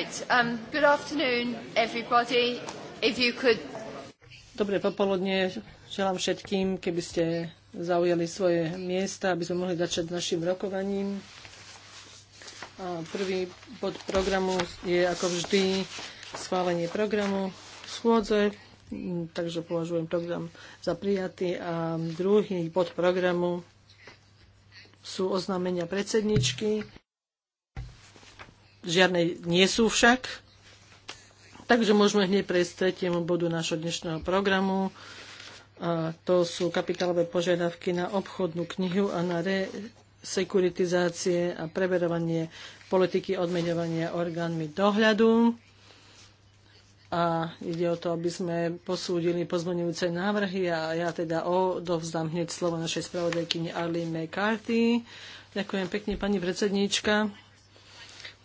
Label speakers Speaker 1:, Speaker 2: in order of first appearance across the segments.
Speaker 1: Right, um, good afternoon
Speaker 2: everybody. If you could... Dobré popoludne želám všetkým, keby ste zaujali svoje miesta, aby sme mohli začať s našim rokovaním. A prvý bod programu je ako vždy schválenie programu schôdze, takže považujem program za prijatý. A druhý bod programu sú oznámenia predsedničky žiadne nie sú však. Takže môžeme hneď prejsť tretiemu bodu nášho dnešného programu. A to sú kapitálové požiadavky na obchodnú knihu a na resekuritizácie a preverovanie politiky odmeňovania orgánmi dohľadu. A ide o to, aby sme posúdili pozmenujúce návrhy a ja teda odovzdám hneď slovo našej spravodajkyni Arlene McCarthy. Ďakujem pekne, pani predsedníčka.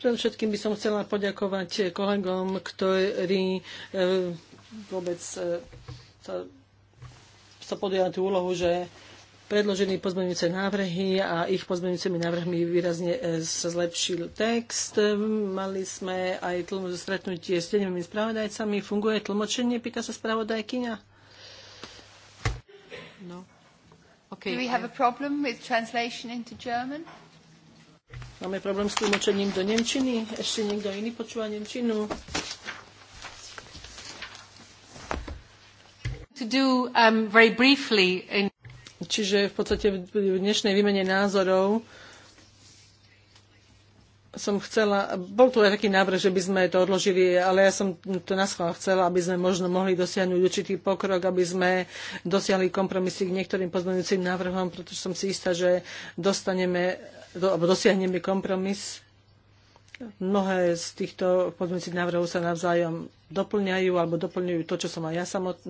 Speaker 2: Predovšetkým by som chcela poďakovať kolegom, ktorí e, vôbec e, sa, sa podujali tú úlohu, že predložení pozmeňujúce návrhy a ich pozmeňujúcimi návrhmi výrazne e, sa zlepšil text. Mali sme aj stretnutie s tenými spravodajcami. Funguje tlmočenie? Pýta sa spravodajkyňa. No. Okay. Do we have a
Speaker 1: problem with translation into German?
Speaker 2: Máme problém s tlmočením do Nemčiny. Ešte niekto iný počúva Nemčinu? To do, um, very briefly in... Čiže v podstate v dnešnej výmene názorov som chcela, bol tu aj taký návrh, že by sme to odložili, ale ja som to naschvál chcela, aby sme možno mohli dosiahnuť určitý pokrok, aby sme dosiahli kompromisy k niektorým pozmeňujúcim návrhom, pretože som si istá, že dostaneme alebo dosiahneme kompromis. Mnohé z týchto pozmeňujúcich návrhov sa navzájom doplňajú alebo doplňujú to, čo som aj ja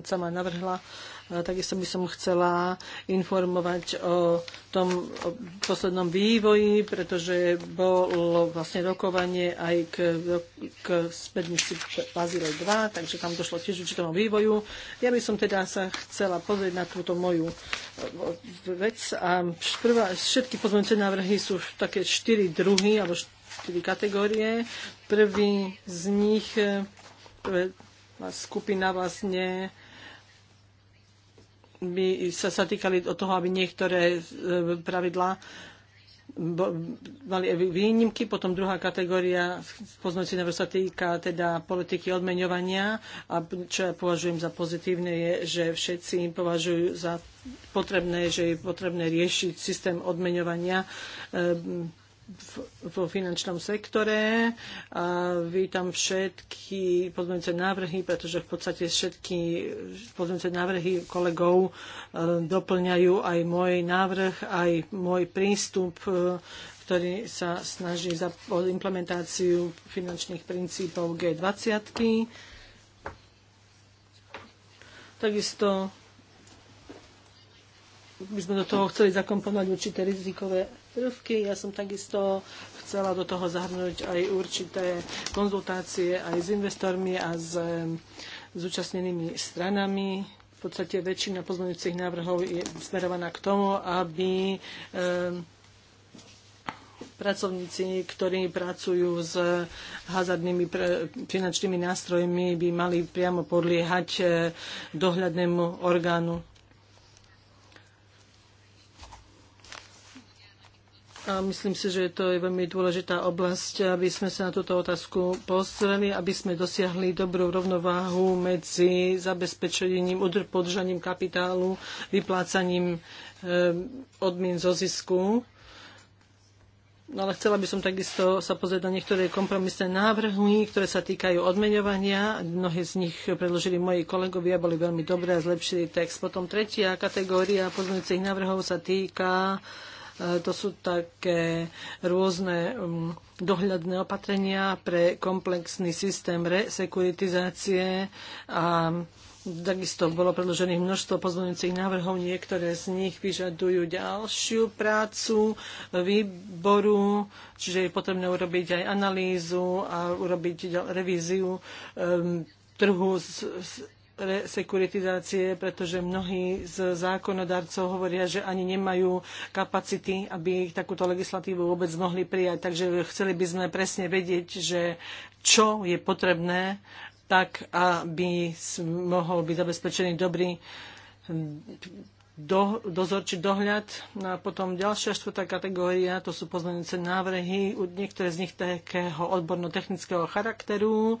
Speaker 2: sama navrhla. Takisto by som chcela informovať o tom o poslednom vývoji, pretože bolo vlastne rokovanie aj k, k smernici Bazile 2, takže tam došlo tiež určitomu vývoju. Ja by som teda sa chcela pozrieť na túto moju e, vec a prvá, všetky pozmeňujúce návrhy sú také štyri druhy alebo štyri kategórie. Prvý z nich e, e, skupina vlastne by sa, sa týkali od toho, aby niektoré e, pravidlá mali výnimky, potom druhá kategória poznáci návrh sa týka teda politiky odmeňovania a čo ja považujem za pozitívne je, že všetci im považujú za potrebné, že je potrebné riešiť systém odmeňovania e, vo finančnom sektore. A vítam všetky pozmeňujúce návrhy, pretože v podstate všetky pozmeňujúce návrhy kolegov e, doplňajú aj môj návrh, aj môj prístup e, ktorý sa snaží za implementáciu finančných princípov G20. Takisto by sme do toho chceli zakomponovať určité rizikové prvky. Ja som takisto chcela do toho zahrnúť aj určité konzultácie aj s investormi a s zúčastnenými stranami. V podstate väčšina pozmeňujúcich návrhov je smerovaná k tomu, aby pracovníci, ktorí pracujú s hazardnými finančnými nástrojmi, by mali priamo podliehať eh, dohľadnému orgánu A myslím si, že to je veľmi dôležitá oblasť, aby sme sa na túto otázku postreli, aby sme dosiahli dobrú rovnováhu medzi zabezpečením, podržaním kapitálu, vyplácaním eh, odmien zo zisku. No ale chcela by som takisto sa pozrieť na niektoré kompromisné návrhy, ktoré sa týkajú odmeňovania. Mnohé z nich predložili moji kolegovia, boli veľmi dobré a zlepšili text. Potom tretia kategória pozmeňujúcich návrhov sa týka uh, E, to sú také rôzne um, dohľadné opatrenia pre komplexný systém resekuritizácie a Takisto bolo predložených množstvo pozvoňujúcich návrhov, niektoré z nich vyžadujú ďalšiu prácu výboru, čiže je potrebné urobiť aj analýzu a urobiť revíziu um, trhu s, s pre sekuritizácie, pretože mnohí z zákonodarcov hovoria, že ani nemajú kapacity, aby takúto legislatívu vôbec mohli prijať. Takže chceli by sme presne vedieť, že čo je potrebné, tak aby mohol byť zabezpečený dobrý do, dozorčí dohľad. No a potom ďalšia štvrtá kategória, to sú pozmeňujúce návrhy, niektoré z nich takého odborno-technického charakteru. Uh,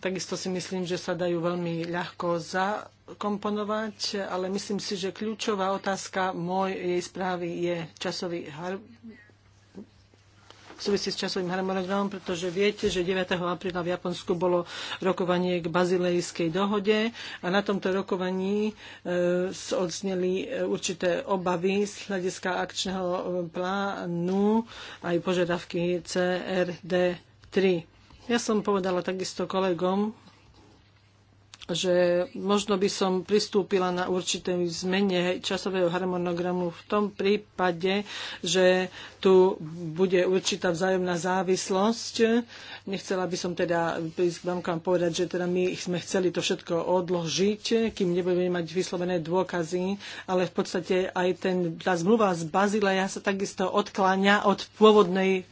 Speaker 2: Takisto si myslím, že sa dajú veľmi ľahko zakomponovať, ale myslím si, že kľúčová otázka mojej správy je časový har- v súvisí s časovým harmonogramom, pretože viete, že 9. apríla v Japonsku bolo rokovanie k bazilejskej dohode a na tomto rokovaní e, odzneli e, určité obavy z hľadiska akčného e, plánu aj požiadavky CRD 3 ja som povedala takisto kolegom, že možno by som pristúpila na určité zmene časového harmonogramu v tom prípade, že tu bude určitá vzájomná závislosť. Nechcela by som teda vám povedať, že teda my sme chceli to všetko odložiť, kým nebudeme mať vyslovené dôkazy, ale v podstate aj ten, tá zmluva z Bazileja sa takisto odkláňa od pôvodnej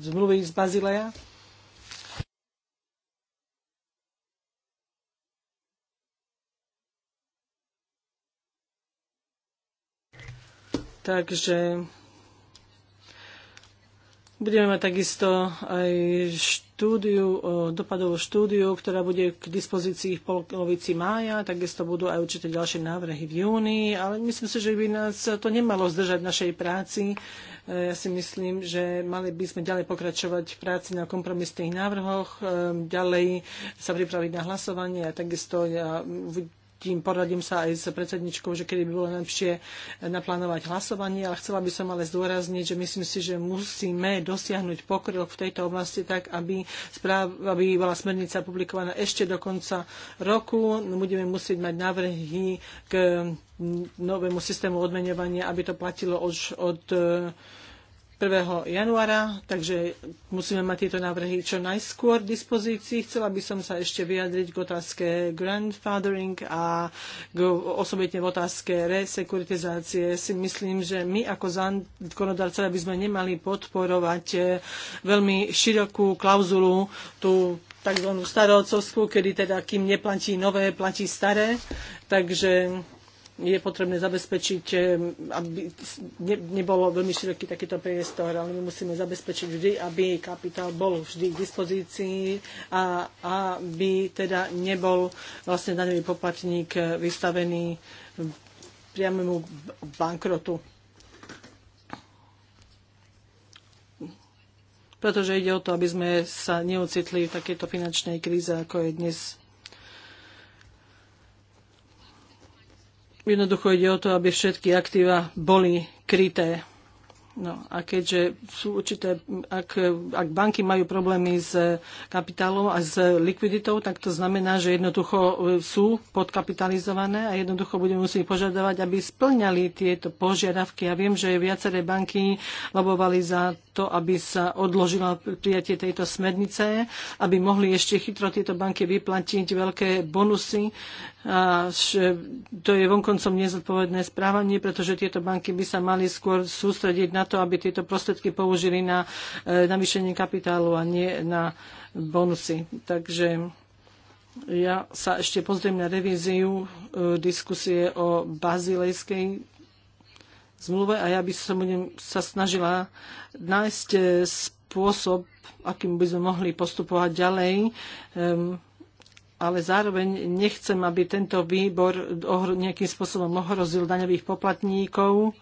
Speaker 2: zmluvy z Bazileja. Takže budeme mať takisto aj štúdiu, dopadovú štúdiu, ktorá bude k dispozícii v polovici mája, takisto budú aj určite ďalšie návrhy v júni, ale myslím si, že by nás to nemalo zdržať v našej práci. E, ja si myslím, že mali by sme ďalej pokračovať v práci na kompromisných návrhoch, e, ďalej sa pripraviť na hlasovanie a takisto ja tým poradím sa aj s predsedničkou, že kedy by bolo lepšie naplánovať hlasovanie, ale chcela by som ale zdôrazniť, že myslím si, že musíme dosiahnuť pokrok v tejto oblasti tak, aby, správ, aby bola smernica publikovaná ešte do konca roku. No, budeme musieť mať návrhy k novému systému odmenovania, aby to platilo už od, od 1. januára, takže musíme mať tieto návrhy čo najskôr v dispozícii. Chcela by som sa ešte vyjadriť k otázke grandfathering a k, osobitne v otázke resekuritizácie. Si myslím, že my ako zákonodarca by sme nemali podporovať eh, veľmi širokú klauzulu tú tzv. starovcovskú, kedy teda kým neplatí nové, platí staré. Takže je potrebné zabezpečiť, eh, aby ne, nebolo veľmi široký takýto priestor, ale my musíme zabezpečiť vždy, aby kapitál bol vždy k dispozícii a aby teda nebol vlastne daňový poplatník eh, vystavený eh, priamému bankrotu. Pretože ide o to, aby sme sa neocitli v takejto finančnej kríze, ako je dnes Jednoducho ide o to, aby všetky aktíva boli kryté. No a keďže sú určité, ak, ak banky majú problémy s kapitálom a s likviditou, tak to znamená, že jednoducho e, sú podkapitalizované a jednoducho budeme musieť požadovať, aby splňali tieto požiadavky. Ja viem, že viaceré banky lobovali za to, aby sa odložilo prijatie tejto smernice, aby mohli ešte chytro tieto banky vyplatiť veľké bonusy a to je vonkoncom nezodpovedné správanie, pretože tieto banky by sa mali skôr sústrediť na to, aby tieto prostriedky použili na e, navýšenie kapitálu a nie na bonusy. Takže ja sa ešte pozriem na revíziu e, diskusie o bazilejskej zmluve a ja by som budem sa snažila nájsť e, spôsob, akým by sme mohli postupovať ďalej ale zároveň nechcem, aby tento výbor nejakým spôsobom ohrozil daňových poplatníkov.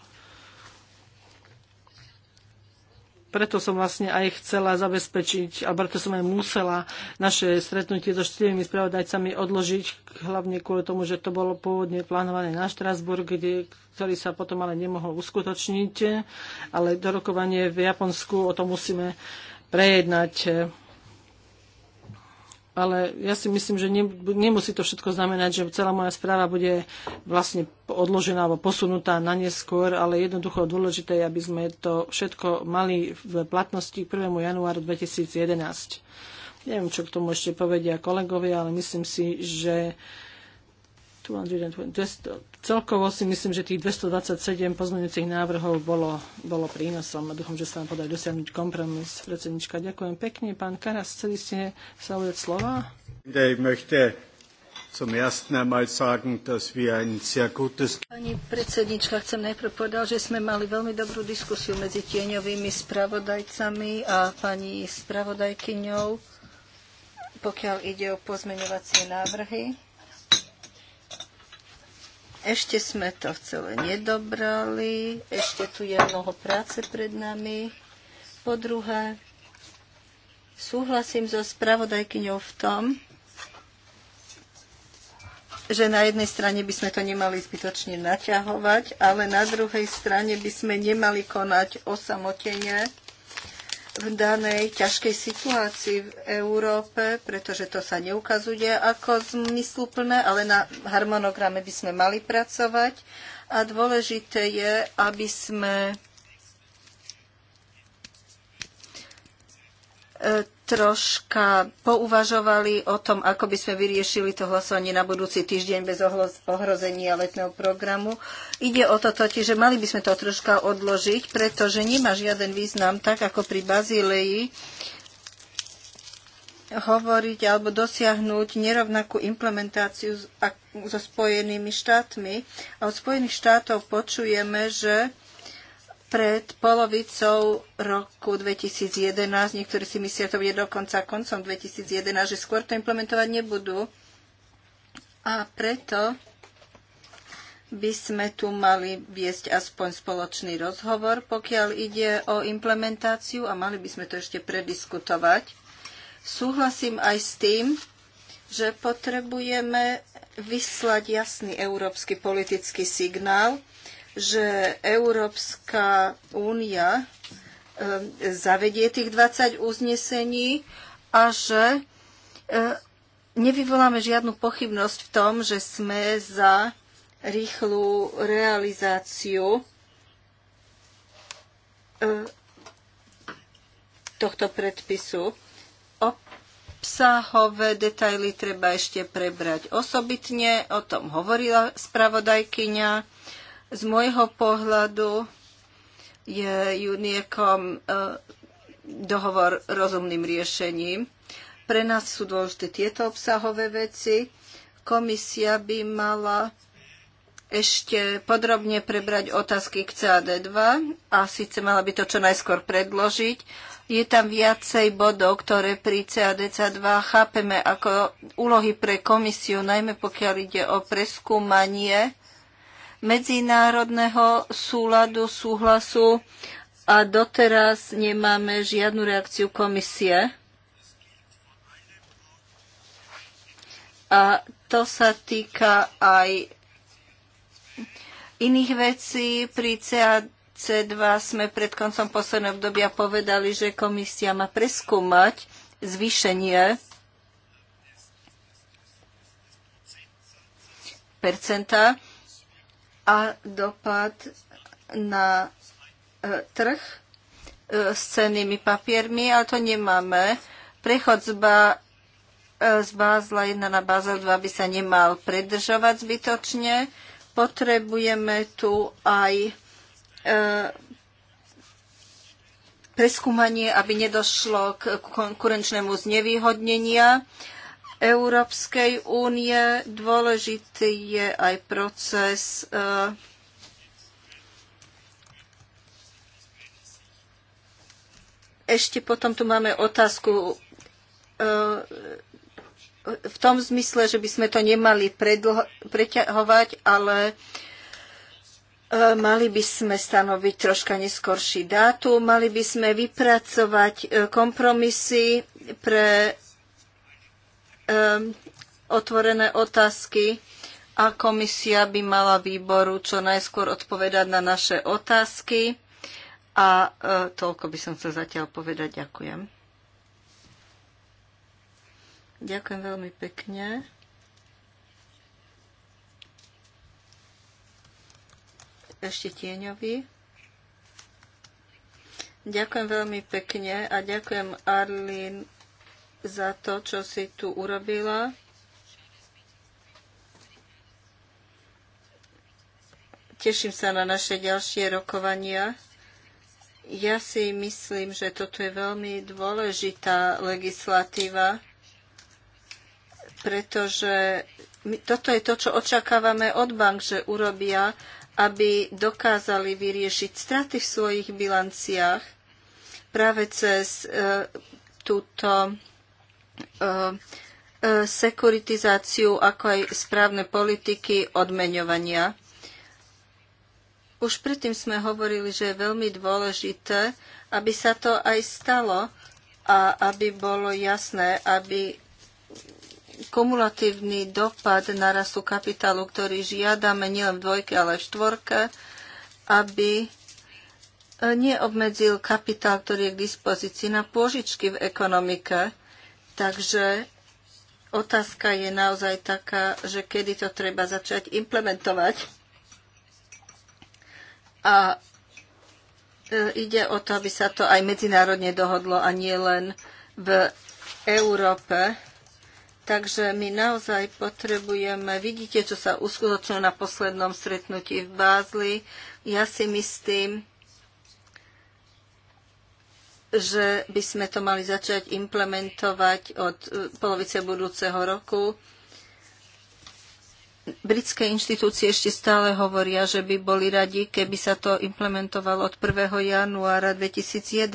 Speaker 2: Preto som vlastne aj chcela zabezpečiť, a preto som aj musela naše stretnutie so štyrmi spravodajcami odložiť, hlavne kvôli tomu, že to bolo pôvodne plánované na Štrasburg, kde, ktorý sa potom ale nemohol uskutočniť. Ale dorokovanie v Japonsku o tom musíme prejednať ale ja si myslím, že ne, nemusí to všetko znamenať, že celá moja správa bude vlastne odložená alebo posunutá na neskôr, ale jednoducho dôležité je, aby sme to všetko mali v platnosti k 1. januáru 2011. Neviem, čo k tomu ešte povedia kolegovia, ale myslím si, že 200, celkovo si myslím, že tých 227 pozmeňujúcich návrhov bolo, bolo prínosom a dúfam, že sa nám podarí dosiahnuť kompromis. Predsednička, ďakujem pekne. Pán Karas, chceli ste sa ujať slova? Pani predsednička,
Speaker 1: chcem najprv povedať, že sme mali veľmi dobrú diskusiu medzi tieňovými spravodajcami a pani spravodajkyňou, pokiaľ ide o pozmeňovacie návrhy ešte sme to celé nedobrali, ešte tu je mnoho práce pred nami. Po druhé, súhlasím so spravodajkyňou v tom, že na jednej strane by sme to nemali zbytočne naťahovať, ale na druhej strane by sme nemali konať osamotene v danej ťažkej situácii v Európe, pretože to sa neukazuje ako zmysluplné, ale na harmonograme by sme mali pracovať. A dôležité je, aby sme e, troška pouvažovali o tom, ako by sme vyriešili to hlasovanie na budúci týždeň bez ohrozenia letného programu. Ide o to totiž, že mali by sme to troška odložiť, pretože nemá žiaden význam, tak ako pri Bazileji, hovoriť alebo dosiahnuť nerovnakú implementáciu so Spojenými štátmi. A od Spojených štátov počujeme, že pred polovicou roku 2011, niektorí si myslia, to bude dokonca koncom 2011, že skôr to implementovať nebudú. A preto by sme tu mali viesť aspoň spoločný rozhovor, pokiaľ ide o implementáciu a mali by sme to ešte prediskutovať. Súhlasím aj s tým, že potrebujeme vyslať jasný európsky politický signál, že Európska únia ehm, zavedie tých 20 uznesení a že ehm, nevyvoláme žiadnu pochybnosť v tom, že sme za rýchlu realizáciu ehm, tohto predpisu. Obsahové detaily treba ešte prebrať osobitne, o tom hovorila spravodajkyňa z môjho pohľadu je juniekom e, dohovor rozumným riešením. Pre nás sú dôležité tieto obsahové veci. Komisia by mala ešte podrobne prebrať otázky k CAD2 a síce mala by to čo najskôr predložiť. Je tam viacej bodov, ktoré pri CADC2 chápeme ako úlohy pre komisiu, najmä pokiaľ ide o preskúmanie medzinárodného súladu, súhlasu a doteraz nemáme žiadnu reakciu komisie. A to sa týka aj iných vecí. Pri CAC2 sme pred koncom posledného obdobia povedali, že komisia má preskúmať zvýšenie percenta a dopad na e, trh e, s cennými papiermi, ale to nemáme. Prechod z, ba, e, z Bázla 1 na Bázel 2 by sa nemal predržovať zbytočne. Potrebujeme tu aj e, preskúmanie, aby nedošlo k konkurenčnému znevýhodnenia. Európskej únie. Dôležitý je aj proces e, ešte potom tu máme otázku e, v tom zmysle, že by sme to nemali preťahovať, ale e, mali by sme stanoviť troška neskorší dátum, mali by sme vypracovať kompromisy pre otvorené otázky a komisia by mala výboru čo najskôr odpovedať na naše otázky. A e, toľko by som chcel zatiaľ povedať. Ďakujem. Ďakujem veľmi pekne. Ešte tieňový. Ďakujem veľmi pekne a ďakujem Arlín za to, čo si tu urobila. Teším sa na naše ďalšie rokovania. Ja si myslím, že toto je veľmi dôležitá legislatíva, pretože toto je to, čo očakávame od bank, že urobia, aby dokázali vyriešiť straty v svojich bilanciách práve cez e, túto E, e, sekuritizáciu, ako aj správne politiky odmeňovania. Už predtým sme hovorili, že je veľmi dôležité, aby sa to aj stalo a aby bolo jasné, aby kumulatívny dopad narastu kapitálu, ktorý žiadame nielen v dvojke, ale aj v štvorke, aby neobmedzil kapitál, ktorý je k dispozícii na pôžičky v ekonomike, Takže otázka je naozaj taká, že kedy to treba začať implementovať. A e, ide o to, aby sa to aj medzinárodne dohodlo a nie len v Európe. Takže my naozaj potrebujeme, vidíte, čo sa uskutočnilo na poslednom stretnutí v Bázli. Ja si myslím, že by sme to mali začať implementovať od e, polovice budúceho roku. Britské inštitúcie ešte stále hovoria, že by boli radi, keby sa to implementovalo od 1. januára 2011.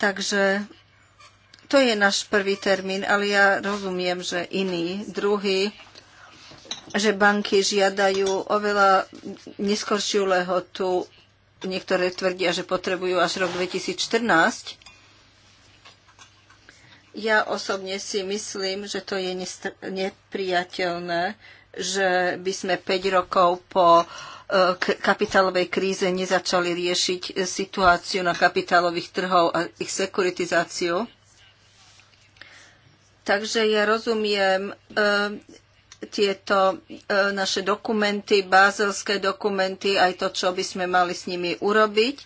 Speaker 1: Takže to je náš prvý termín, ale ja rozumiem, že iný, druhý, že banky žiadajú oveľa neskoršiu lehotu niektoré tvrdia, že potrebujú až rok 2014. Ja osobne si myslím, že to je nepriateľné, že by sme 5 rokov po e, kapitálovej kríze nezačali riešiť situáciu na kapitálových trhov a ich sekuritizáciu. Takže ja rozumiem e, tieto e, naše dokumenty, bázelské dokumenty, aj to, čo by sme mali s nimi urobiť.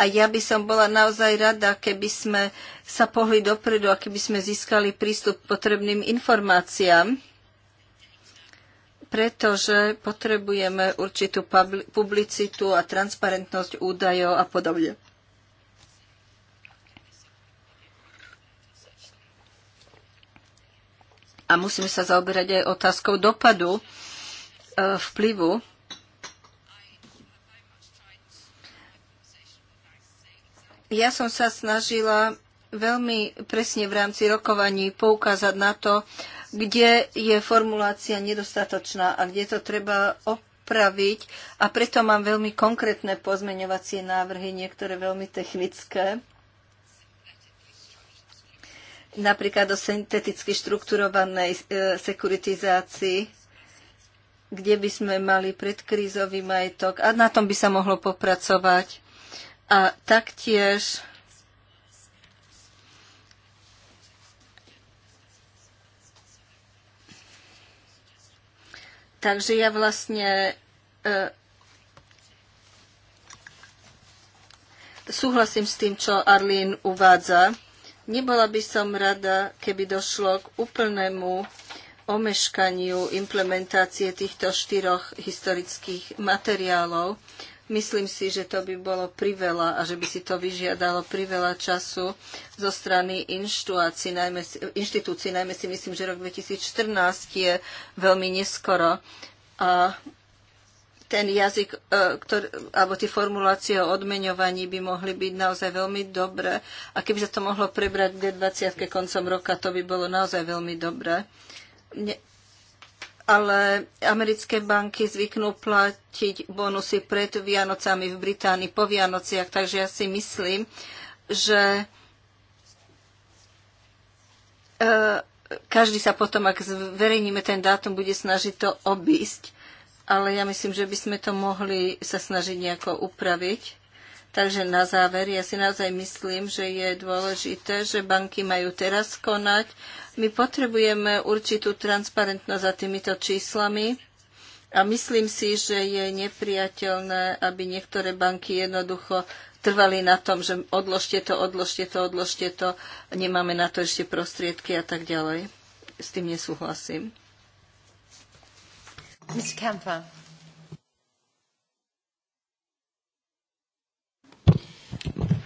Speaker 1: A ja by som bola naozaj rada, keby sme sa pohli dopredu a keby sme získali prístup k potrebným informáciám, pretože potrebujeme určitú publicitu a transparentnosť údajov a podobne. a musíme sa zaoberať aj otázkou dopadu e, vplyvu. Ja som sa snažila veľmi presne v rámci rokovaní poukázať na to, kde je formulácia nedostatočná a kde to treba opraviť. A preto mám veľmi konkrétne pozmeňovacie návrhy, niektoré veľmi technické napríklad o synteticky štrukturovanej e, sekuritizácii, kde by sme mali predkrízový majetok a na tom by sa mohlo popracovať. A taktiež Takže ja vlastne e, súhlasím s tým, čo Arlín uvádza. Nebola by som rada, keby došlo k úplnému omeškaniu implementácie týchto štyroch historických materiálov. Myslím si, že to by bolo priveľa a že by si to vyžiadalo priveľa času zo strany inštitúcií. Najmä, si myslím, že rok 2014 je veľmi neskoro a ten jazyk, e, ktorý, alebo tie formulácie o odmeňovaní by mohli byť naozaj veľmi dobré. A keby sa to mohlo prebrať v 20 koncom roka, to by bolo naozaj veľmi dobré. Ne, ale americké banky zvyknú platiť bonusy pred Vianocami v Británii, po Vianociach, takže ja si myslím, že e, každý sa potom, ak zverejníme ten dátum, bude snažiť to obísť ale ja myslím, že by sme to mohli sa snažiť nejako upraviť. Takže na záver, ja si naozaj myslím, že je dôležité, že banky majú teraz konať. My potrebujeme určitú transparentnosť za týmito číslami a myslím si, že je nepriateľné, aby niektoré banky jednoducho trvali na tom, že odložte to, odložte to, odložte to, nemáme na to ešte prostriedky a tak ďalej. S tým nesúhlasím.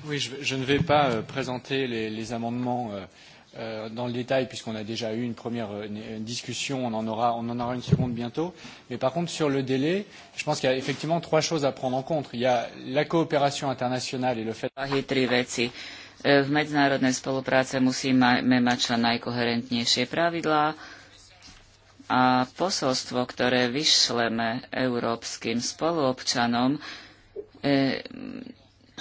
Speaker 2: Oui, je, ne vais pas euh, présenter
Speaker 3: les, amendements euh, euh, dans le détail puisqu'on a déjà eu une première discussion, on en, aura, on en aura une seconde bientôt. Mais par contre, sur le délai, je pense qu'il y a effectivement trois choses à prendre en compte. Il y a la coopération internationale et le fait... E, v medzinárodnej spolupráce musíme mať čo najkoherentnejšie pravidlá, a posolstvo, ktoré vyšleme európskym spoluobčanom, e,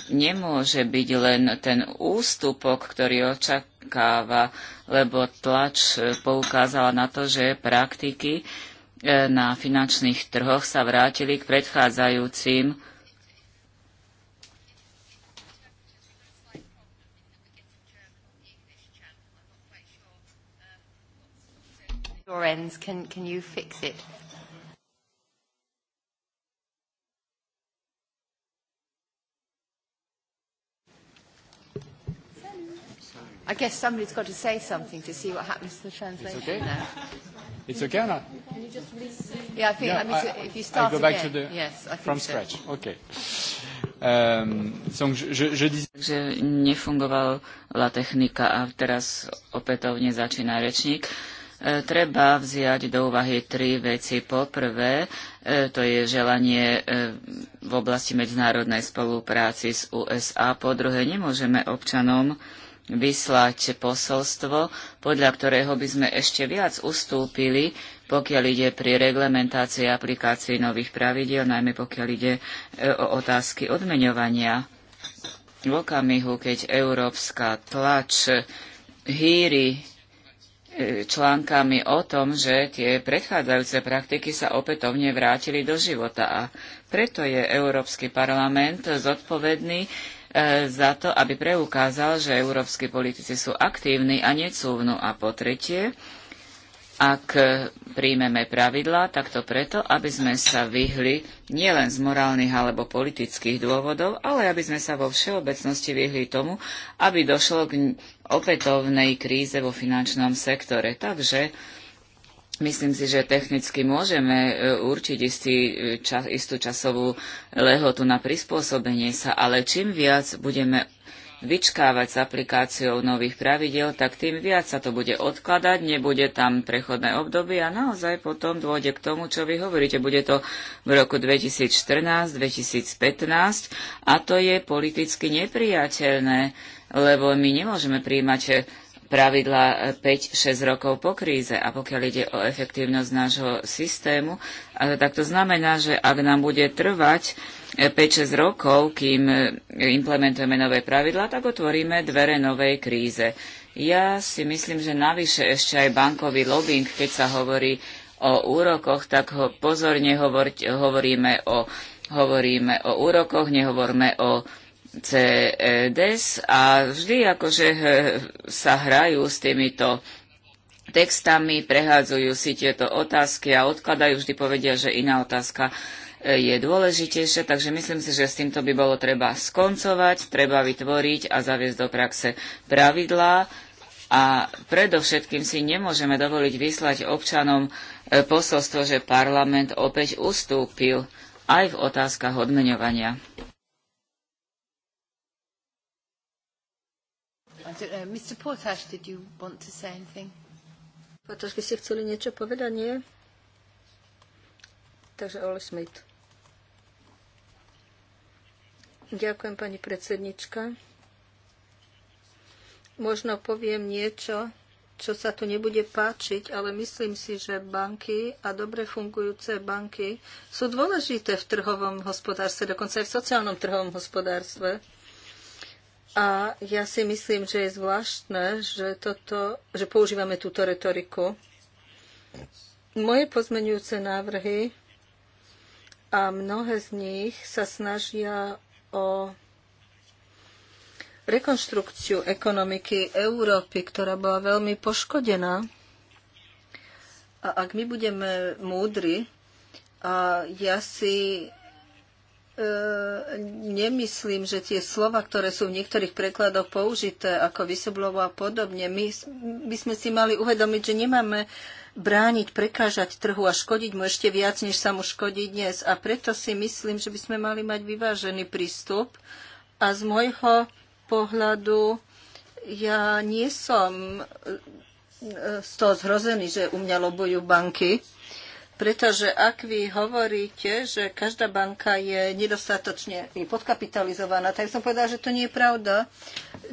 Speaker 3: nemôže byť len ten ústupok, ktorý očakáva, lebo tlač poukázala na to, že praktiky e, na finančných trhoch sa vrátili k predchádzajúcim your ends, can, can you fix it?
Speaker 1: I guess somebody's got to say something to see what happens to the translation
Speaker 2: it's okay. now. It's okay, or not? Can you just re-say? yeah, I think yeah, I mean, I, if you start I go back again, to the, yes, I think from so. scratch.
Speaker 3: Okay. Um, som, že, že... Takže nefungovala technika a teraz opätovne začína rečník. Uh, treba vziať do úvahy tri veci. Poprvé, e, to je želanie e, v oblasti medzinárodnej spolupráci s USA. Po druhé, nemôžeme občanom vyslať posolstvo, podľa ktorého by sme ešte viac ustúpili, pokiaľ ide pri reglementácii a aplikácii nových pravidiel, najmä pokiaľ ide e, o otázky odmeňovania. V okamihu, keď európska tlač hýri článkami o tom, že tie predchádzajúce praktiky sa opätovne vrátili do života a preto je Európsky parlament zodpovedný e, za to, aby preukázal, že európsky politici sú aktívni a necúvnu. A po tretie, ak e, príjmeme pravidlá, tak to preto, aby sme sa vyhli nielen z morálnych alebo politických dôvodov, ale aby sme sa vo všeobecnosti vyhli tomu, aby došlo k opätovnej kríze vo finančnom sektore. Takže myslím si, že technicky môžeme e, určiť istý, e, čas, istú časovú lehotu na prispôsobenie sa, ale čím viac budeme vyčkávať s aplikáciou nových pravidel, tak tým viac sa to bude odkladať, nebude tam prechodné obdobie a naozaj potom dôjde k tomu, čo vy hovoríte. Bude to v roku 2014-2015 a to je politicky nepriateľné, lebo my nemôžeme príjmať pravidla 5-6 rokov po kríze. A pokiaľ ide o efektívnosť nášho systému, tak to znamená, že ak nám bude trvať 5-6 rokov, kým eh, implementujeme nové pravidlá, tak otvoríme dvere novej kríze. Ja si myslím, že navyše ešte aj bankový lobbying, keď sa hovorí o úrokoch, tak ho pozorne hovor, hovoríme, o, hovoríme o úrokoch, nehovorme o CDS e a vždy akože eh, sa hrajú s týmito textami, prehádzajú si tieto otázky a odkladajú, vždy povedia, že iná otázka je dôležitejšia, takže myslím si, že s týmto by bolo treba skoncovať, treba vytvoriť a zaviesť do praxe pravidlá a predovšetkým si nemôžeme dovoliť vyslať občanom e, posolstvo, že parlament opäť ustúpil aj v otázkach odmeňovania.
Speaker 1: Portaž, by ste chceli niečo povedať, nie? Takže Ole Smith. Ďakujem, pani predsednička. Možno poviem niečo, čo sa tu nebude páčiť, ale myslím si, že banky a dobre fungujúce banky sú dôležité v trhovom hospodárstve, dokonca aj v sociálnom trhovom hospodárstve. A ja si myslím, že je zvláštne, že, toto, že používame túto retoriku. Moje pozmenujúce návrhy a mnohé z nich sa snažia o rekonštrukciu ekonomiky Európy, ktorá bola veľmi poškodená. A ak my budeme múdri, a ja si e, nemyslím, že tie slova, ktoré sú v niektorých prekladoch použité, ako vysoblovo a podobne, my by sme si mali uvedomiť, že nemáme brániť, prekážať trhu a škodiť mu ešte viac, než sa mu škodí dnes. A preto si myslím, že by sme mali mať vyvážený prístup. A z môjho pohľadu ja nie som e, z toho zhrozený, že u mňa lobujú banky. Pretože ak vy hovoríte, že každá banka je nedostatočne je podkapitalizovaná, tak som povedala, že to nie je pravda.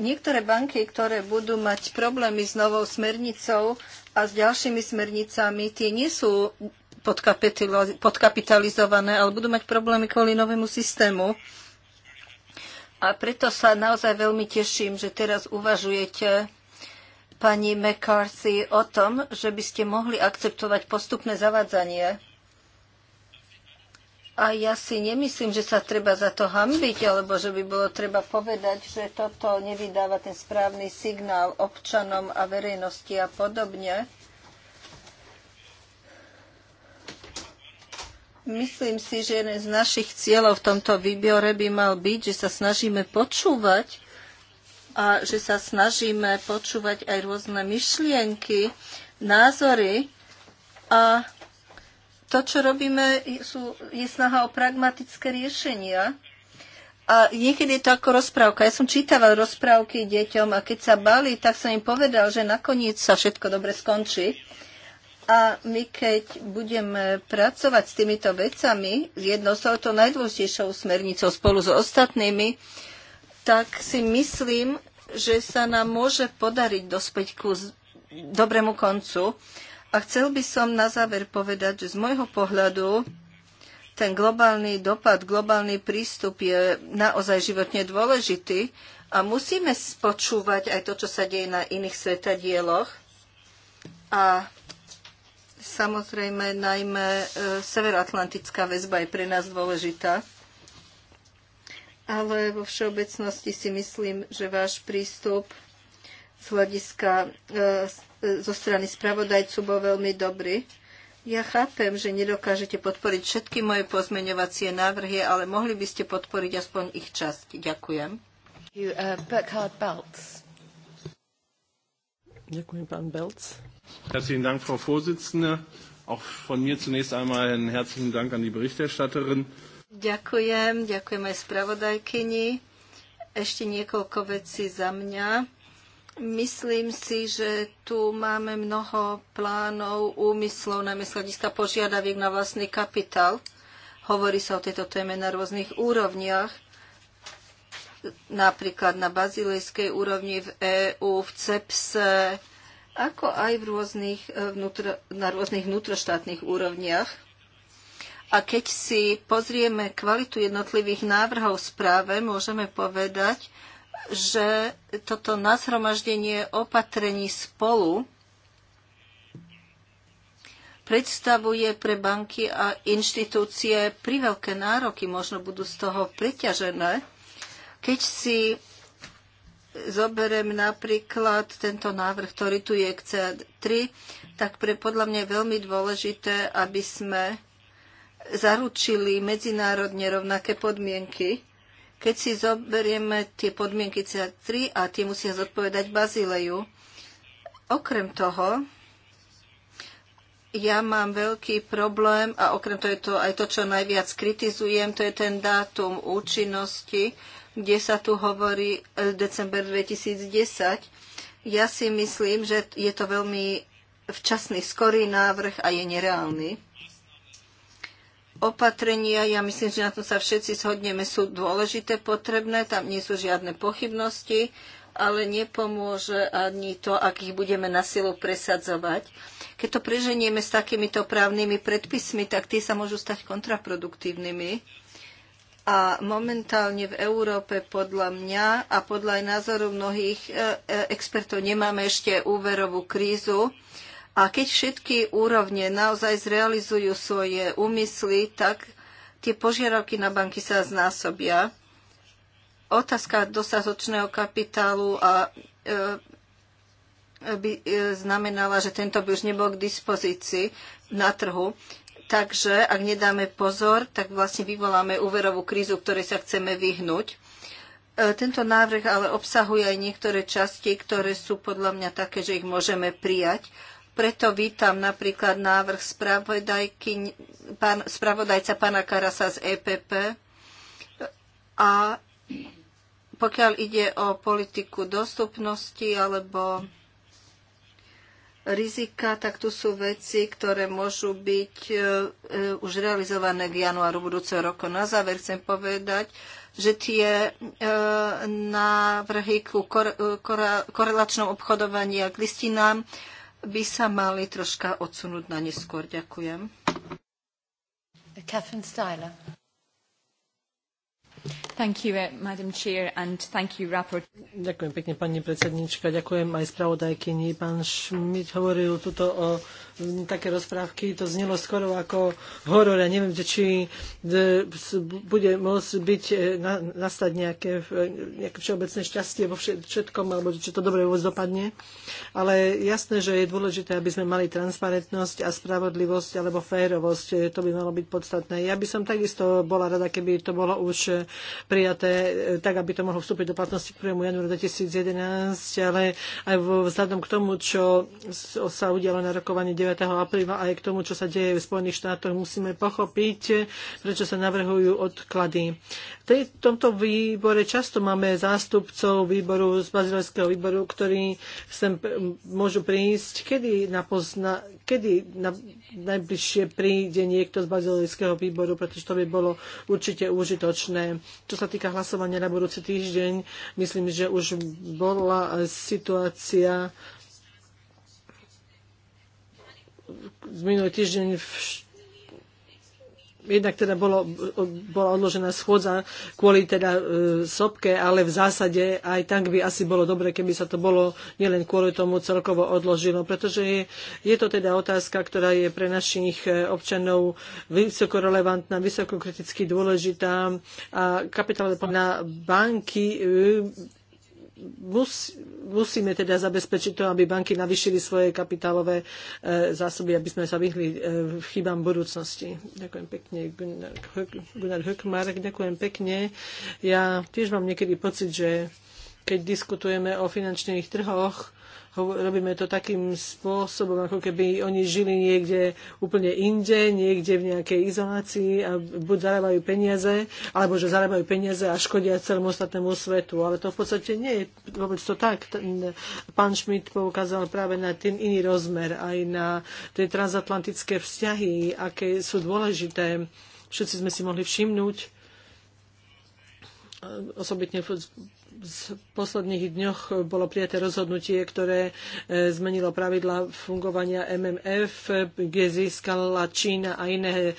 Speaker 1: Niektoré banky, ktoré budú mať problémy s novou smernicou, a s ďalšími smernicami tie nie sú podkapitalizované, ale budú mať problémy kvôli novému systému. A preto sa naozaj veľmi teším, že teraz uvažujete pani McCarthy o tom, že by ste mohli akceptovať postupné zavádzanie. A ja si nemyslím, že sa treba za to hambiť, alebo že by bolo treba povedať, že toto nevydáva ten správny signál občanom a verejnosti a podobne. Myslím si, že jeden z našich cieľov v tomto výbore by mal byť, že sa snažíme počúvať a že sa snažíme počúvať aj rôzne myšlienky, názory a to, čo robíme, sú, je snaha o pragmatické riešenia. A niekedy je to ako rozprávka. Ja som čítala rozprávky deťom a keď sa bali, tak som im povedal, že nakoniec sa všetko dobre skončí. A my keď budeme pracovať s týmito vecami, jednou z touto najdôležitejšou smernicou spolu s ostatnými, tak si myslím, že sa nám môže podariť dospäť ku dobrému koncu. A chcel by som na záver povedať, že z môjho pohľadu ten globálny dopad, globálny prístup je naozaj životne dôležitý a musíme spočúvať aj to, čo sa deje na iných svetadieloch a samozrejme najmä e, severoatlantická väzba je pre nás dôležitá. Ale vo všeobecnosti si myslím, že váš prístup z hľadiska e, zo strany spravodajcu bol veľmi dobrý. Ja chápem, že nedokážete podporiť všetky moje pozmeňovacie návrhy, ale mohli by ste podporiť aspoň ich časť. Ďakujem. You, uh,
Speaker 2: Ďakujem, pán Belz.
Speaker 1: Herzlichen Dank, Frau Vorsitzende.
Speaker 2: Auch von mir zunächst einmal einen herzlichen Dank an die Berichterstatterin.
Speaker 1: Ďakujem, ďakujem aj spravodajkyni. Ešte niekoľko vecí za mňa Myslím si, že tu máme mnoho plánov, úmyslov na mesladiska požiadaviek na vlastný kapitál. Hovorí sa o tejto téme na rôznych úrovniach, napríklad na bazilejskej úrovni v EÚ, v CEPSE, ako aj v rôznych e, vnútro, na rôznych vnútroštátnych úrovniach. A keď si pozrieme kvalitu jednotlivých návrhov v správe, môžeme povedať, že toto nashromaždenie opatrení spolu predstavuje pre banky a inštitúcie priveľké nároky, možno budú z toho preťažené. Keď si zoberiem napríklad tento návrh, ktorý tu je k CA3, tak pre podľa mňa je veľmi dôležité, aby sme zaručili medzinárodne rovnaké podmienky. Keď si zoberieme tie podmienky CR3 a tie musia zodpovedať Bazileju. Okrem toho, ja mám veľký problém, a okrem toho je to aj to, čo najviac kritizujem, to je ten dátum účinnosti, kde sa tu hovorí e, december 2010. Ja si myslím, že je to veľmi včasný, skorý návrh a je nereálny opatrenia, ja myslím, že na tom sa všetci shodneme, sú dôležité, potrebné, tam nie sú žiadne pochybnosti, ale nepomôže ani to, ak ich budeme na silu presadzovať. Keď to preženieme s takýmito právnymi predpismi, tak tie sa môžu stať kontraproduktívnymi. A momentálne v Európe podľa mňa a podľa aj názoru mnohých e, e, expertov nemáme ešte úverovú krízu. A keď všetky úrovne naozaj zrealizujú svoje úmysly, tak tie požiadavky na banky sa znásobia. Otázka dostatočného kapitálu a e, by e, znamenala, že tento by už nebol k dispozícii na trhu. Takže ak nedáme pozor, tak vlastne vyvoláme úverovú krízu, ktorej sa chceme vyhnúť. E, tento návrh ale obsahuje aj niektoré časti, ktoré sú podľa mňa také, že ich môžeme prijať. Preto vítam napríklad návrh pán, spravodajca pána Karasa z EPP a pokiaľ ide o politiku dostupnosti alebo rizika, tak tu sú veci, ktoré môžu byť e, e, už realizované v januáru budúceho roku. Na záver chcem povedať, že tie e, návrhy ku korelačnom obchodovaní a k listinám by sa mali troška odsunúť na neskôr.
Speaker 2: Ďakujem. Catherine Styler. Thank you, eh, Madam Chair, and thank you, Rapport. Ďakujem pekne, pani predsednička. Ďakujem aj spravodajkyni. Pán Schmidt hovoril tuto o také rozprávky, to znelo skoro ako horor. Ja neviem, či e, bude môcť byť, e, nastať nejaké, e, nejaké všeobecné šťastie vo všetkom, alebo či to dobre vôbec dopadne. Ale jasné, že je dôležité, aby sme mali transparentnosť a spravodlivosť alebo férovosť. To by malo byť podstatné. Ja by som takisto bola rada, keby to bolo už prijaté tak, aby to mohlo vstúpiť do platnosti k 1. januára 2011, ale aj vzhľadom k tomu, čo sa udialo na rokovaní 9 9. apríla aj k tomu, čo sa deje v Spojených štátoch, musíme pochopiť, prečo sa navrhujú odklady. V tomto výbore často máme zástupcov výboru z Bazilejského výboru, ktorí sem môžu prísť, kedy, pozna, kedy na, najbližšie príde niekto z Bazilejského výboru, pretože to by bolo určite užitočné. Čo sa týka hlasovania na budúci týždeň, myslím, že už bola situácia minulý týždeň v jednak teda bolo, bola odložená schôdza kvôli teda e, sopke, ale v zásade aj tak by asi bolo dobre, keby sa to bolo nielen kvôli tomu celkovo odložilo, pretože je, je to teda otázka, ktorá je pre našich e, občanov vysoko relevantná, vysoko kriticky dôležitá a kapitálne na banky e, mus, musíme teda zabezpečiť to, aby banky navýšili svoje kapitálové e, zásoby, aby sme sa vyhli e, chybám budúcnosti. Ďakujem pekne, Gunnar, Gunnar Hökmark, ďakujem pekne. Ja tiež mám niekedy pocit, že keď diskutujeme o finančných trhoch, robíme to takým spôsobom, ako keby oni žili niekde úplne inde, niekde v nejakej izolácii a buď zarábajú peniaze, alebo že zarábajú peniaze a škodia celému ostatnému svetu. Ale to v podstate nie je vôbec to tak. Pán Schmidt poukázal práve na ten iný rozmer, aj na tie transatlantické vzťahy, aké sú dôležité. Všetci sme si mohli všimnúť, e, osobitne v posledných dňoch bolo prijaté rozhodnutie, ktoré e, zmenilo pravidla fungovania MMF, kde získala Čína a iné e,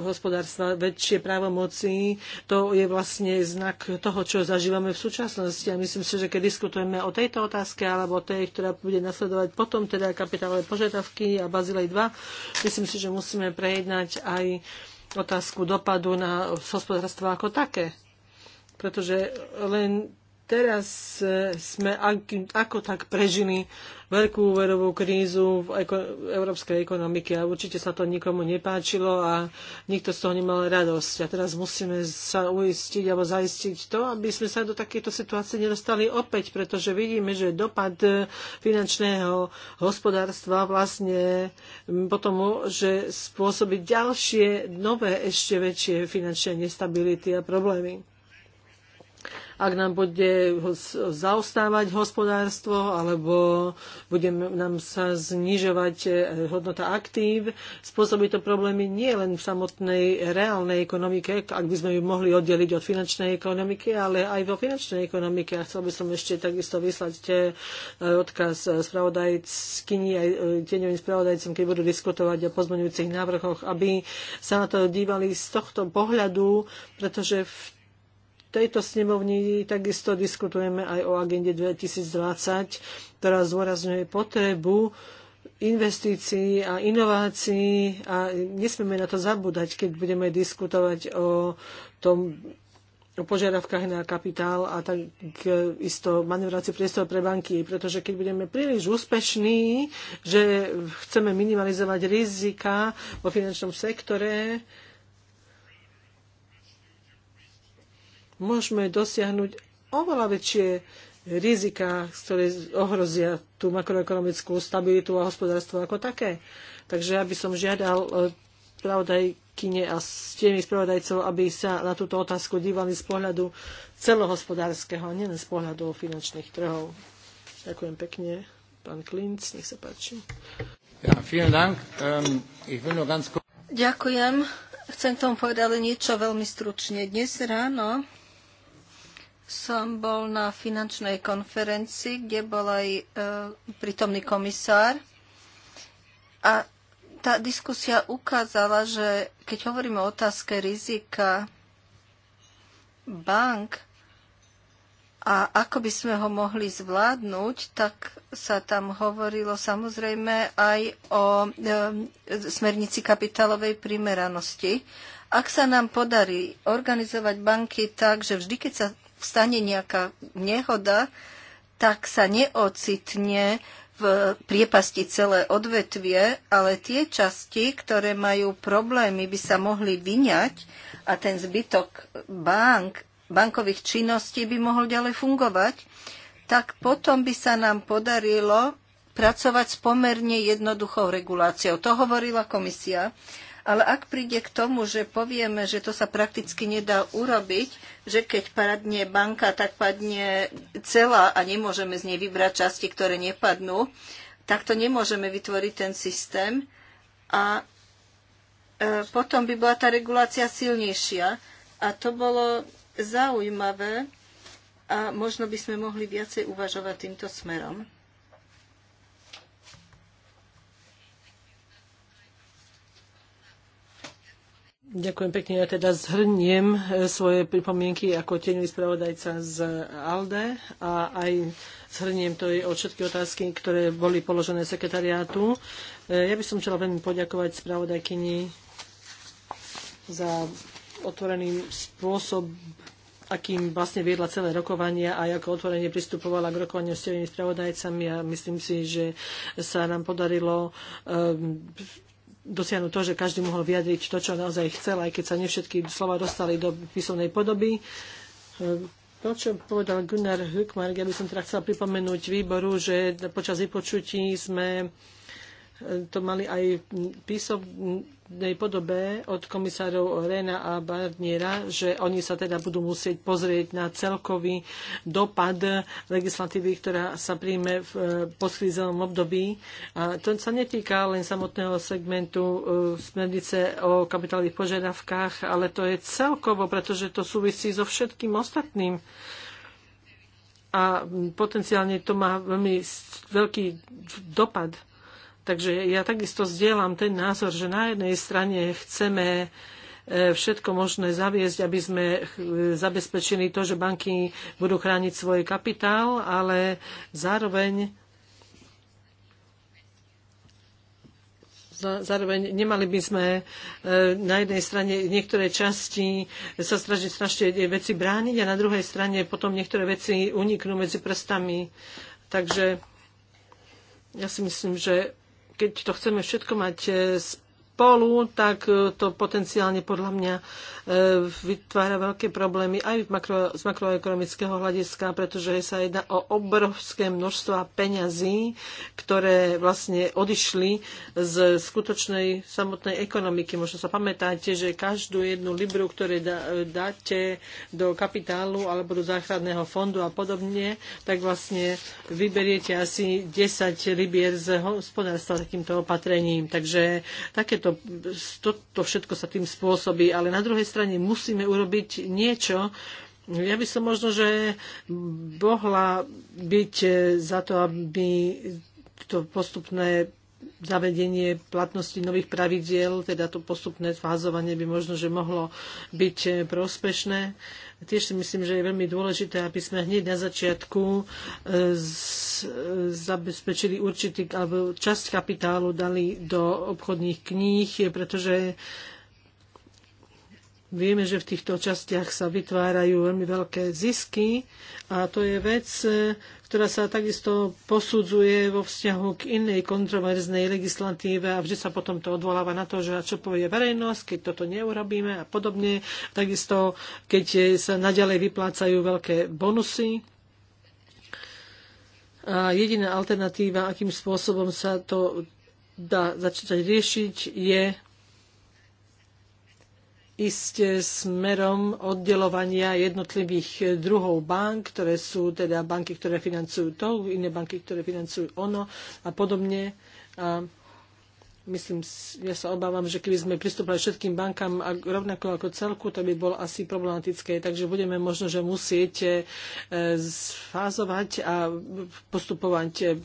Speaker 2: hospodárstva väčšie právomoci. To je vlastne znak toho, čo zažívame v súčasnosti. A myslím si, že keď diskutujeme o tejto otázke alebo tej, ktorá bude nasledovať potom, teda kapitálové požiadavky a Bazilej 2, myslím si, že musíme prejednať aj otázku dopadu na hospodárstvo ako také pretože len teraz e, sme ako tak prežili veľkú úverovú krízu v európskej ekonomike a určite sa to nikomu nepáčilo a nikto z toho nemal radosť. A teraz musíme sa uistiť alebo zaistiť to, aby sme sa do takéto situácie nedostali opäť, pretože vidíme, že dopad e, finančného hospodárstva vlastne potom môže spôsobiť ďalšie nové ešte väčšie finančné nestability a problémy ak nám bude zaostávať hospodárstvo alebo bude nám sa znižovať e, hodnota aktív, spôsobí to problémy nie len v samotnej reálnej ekonomike, ak by sme ju mohli oddeliť od finančnej ekonomiky, ale aj vo finančnej ekonomike. A chcel by som ešte takisto vyslať e, odkaz spravodajskyni aj e, tieňovým spravodajcom, keď budú diskutovať o pozmeňujúcich návrhoch, aby sa na to dívali z tohto pohľadu, pretože v tejto snemovni takisto diskutujeme aj o agende 2020, ktorá zdôrazňuje potrebu investícií a inovácií a nesmieme na to zabúdať, keď budeme diskutovať o tom o požiadavkách na kapitál a tak e, isto manevrácie priestor pre banky, pretože keď budeme príliš úspešní, že chceme minimalizovať rizika vo finančnom sektore, môžeme dosiahnuť oveľa väčšie rizika, ktoré ohrozia tú makroekonomickú stabilitu a hospodárstvo ako také. Takže ja by som žiadal e, spravodajkyne a stejných spravodajcov, aby sa na túto otázku dívali z pohľadu celohospodárskeho, nie z pohľadu finančných trhov. Ďakujem pekne. Pán Klinc, nech sa páči.
Speaker 1: Ja, vielen Dank. Ähm, ich ganz... Ďakujem. Chcem k tomu povedať niečo veľmi stručne. Dnes ráno som bol na finančnej konferencii, kde bol aj e, prítomný komisár. A tá diskusia ukázala, že keď hovoríme o otázke rizika bank a ako by sme ho mohli zvládnuť, tak sa tam hovorilo samozrejme aj o e, smernici kapitálovej primeranosti. Ak sa nám podarí organizovať banky tak, že vždy, keď sa stane nejaká nehoda, tak sa neocitne v priepasti celé odvetvie, ale tie časti, ktoré majú problémy, by sa mohli vyňať a ten zbytok bank, bankových činností by mohol ďalej fungovať, tak potom by sa nám podarilo pracovať s pomerne jednoduchou reguláciou. To hovorila komisia. Ale ak príde k tomu, že povieme, že to sa prakticky nedá urobiť, že keď padne banka, tak padne celá a nemôžeme z nej vybrať časti, ktoré nepadnú, tak to nemôžeme vytvoriť ten systém a e, potom by bola tá regulácia silnejšia. A to bolo zaujímavé a možno by sme mohli viacej uvažovať týmto smerom.
Speaker 2: Ďakujem pekne. Ja teda zhrniem e, svoje pripomienky ako teňový spravodajca z ALDE a aj zhrniem to o všetky otázky, ktoré boli položené sekretariátu. E, ja by som chcela veľmi poďakovať spravodajkyni za otvorený spôsob akým vlastne viedla celé rokovania a ako otvorene pristupovala k rokovaniu s tými spravodajcami a myslím si, že sa nám podarilo um, dosiahnuť to, že každý mohol vyjadriť to, čo naozaj chcel, aj keď sa nevšetky slova dostali do písomnej podoby. E, to, čo povedal Gunnar Hükmark, ja by som teda chcela pripomenúť výboru, že počas vypočutí sme to mali aj v písomnej podobe od komisárov Rena a Barniera, že oni sa teda budú musieť pozrieť na celkový dopad legislatívy, ktorá sa príjme v eh, postkrízovom období. A to sa netýka len samotného segmentu eh, smernice o kapitálových požiadavkách, ale to je celkovo, pretože to súvisí so všetkým ostatným a potenciálne to má veľmi veľký dopad Takže ja takisto zdieľam ten názor, že na jednej strane chceme e, všetko možné zaviesť, aby sme e, zabezpečili to, že banky budú chrániť svoj kapitál, ale zároveň zároveň nemali by sme e, na jednej strane niektoré časti sa stražiť strašne veci brániť a na druhej strane potom niektoré veci uniknú medzi prstami. Takže ja si myslím, že keď to chceme všetko mať eh, spolu, tak e, to potenciálne podľa mňa e, vytvára veľké problémy aj makro, z makroekonomického hľadiska, pretože sa jedná o obrovské množstva peňazí, ktoré vlastne odišli z skutočnej samotnej ekonomiky. Možno sa pamätáte, že každú jednu libru, ktoré dáte do kapitálu alebo do záchranného fondu a podobne, tak vlastne vyberiete asi 10 libier z hospodárstva takýmto opatrením. Takže takéto toto, to všetko sa tým spôsobí. Ale na druhej strane musíme urobiť niečo, ja by som možno, že bohla byť za to, aby to postupné zavedenie platnosti nových pravidiel, teda to postupné fázovanie by možno, že mohlo byť prospešné. Tiež si myslím, že je veľmi dôležité, aby sme hneď na začiatku e, e, zabezpečili určitý, alebo časť kapitálu dali do obchodných kníh, pretože Vieme, že v týchto častiach sa vytvárajú veľmi veľké zisky a to je vec, ktorá sa takisto posudzuje vo vzťahu k inej kontroverznej legislatíve a vždy sa potom to odvoláva na to, že čo povie verejnosť, keď toto neurobíme a podobne. Takisto, keď sa naďalej vyplácajú veľké bonusy. A jediná alternatíva, akým spôsobom sa to dá začať riešiť, je ísť smerom oddelovania jednotlivých eh, druhov bank, ktoré sú teda banky, ktoré financujú to, iné banky, ktoré financujú ono a podobne. A myslím, ja sa obávam, že keby sme pristúpili všetkým bankám rovnako ako celku, to by bolo asi problematické. Takže budeme možno, že musieť eh, sfázovať a postupovať eh,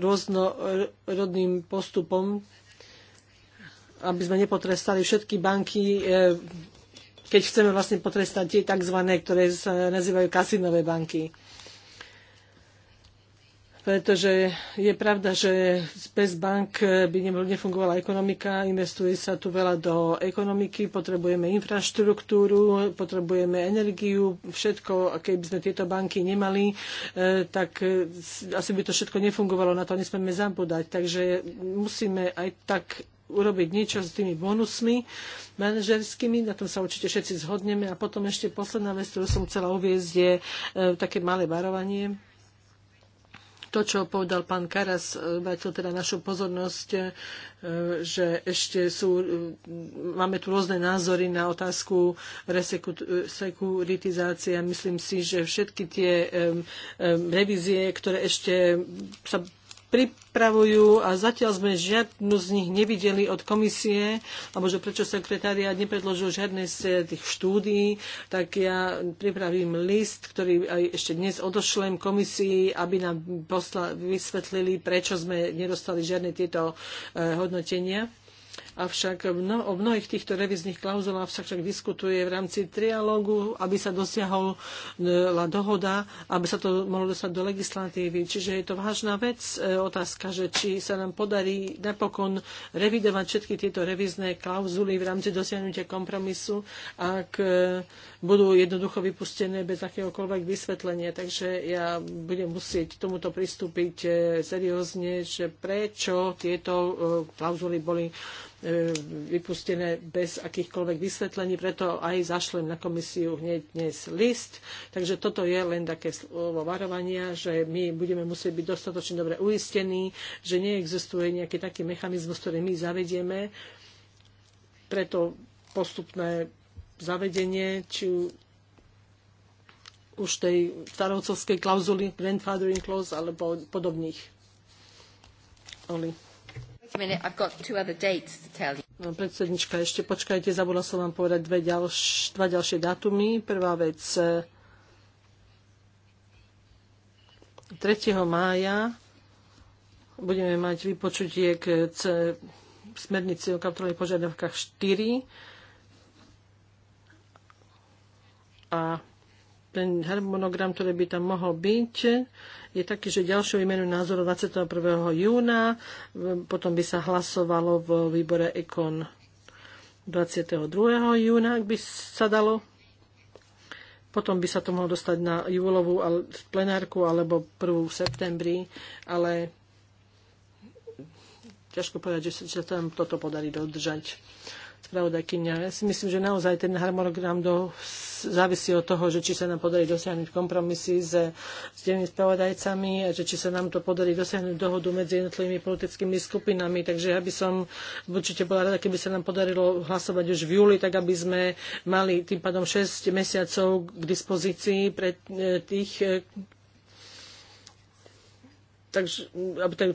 Speaker 2: rôznorodným postupom aby sme nepotrestali všetky banky, e, keď chceme vlastne potrestať tie tzv. ktoré sa nazývajú kasinové banky. Pretože je pravda, že bez bank by nefungovala ekonomika, investuje sa tu veľa do ekonomiky, potrebujeme infraštruktúru, potrebujeme energiu, všetko. A keby sme tieto banky nemali, e, tak e, asi by to všetko nefungovalo, na to nesmieme zabúdať. Takže musíme aj tak urobiť niečo s tými bonusmi manažerskými, na tom sa určite všetci zhodneme. A potom ešte posledná vec, ktorú som chcela uviezť, je e, také malé varovanie to, čo povedal pán Karas, e, vrátil teda našu pozornosť, e, že ešte sú, e, máme tu rôzne názory na otázku resekuritizácie. Myslím si, že všetky tie revízie, ktoré ešte sa pripravujú a zatiaľ sme žiadnu z nich nevideli od komisie, alebo že prečo sekretariát nepredložil žiadne z eh, tých štúdií, tak ja pripravím list, ktorý aj ešte dnes odošlem komisii, aby nám posla, vysvetlili, prečo sme nedostali žiadne tieto eh, hodnotenia. Avšak o mnohých týchto revizných klauzulách sa však diskutuje v rámci trialógu, aby sa dosiahla dohoda, aby sa to mohlo dostať do legislatívy. Čiže je to vážna vec, e, otázka, že či sa nám podarí napokon revidovať všetky tieto revizné klauzuly v rámci dosiahnutia kompromisu, ak e, budú jednoducho vypustené bez akéhokoľvek vysvetlenia. Takže ja budem musieť tomuto pristúpiť e, seriózne, že prečo tieto klauzuly boli E, vypustené bez akýchkoľvek vysvetlení, preto aj zašlem na komisiu hneď dnes list. Takže toto je len také slovo varovania, že my budeme musieť byť dostatočne dobre uistení, že neexistuje nejaký taký mechanizmus, ktorý my zavedieme. Preto postupné zavedenie, či už tej starovcovskej klauzuly, grandfathering clause alebo podobných. Oli minute, predsednička, ešte počkajte, zabudla som vám povedať dve ďalš, dva ďalšie dátumy. Prvá vec 3. E, mája budeme mať vypočutie k smernici o kontrolných požiadavkách 4 a ten harmonogram, ktorý by tam mohol byť, je taký, že ďalšou výmenu názoru 21. júna, potom by sa hlasovalo v výbore EKON 22. júna, ak by sa dalo. Potom by sa to mohlo dostať na júlovú plenárku alebo 1. septembri, ale ťažko povedať, že sa tam toto podarí dodržať spravodajkynia. Ja si myslím, že naozaj ten harmonogram do, závisí od toho, že či sa nám podarí dosiahnuť kompromisy s, s tými spravodajcami a že či sa nám to podarí dosiahnuť dohodu medzi jednotlivými politickými skupinami. Takže ja by som určite bola rada, keby sa nám podarilo hlasovať už v júli, tak aby sme mali tým pádom 6 mesiacov k dispozícii pre e, tých Takže,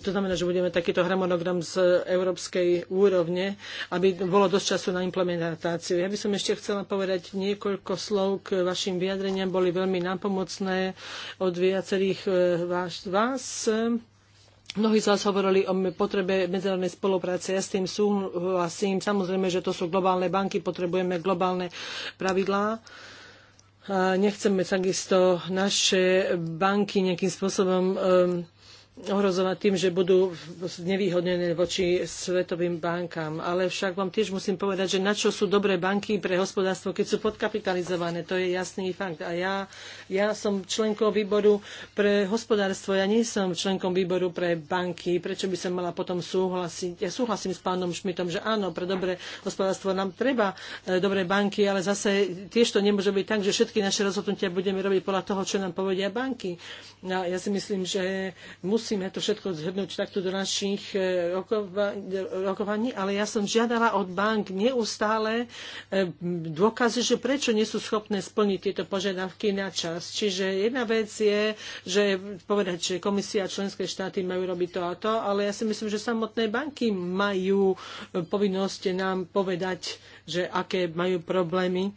Speaker 2: to znamená, že budeme takýto harmonogram z európskej úrovne, aby bolo dosť času na implementáciu. Ja by som ešte chcela povedať niekoľko slov k vašim vyjadreniam. Boli veľmi nápomocné od viacerých e, vás. vás. Mnohí z vás hovorili o potrebe medzinárodnej spolupráce. Ja s tým súhlasím. Samozrejme, že to sú globálne banky, potrebujeme globálne pravidlá nechceme takisto naše banky nejakým spôsobom um, ohrozovať tým, že budú znevýhodnené voči svetovým bankám. Ale však vám tiež musím povedať, že na čo sú dobré banky pre hospodárstvo, keď sú podkapitalizované. To je jasný fakt. A ja, ja som členkou výboru pre hospodárstvo, ja nie som členkom výboru pre banky. Prečo by som mala potom súhlasiť? Ja súhlasím s pánom Šmitom, že áno, pre dobré hospodárstvo nám treba e, dobré banky, ale zase tiež to nemôže byť tak, že všetky naše rozhodnutia budeme robiť podľa toho, čo nám povedia banky. No, ja si myslím, že musí musíme to všetko zhrnúť takto do našich e, rokovaní, ale ja som žiadala od bank neustále e, dôkazy, že prečo nie sú schopné splniť tieto požiadavky na čas. Čiže jedna vec je, že povedať, že komisia a členské štáty majú robiť to a to, ale ja si myslím, že samotné banky majú e, povinnosť nám povedať, že aké majú problémy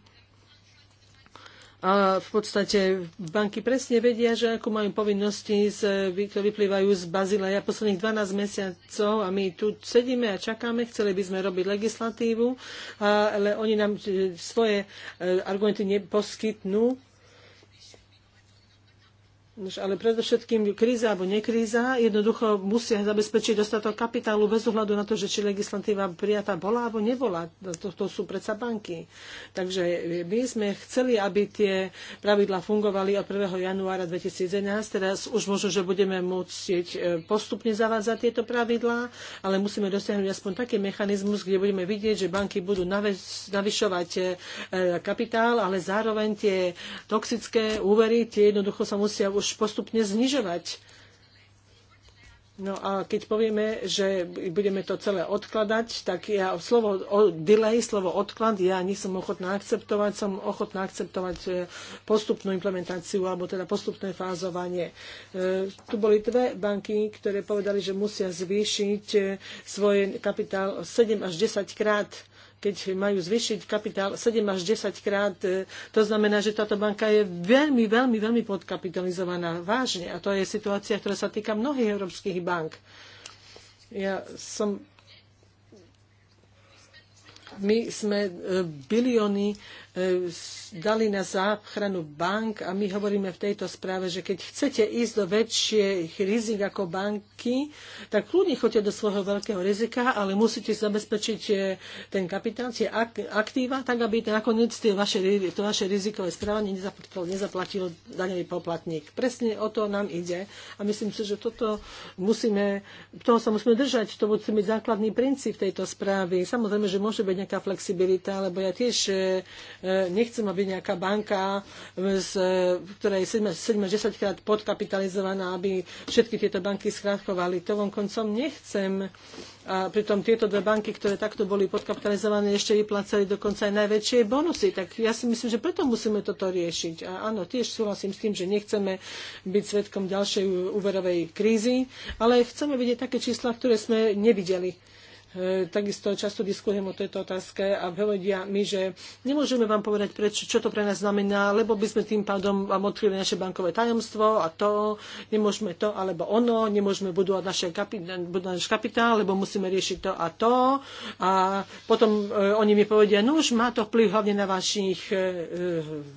Speaker 2: a v podstate banky presne vedia, že ako majú povinnosti, z, ktoré vyplývajú z Ja posledných 12 mesiacov a my tu sedíme a čakáme, chceli by sme robiť legislatívu, ale oni nám e, svoje e, argumenty neposkytnú ale predovšetkým kríza alebo nekríza, jednoducho musia zabezpečiť dostatok kapitálu bez ohľadu na to, že či legislatíva prijatá bola alebo nebola. To, to sú predsa banky. Takže my sme chceli, aby tie pravidlá fungovali od 1. januára 2011. Teraz už možno, že budeme môcť e, postupne zavádzať tieto pravidlá, ale musíme dosiahnuť aspoň taký mechanizmus, kde budeme vidieť, že banky budú navyšovať e, kapitál, ale zároveň tie toxické úvery, tie jednoducho sa musia už postupne znižovať. No a keď povieme, že budeme to celé odkladať, tak ja slovo o delay, slovo odklad, ja nie som ochotná akceptovať, som ochotná akceptovať e, postupnú implementáciu alebo teda postupné fázovanie. E, tu boli dve banky, ktoré povedali, že musia zvýšiť e, svoj kapitál 7 až 10 krát keď majú zvyšiť kapitál 7 až 10 krát, e, to znamená, že táto banka je veľmi, veľmi, veľmi podkapitalizovaná. Vážne. A to je situácia, ktorá sa týka mnohých európskych bank. Ja som my sme e, bilióny E, dali na záchranu bank a my hovoríme v tejto správe, že keď chcete ísť do väčších rizik ako banky, tak kľudne chodite do svojho veľkého rizika, ale musíte zabezpečiť e, ten kapitál, tie aktíva, tak aby nakoniec tie vaše, to vaše rizikové správanie nezaplatilo, nezaplatilo daňový poplatník. Presne o to nám ide a myslím si, že toto musíme, toho sa musíme držať, to musí byť základný princíp tejto správy. Samozrejme, že môže byť nejaká flexibilita, lebo ja tiež e, E, nechcem, aby nejaká banka, z, ktorá je 7-10 krát podkapitalizovaná, aby všetky tieto banky skrátkovali. To koncom nechcem. A pritom tieto dve banky, ktoré takto boli podkapitalizované, ešte vyplácali dokonca aj najväčšie bonusy. Tak ja si myslím, že preto musíme toto riešiť. A áno, tiež súhlasím s tým, že nechceme byť svetkom ďalšej úverovej krízy, ale chceme vidieť také čísla, ktoré sme nevideli E, takisto často diskutujem o tejto otázke a povedia mi, že nemôžeme vám povedať, prečo, čo to pre nás znamená, lebo by sme tým pádom vám odkryli naše bankové tajomstvo a to, nemôžeme to alebo ono, nemôžeme budovať naše kapi- náš kapitál, lebo musíme riešiť to a to. A potom e, oni mi povedia, no už má to vplyv hlavne na vašich e, e,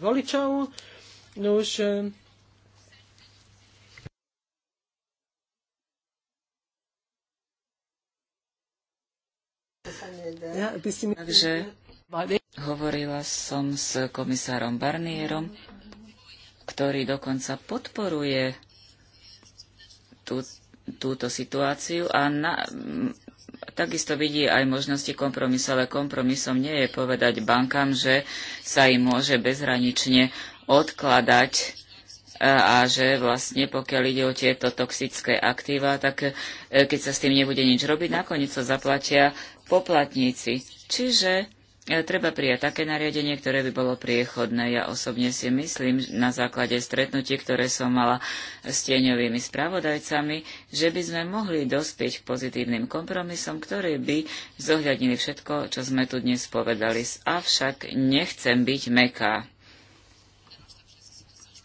Speaker 2: voličov, no už... E, Takže
Speaker 3: hovorila som s komisárom Barnierom, ktorý dokonca podporuje tú, túto situáciu a na, takisto vidí aj možnosti kompromisu, ale kompromisom nie je povedať bankám, že sa im môže bezhranične odkladať e, a že vlastne pokiaľ ide o tieto toxické aktíva, tak e, keď sa s tým nebude nič robiť, nakoniec sa zaplatia poplatníci. Čiže e, treba prijať také nariadenie, ktoré by bolo priechodné. Ja osobne si myslím, na základe stretnutí, ktoré som mala s tieňovými spravodajcami, že by sme mohli dospieť k pozitívnym kompromisom, ktoré by zohľadnili všetko, čo sme tu dnes povedali. Avšak nechcem byť meká.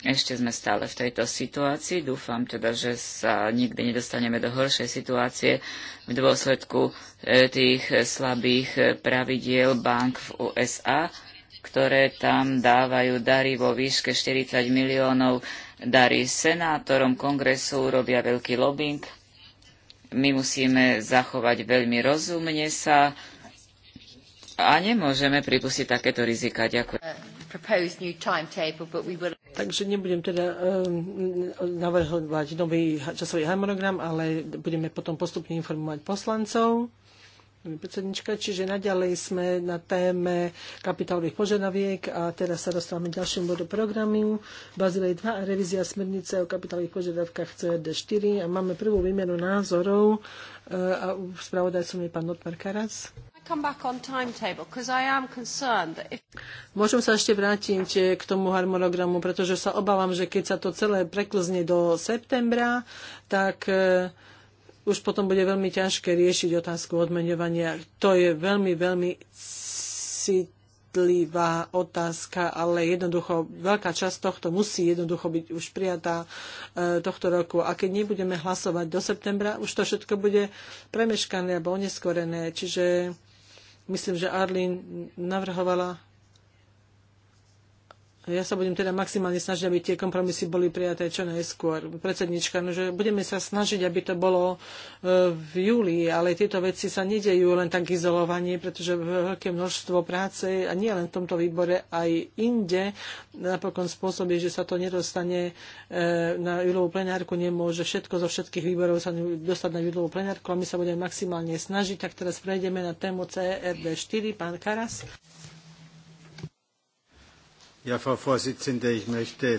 Speaker 3: Ešte sme stále v tejto situácii. Dúfam teda, že sa nikdy nedostaneme do horšej situácie v dôsledku e, tých e, slabých e, pravidiel bank v USA, ktoré tam dávajú dary vo výške 40 miliónov dary senátorom kongresu, robia veľký lobbying. My musíme zachovať veľmi rozumne sa a nemôžeme pripustiť takéto rizika. Ďakujem
Speaker 2: proposed new timetable, but we will... Takže nebudem teda um, navrhovať nový časový harmonogram, ale budeme potom postupne informovať poslancov predsednička, čiže naďalej sme na téme kapitálových požiadaviek a teraz sa dostávame k ďalšiemu bodu programu. Bazilej 2 a revízia smernice o kapitálových požiadavkách CRD 4 a máme prvú výmenu názorov eh, a spravodajcom je pán Notmar Karas. Môžem sa ešte vrátiť eh, k tomu harmonogramu, pretože sa obávam, že keď sa to celé preklzne do septembra, tak eh, už potom bude veľmi ťažké riešiť otázku odmenovania. To je veľmi, veľmi citlivá otázka, ale jednoducho veľká časť tohto musí jednoducho byť už prijatá e, tohto roku. A keď nebudeme hlasovať do septembra, už to všetko bude premeškané alebo oneskorené. Čiže Myslím, že Arlene navrhovala ja sa budem teda maximálne snažiť, aby tie kompromisy boli prijaté čo najskôr. Predsednička, no, že budeme sa snažiť, aby to bolo e, v júli, ale tieto veci sa nedejú len tak izolovanie, pretože veľké množstvo práce, a nie len v tomto výbore, aj inde, napokon spôsobí, že sa to nedostane e, na júlovú plenárku, nemôže všetko zo všetkých výborov sa dostať na júlovú plenárku a my sa budeme maximálne snažiť. Tak teraz prejdeme na tému CRD4. Pán Karas.
Speaker 1: Ja, Frau Vorsitzende, ich möchte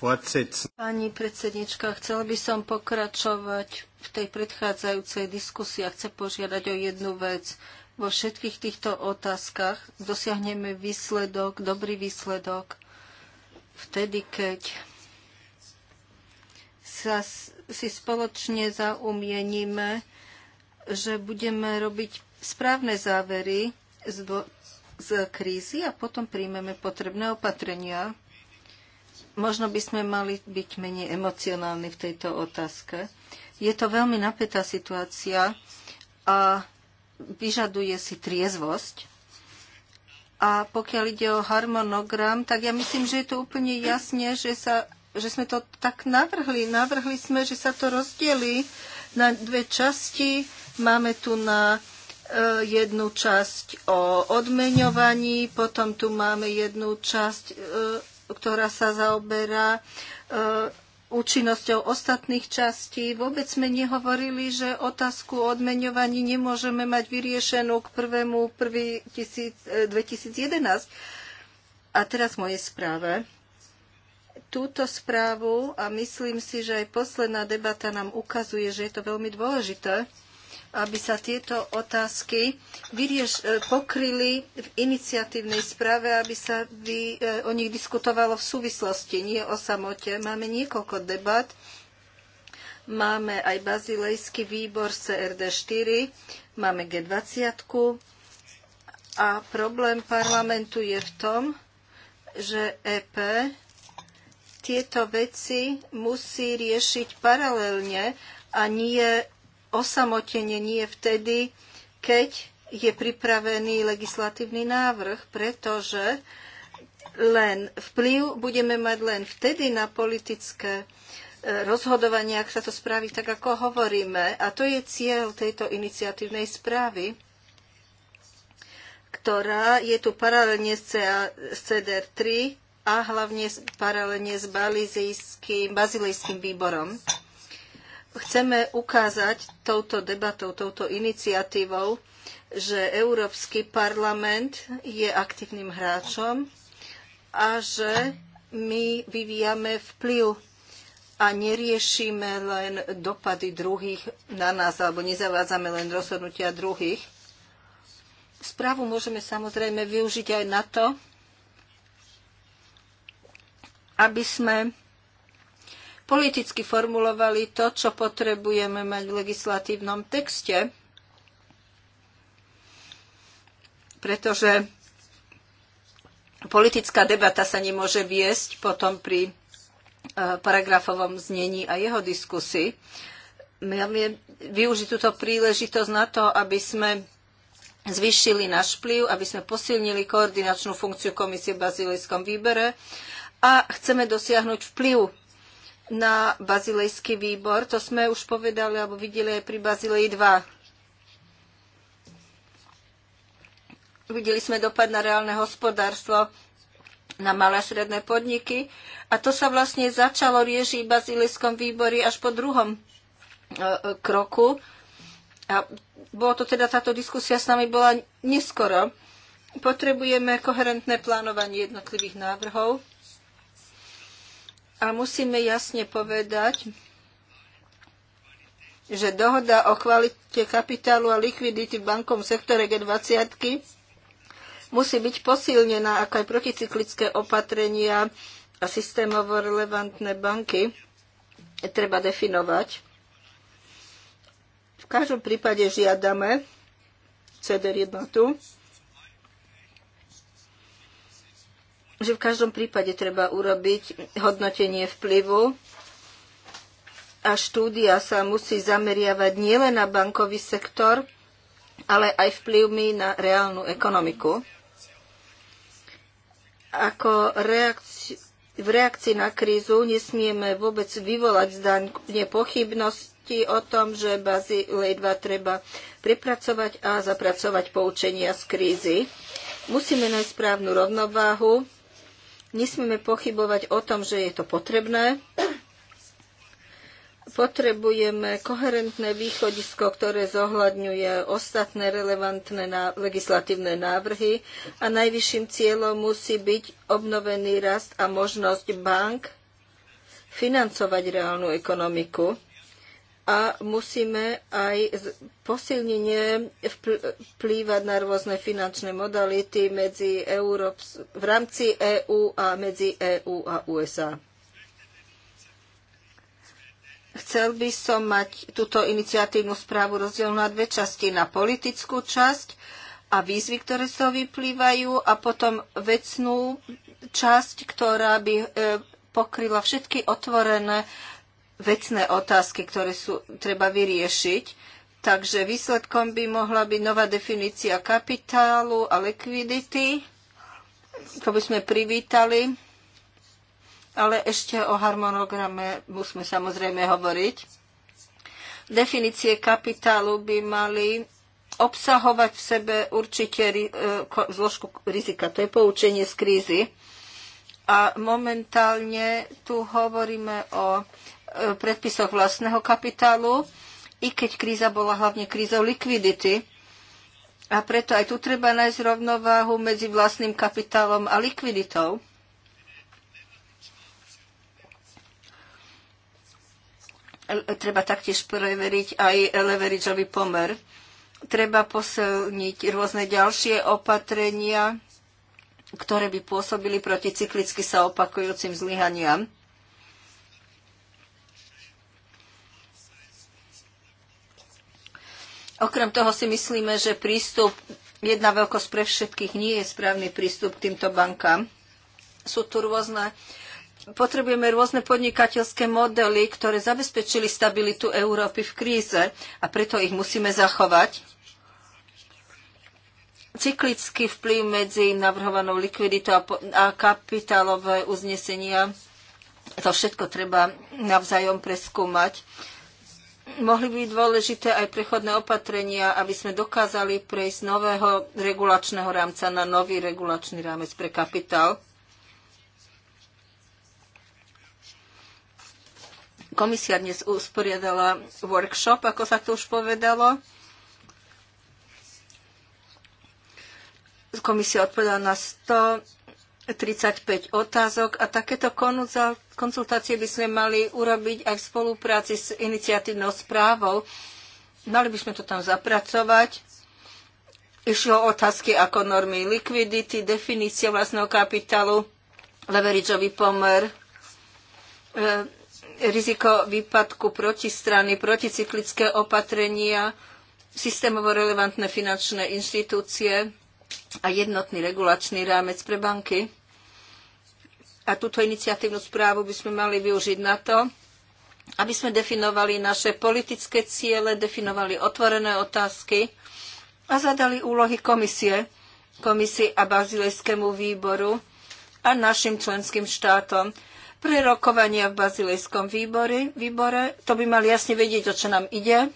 Speaker 1: fortsetzen. Pani predsednička, chcela by som pokračovať v tej predchádzajúcej diskusii a chcem požiadať o jednu vec. Vo všetkých týchto otázkach dosiahneme výsledok, dobrý výsledok, vtedy, keď sa si spoločne zaumienime, že budeme robiť správne závery z z krízy a potom príjmeme potrebné opatrenia. Možno by sme mali byť menej emocionálni v tejto otázke. Je to veľmi napätá situácia a vyžaduje si triezvosť. A pokiaľ ide o harmonogram, tak ja myslím, že je to úplne jasne, že, sa, že sme to tak navrhli. Navrhli sme, že sa to rozdelí na dve časti. Máme tu na E, jednu časť o odmeňovaní, potom tu máme jednu časť, e, ktorá sa zaoberá e, účinnosťou ostatných častí. Vôbec sme nehovorili, že otázku o odmeňovaní nemôžeme mať vyriešenú k 1. 2011. A teraz moje správe. Túto správu, a myslím si, že aj posledná debata nám ukazuje, že je to veľmi dôležité, aby sa tieto otázky vyrieš, e, pokryli v iniciatívnej správe, aby sa vy, e, o nich diskutovalo v súvislosti, nie o samote. Máme niekoľko debat. Máme aj bazilejský výbor CRD4, máme G20 a problém parlamentu je v tom, že EP tieto veci musí riešiť paralelne a nie osamotenie nie vtedy, keď je pripravený legislatívny návrh, pretože len vplyv budeme mať len vtedy na politické e, rozhodovanie, ak sa to spraví tak, ako hovoríme. A to je cieľ tejto iniciatívnej správy, ktorá je tu paralelne s CDR 3 a hlavne paralelne s bazilejským výborom chceme ukázať touto debatou, touto iniciatívou, že Európsky parlament je aktívnym hráčom a že my vyvíjame vplyv a neriešime len dopady druhých na nás alebo nezavádzame len rozhodnutia druhých. Správu môžeme samozrejme využiť aj na to, aby sme politicky formulovali to, čo potrebujeme mať v legislatívnom texte, pretože politická debata sa nemôže viesť potom pri e, paragrafovom znení a jeho diskusy. Ja využiť túto príležitosť na to, aby sme zvýšili náš vplyv, aby sme posilnili koordinačnú funkciu komisie v bazilejskom výbere a chceme dosiahnuť vplyv na bazilejský výbor. To sme už povedali, alebo videli aj pri Bazileji 2. Videli sme dopad na reálne hospodárstvo, na malé a stredné podniky. A to sa vlastne začalo riešiť v bazilejskom výbore až po druhom e, e, kroku. A bolo to teda, táto diskusia s nami bola neskoro. Potrebujeme koherentné plánovanie jednotlivých návrhov a musíme jasne povedať, že dohoda o kvalite kapitálu a likvidity v bankom sektore G20 musí byť posilnená ako aj proticyklické opatrenia a systémovo relevantné banky treba definovať. V každom prípade žiadame CDR jednotu, že v každom prípade treba urobiť hodnotenie vplyvu a štúdia sa musí zameriavať nielen na bankový sektor, ale aj vplyvmi na reálnu ekonomiku. Ako reakci- v reakcii na krízu nesmieme vôbec vyvolať zdaňne pochybnosti o tom, že Bazilej 2 treba prepracovať a zapracovať poučenia z krízy. Musíme nájsť správnu rovnováhu Nesmieme pochybovať o tom, že je to potrebné. Potrebujeme koherentné východisko, ktoré zohľadňuje ostatné relevantné legislatívne návrhy a najvyšším cieľom musí byť obnovený rast a možnosť bank financovať reálnu ekonomiku a musíme aj posilnenie vplývať na rôzne finančné modality medzi Európs- v rámci EÚ a medzi EÚ a USA. Chcel by som mať túto iniciatívnu správu rozdielnú na dve časti. Na politickú časť a výzvy, ktoré z toho vyplývajú a potom vecnú časť, ktorá by e, pokryla všetky otvorené vecné otázky, ktoré sú treba vyriešiť. Takže výsledkom by mohla byť nová definícia kapitálu a likvidity. To by sme privítali. Ale ešte o harmonograme musíme samozrejme hovoriť. Definície kapitálu by mali obsahovať v sebe určite e, zložku rizika. To je poučenie z krízy. A momentálne tu hovoríme o Eh, predpisoch vlastného kapitálu, i keď kríza bola hlavne krízou likvidity. A preto aj tu treba nájsť rovnováhu medzi vlastným kapitálom a likviditou. Treba taktiež preveriť aj leverageový pomer. Treba posilniť rôzne ďalšie opatrenia, ktoré by pôsobili proti cyklicky sa opakujúcim zlyhaniam. Okrem toho si myslíme, že prístup jedna veľkosť pre všetkých nie je správny prístup k týmto bankám. Sú tu rôzne Potrebujeme rôzne podnikateľské modely, ktoré zabezpečili stabilitu Európy v kríze a preto ich musíme zachovať. Cyklický vplyv medzi navrhovanou likviditou a kapitálové uznesenia, to všetko treba navzájom preskúmať mohli byť dôležité aj prechodné opatrenia, aby sme dokázali prejsť z nového regulačného rámca na nový regulačný rámec pre kapitál. Komisia dnes usporiadala workshop, ako sa to už povedalo. Komisia odpovedala na 135 otázok a takéto konzultácie Konzultácie by sme mali urobiť aj v spolupráci s iniciatívnou správou. Mali by sme to tam zapracovať. Išlo otázky ako normy likvidity, definícia vlastného kapitálu, leverageový pomer, e, riziko výpadku protistrany, proticyklické opatrenia, systémovo relevantné finančné inštitúcie a jednotný regulačný rámec pre banky a túto iniciatívnu správu by sme mali využiť na to, aby sme definovali naše politické ciele, definovali otvorené otázky a zadali úlohy komisie, komisie a bazilejskému výboru a našim členským štátom. Pre rokovania v bazilejskom výbore, výbore to by mali jasne vedieť, o čo nám ide,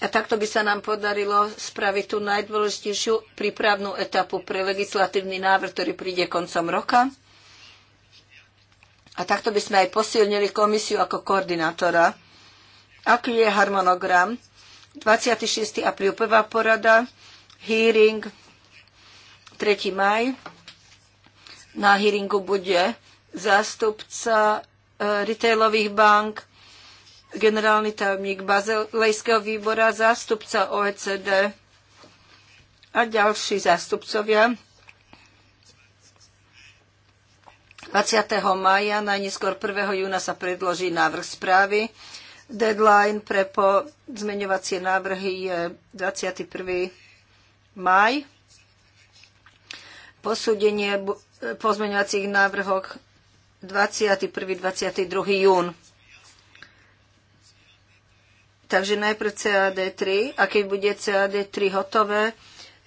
Speaker 1: a takto by sa nám podarilo spraviť tú najdôležitejšiu prípravnú etapu pre legislatívny návrh, ktorý príde koncom roka. A takto by sme aj posilnili komisiu ako koordinátora. Aký je harmonogram? 26. apríl prvá porada, hearing 3. maj. Na hearingu bude zástupca e, retailových bank, generálny tajomník Bazelejského výbora, zástupca OECD a ďalší zástupcovia. 20. maja, najneskôr 1. júna sa predloží návrh správy. Deadline pre zmeňovacie návrhy je 21. maj. Posúdenie pozmeňovacích návrhoch 21. 22. jún. Takže najprv CAD3 a keď bude CAD3 hotové,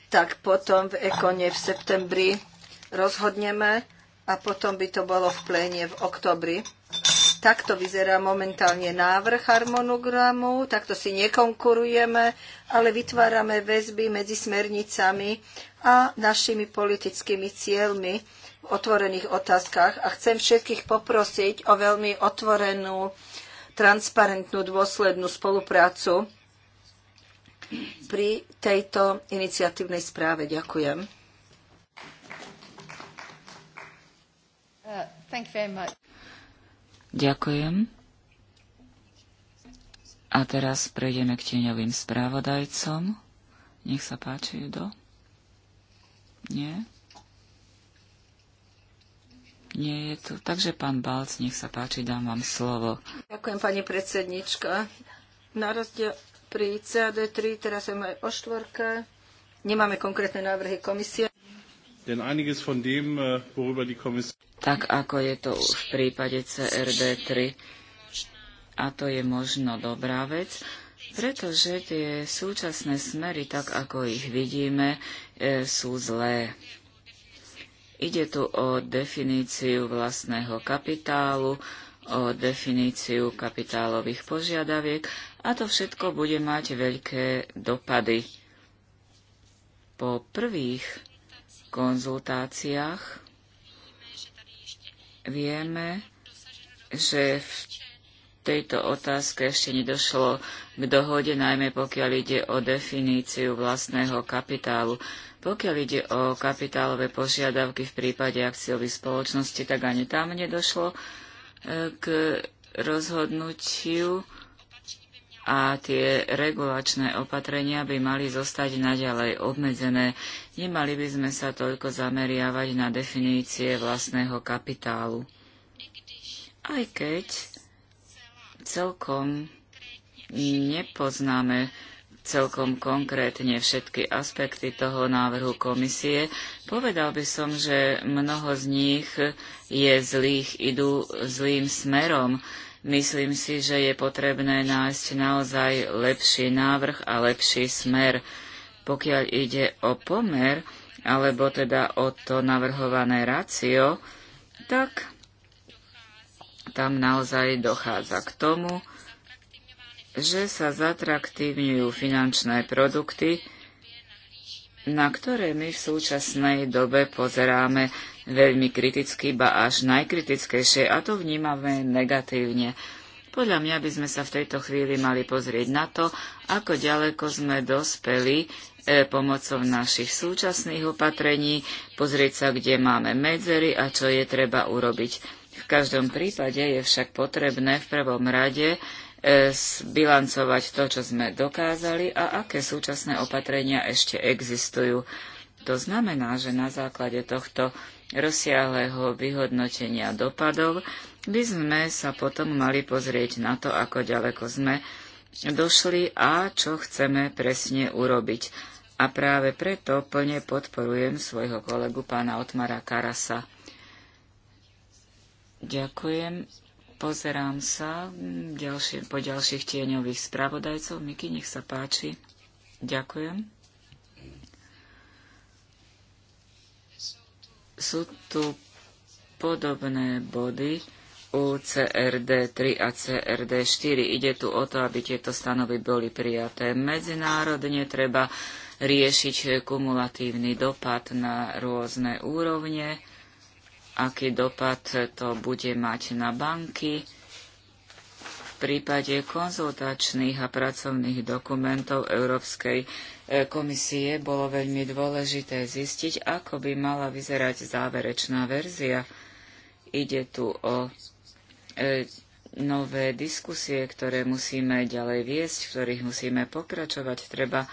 Speaker 1: tak potom v Ekone v septembri rozhodneme a potom by to bolo v pléne v oktobri. Takto vyzerá momentálne návrh harmonogramu, takto si nekonkurujeme, ale vytvárame väzby medzi smernicami a našimi politickými cieľmi v otvorených otázkach. A chcem všetkých poprosiť o veľmi otvorenú transparentnú dôslednú spoluprácu pri tejto iniciatívnej správe. Ďakujem. Uh,
Speaker 3: Ďakujem. A teraz prejdeme k tieňovým správodajcom. Nech sa páči, Judo. Nie? Nie je tu. Takže pán Balc, nech sa páči, dám vám slovo.
Speaker 1: Ďakujem, pani predsednička. Na rozdiel pri CAD3, teraz sme aj o štvorke. Nemáme konkrétne návrhy komisie. Denn einiges von dem, äh, worüber die
Speaker 3: Tak ako je to v prípade CRD3. A to je možno dobrá vec, pretože tie súčasné smery, tak ako ich vidíme, e, sú zlé. Ide tu o definíciu vlastného kapitálu, o definíciu kapitálových požiadaviek a to všetko bude mať veľké dopady. Po prvých konzultáciách vieme, že v tejto otázke ešte nedošlo k dohode, najmä pokiaľ ide o definíciu vlastného kapitálu. Pokiaľ ide o kapitálové požiadavky v prípade akciových spoločností, tak ani tam nedošlo e, k rozhodnutiu a tie regulačné opatrenia by mali zostať naďalej obmedzené. Nemali by sme sa toľko zameriavať na definície vlastného kapitálu. Aj keď celkom nepoznáme celkom konkrétne všetky aspekty toho návrhu komisie. Povedal by som, že mnoho z nich je zlých, idú zlým smerom. Myslím si, že je potrebné nájsť naozaj lepší návrh a lepší smer. Pokiaľ ide o pomer, alebo teda o to navrhované rácio, tak tam naozaj dochádza k tomu, že sa zatraktívňujú finančné produkty, na ktoré my v súčasnej dobe pozeráme veľmi kriticky, ba až najkritickejšie, a to vnímame negatívne. Podľa mňa by sme sa v tejto chvíli mali pozrieť na to, ako ďaleko sme dospeli e, pomocou našich súčasných opatrení, pozrieť sa, kde máme medzery a čo je treba urobiť. V každom prípade je však potrebné v prvom rade E, zbilancovať to, čo sme dokázali a aké súčasné opatrenia ešte existujú. To znamená, že na základe tohto rozsiahleho vyhodnotenia dopadov by sme sa potom mali pozrieť na to, ako ďaleko sme došli a čo chceme presne urobiť. A práve preto plne podporujem svojho kolegu pána Otmara Karasa. Ďakujem. Pozerám sa mm, ďalšie, po ďalších tieňových spravodajcov. Miky, nech sa páči. Ďakujem. Sú tu podobné body u CRD 3 a CRD 4. Ide tu o to, aby tieto stanovy boli prijaté medzinárodne. Treba riešiť kumulatívny dopad na rôzne úrovne aký dopad to bude mať na banky. V prípade konzultačných a pracovných dokumentov Európskej e, komisie bolo veľmi dôležité zistiť, ako by mala vyzerať záverečná verzia. Ide tu o e, nové diskusie, ktoré musíme ďalej viesť, v ktorých musíme pokračovať. Treba,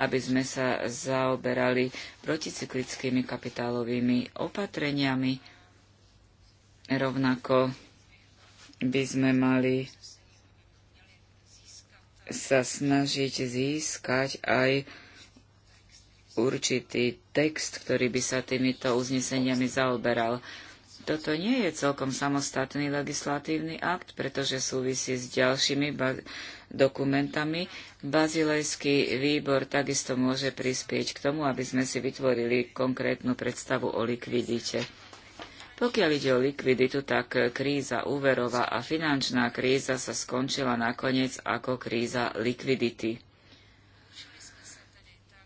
Speaker 3: aby sme sa zaoberali proticyklickými kapitálovými opatreniami Rovnako by sme mali sa snažiť získať aj určitý text, ktorý by sa týmito uzneseniami zaoberal. Toto nie je celkom samostatný legislatívny akt, pretože súvisí s ďalšími ba- dokumentami. Bazilejský výbor takisto môže prispieť k tomu, aby sme si vytvorili konkrétnu predstavu o likvidite. Pokiaľ ide o likviditu, tak kríza úverová a finančná kríza sa skončila nakoniec ako kríza likvidity.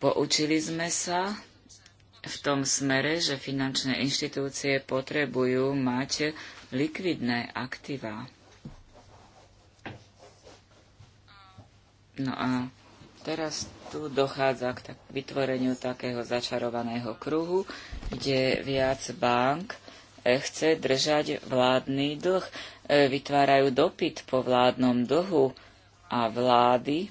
Speaker 3: Poučili sme sa v tom smere, že finančné inštitúcie potrebujú mať likvidné aktíva. No a teraz tu dochádza k tak, vytvoreniu takého začarovaného kruhu, kde viac bank E, chce držať vládny dlh. E, vytvárajú dopyt po vládnom dlhu a vlády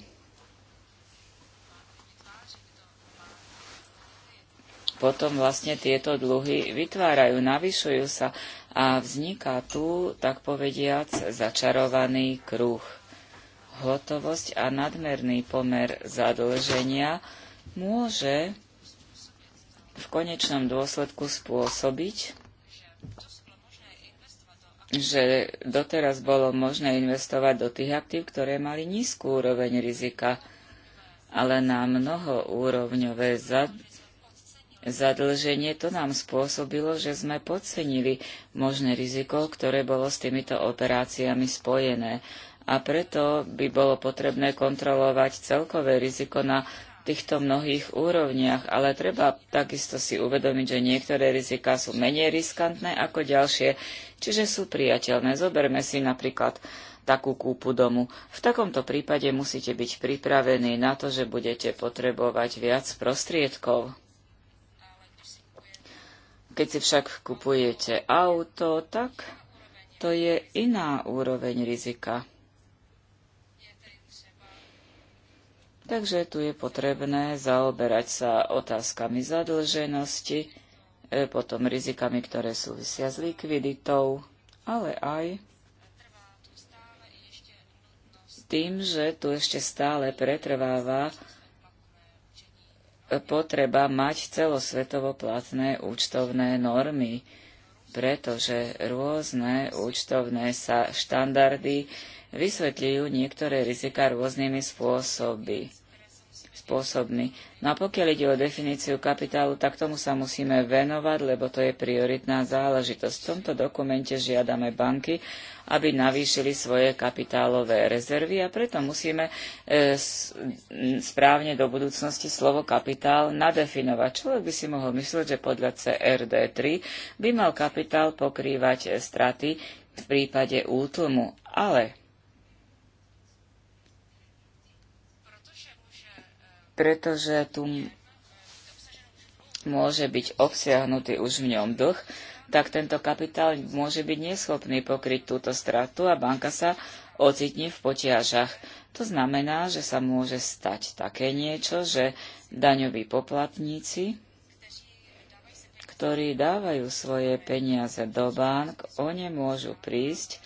Speaker 3: potom vlastne tieto dlhy vytvárajú, navyšujú sa a vzniká tu, tak povediac, začarovaný kruh. Hotovosť a nadmerný pomer zadlženia môže v konečnom dôsledku spôsobiť, že doteraz bolo možné investovať do tých aktív, ktoré mali nízku úroveň rizika, ale na mnohoúrovňové zadlženie to nám spôsobilo, že sme podcenili možné riziko, ktoré bolo s týmito operáciami spojené. A preto by bolo potrebné kontrolovať celkové riziko na týchto mnohých úrovniach, ale treba takisto si uvedomiť, že niektoré riziká sú menej riskantné ako ďalšie, čiže sú priateľné. Zoberme si napríklad takú kúpu domu. V takomto prípade musíte byť pripravení na to, že budete potrebovať viac prostriedkov. Keď si však kupujete auto, tak to je iná úroveň rizika. Takže tu je potrebné zaoberať sa otázkami zadlženosti, e, potom rizikami, ktoré súvisia s likviditou, ale aj tým, že tu ešte stále pretrváva potreba mať celosvetovo platné účtovné normy, pretože rôzne účtovné sa štandardy vysvetľujú niektoré rizika rôznymi spôsoby spôsobmi. No a pokiaľ ide o definíciu kapitálu, tak tomu sa musíme venovať, lebo to je prioritná záležitosť. V tomto dokumente žiadame banky, aby navýšili svoje kapitálové rezervy a preto musíme e, správne do budúcnosti slovo kapitál nadefinovať. Človek by si mohol myslieť, že podľa CRD3 by mal kapitál pokrývať e, straty v prípade útlmu, ale pretože tu môže byť obsiahnutý už v ňom dlh, tak tento kapitál môže byť neschopný pokryť túto stratu a banka sa ocitne v potiažach. To znamená, že sa môže stať také niečo, že daňoví poplatníci, ktorí dávajú svoje peniaze do bank, oni môžu prísť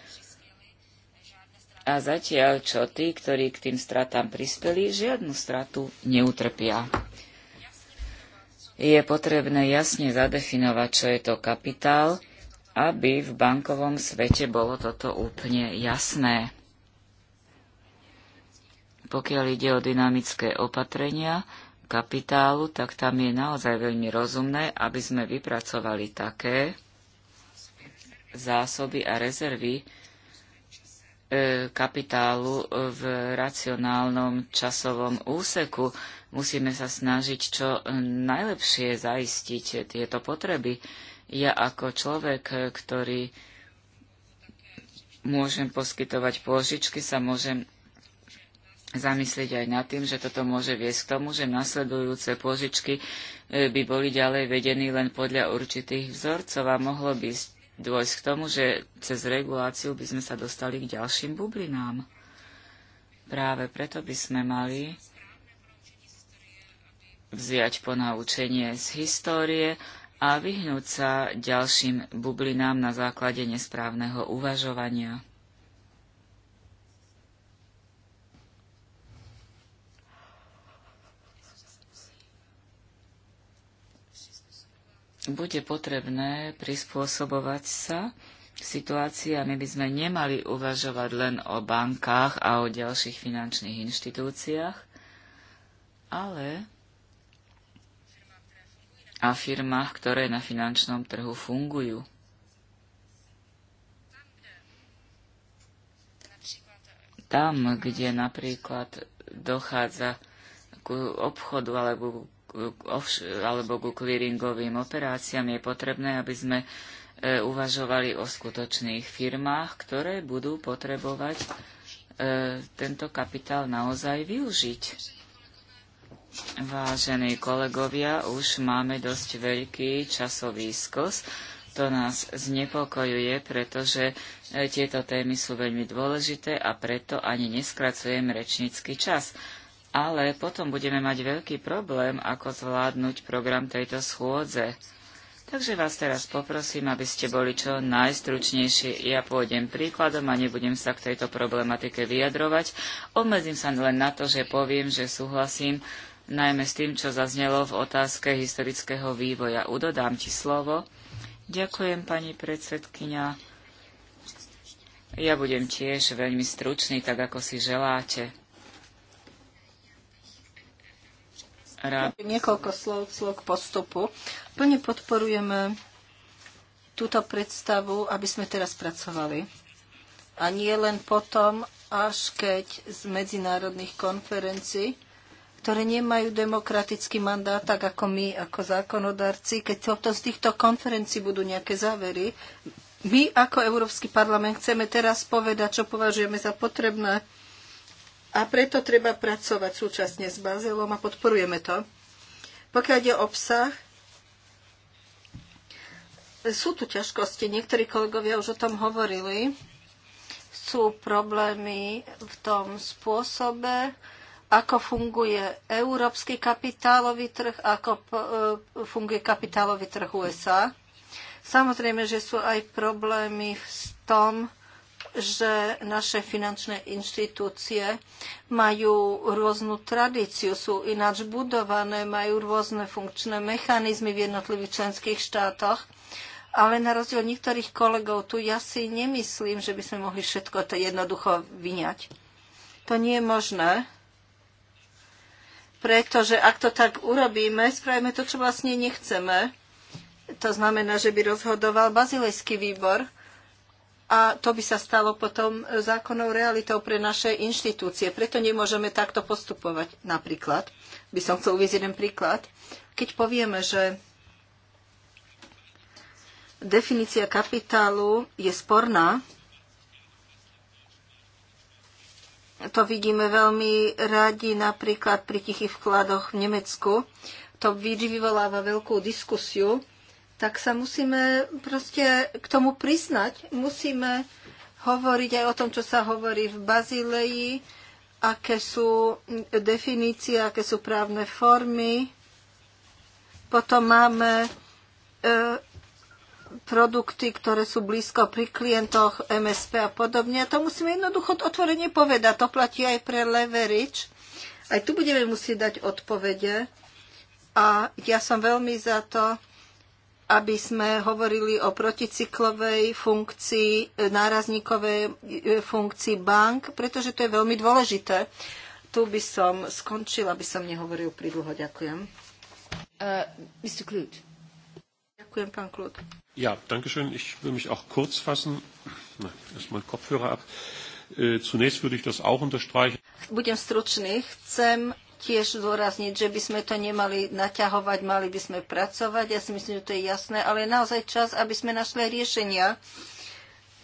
Speaker 3: a zatiaľ čo tí, ktorí k tým stratám prispeli, žiadnu stratu neutrpia. Je potrebné jasne zadefinovať, čo je to kapitál, aby v bankovom svete bolo toto úplne jasné. Pokiaľ ide o dynamické opatrenia kapitálu, tak tam je naozaj veľmi rozumné, aby sme vypracovali také zásoby a rezervy, E, kapitálu e, v racionálnom časovom úseku. Musíme sa snažiť čo najlepšie zaistiť tieto potreby. Ja ako človek, ktorý môžem poskytovať pôžičky, sa môžem zamyslieť aj nad tým, že toto môže viesť k tomu, že nasledujúce pôžičky e, by boli ďalej vedení len podľa určitých vzorcov a mohlo by dôjsť k tomu, že cez reguláciu by sme sa dostali k ďalším bublinám. Práve preto by sme mali vziať ponaučenie z histórie a vyhnúť sa ďalším bublinám na základe nesprávneho uvažovania. bude potrebné prispôsobovať sa situácii a my by sme nemali uvažovať len o bankách a o ďalších finančných inštitúciách, ale a firmách, ktoré na finančnom trhu fungujú. Tam, kde napríklad dochádza ku obchodu alebo alebo ku clearingovým operáciám, je potrebné, aby sme e, uvažovali o skutočných firmách, ktoré budú potrebovať e, tento kapitál naozaj využiť. Vážení kolegovia, už máme dosť veľký časový skos. To nás znepokojuje, pretože e, tieto témy sú veľmi dôležité a preto ani neskracujem rečnícky čas ale potom budeme mať veľký problém, ako zvládnuť program tejto schôdze. Takže vás teraz poprosím, aby ste boli čo najstručnejší. Ja pôjdem príkladom a nebudem sa k tejto problematike vyjadrovať. Obmedzím sa len na to, že poviem, že súhlasím najmä s tým, čo zaznelo v otázke historického vývoja. Udodám ti slovo. Ďakujem, pani predsedkynia. Ja budem tiež veľmi stručný, tak ako si želáte. rád...
Speaker 1: Niekoľko slov, slov k postupu. Plne podporujeme túto predstavu, aby sme teraz pracovali. A nie len potom, až keď z medzinárodných konferencií, ktoré nemajú demokratický mandát, tak ako my, ako zákonodarci, keď to z týchto konferencií budú nejaké závery, my ako Európsky parlament chceme teraz povedať, čo považujeme za potrebné a preto treba pracovať súčasne s Bazelom a podporujeme to. Pokiaľ ide obsah, sú tu ťažkosti, niektorí kolegovia už o tom hovorili. Sú problémy v tom spôsobe, ako funguje európsky kapitálový trh, ako e, funguje kapitálový trh USA. Samozrejme, že sú aj problémy v tom, že naše finančné inštitúcie majú rôznu tradíciu, sú ináč budované, majú rôzne funkčné mechanizmy v jednotlivých členských štátoch. Ale na rozdiel od niektorých kolegov tu ja si nemyslím, že by sme mohli všetko to jednoducho vyňať. To nie je možné, pretože ak to tak urobíme, spravíme to, čo vlastne nechceme. To znamená, že by rozhodoval bazilejský výbor, a to by sa stalo potom zákonnou realitou pre naše inštitúcie. Preto nemôžeme takto postupovať. Napríklad, by som chcel uvieť jeden príklad, keď povieme, že definícia kapitálu je sporná, to vidíme veľmi radi napríklad pri tichých vkladoch v Nemecku. To vyvoláva veľkú diskusiu, tak sa musíme proste k tomu priznať. Musíme hovoriť aj o tom, čo sa hovorí v Bazileji, aké sú definície, aké sú právne formy. Potom máme e, produkty, ktoré sú blízko pri klientoch, MSP a podobne. A to musíme jednoducho otvorene povedať. To platí aj pre leverage. Aj tu budeme musieť dať odpovede. A ja som veľmi za to, aby sme hovorili o proticyklovej funkcii, e, nárazníkovej e, funkcii bank, pretože to je veľmi dôležité. Tu by som skončila, aby som nehovoril pridlho. Ďakujem. Uh, Mr. Klut. Ďakujem, pán Klut.
Speaker 2: Ja, danke schön. Ich will mich auch kurz fassen. Na, erstmal Kopfhörer ab. Äh, zunächst würde ich das auch unterstreichen.
Speaker 1: Budem stručný. Chcem tiež zdôrazniť, že by sme to nemali naťahovať, mali by sme pracovať. Ja si myslím, že to je jasné, ale je naozaj čas, aby sme našli riešenia.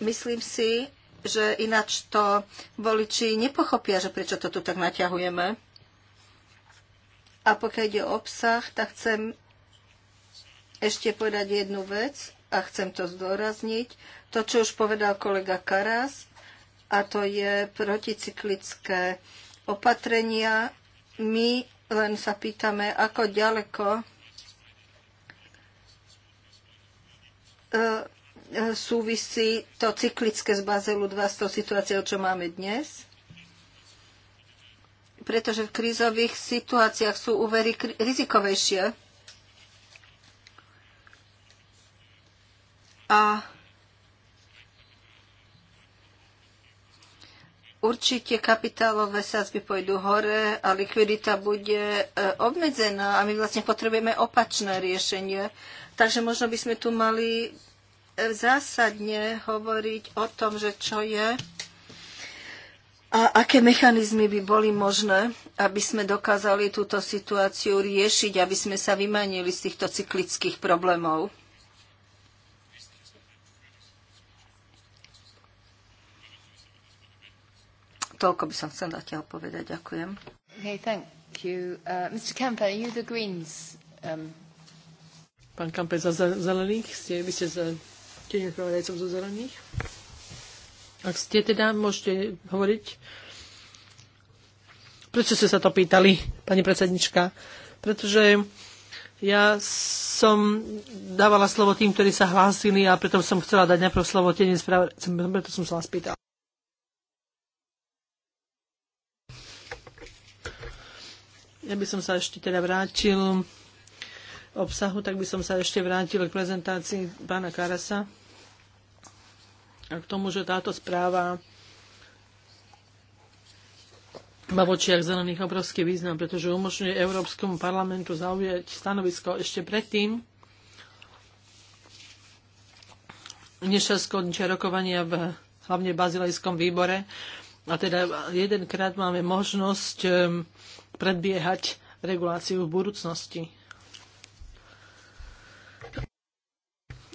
Speaker 1: Myslím si, že ináč to voliči nepochopia, že prečo to tu tak naťahujeme. A pokiaľ ide o obsah, tak chcem ešte povedať jednu vec a chcem to zdôrazniť. To, čo už povedal kolega Karas, a to je proticyklické opatrenia my len sa pýtame, ako ďaleko e, e, súvisí to cyklické z Bazelu 2 s tou situáciou, čo máme dnes? Pretože v krízových situáciách sú úvery rizikovejšie. A určite kapitálové sázby pôjdu hore a likvidita bude e, obmedzená a my vlastne potrebujeme opačné riešenie. Takže možno by sme tu mali e, zásadne hovoriť o tom, že čo je a aké mechanizmy by boli možné, aby sme dokázali túto situáciu riešiť, aby sme sa vymanili z týchto cyklických problémov. toľko by som chcel zatiaľ
Speaker 2: povedať. Ďakujem. Okay, thank you. Uh, Mr. Kemper, are you the Greens? Um... Pán Kampe, za zelených ste, vy ste za tiež spravodajcom zo zelených. Ak ste teda, môžete hovoriť. Prečo ste sa to pýtali, pani predsednička? Pretože ja som dávala slovo tým, ktorí sa hlásili a preto som chcela dať najprv slovo tým, preto som sa vás pýtala. ja by som sa ešte teda vrátil obsahu, tak by som sa ešte vrátil k prezentácii pána Karasa a k tomu, že táto správa má vočiach zelených obrovský význam, pretože umožňuje Európskemu parlamentu zaujať stanovisko ešte predtým, než sa skončia rokovania v hlavne bazilejskom výbore. A teda jedenkrát máme možnosť ehm, predbiehať reguláciu v budúcnosti.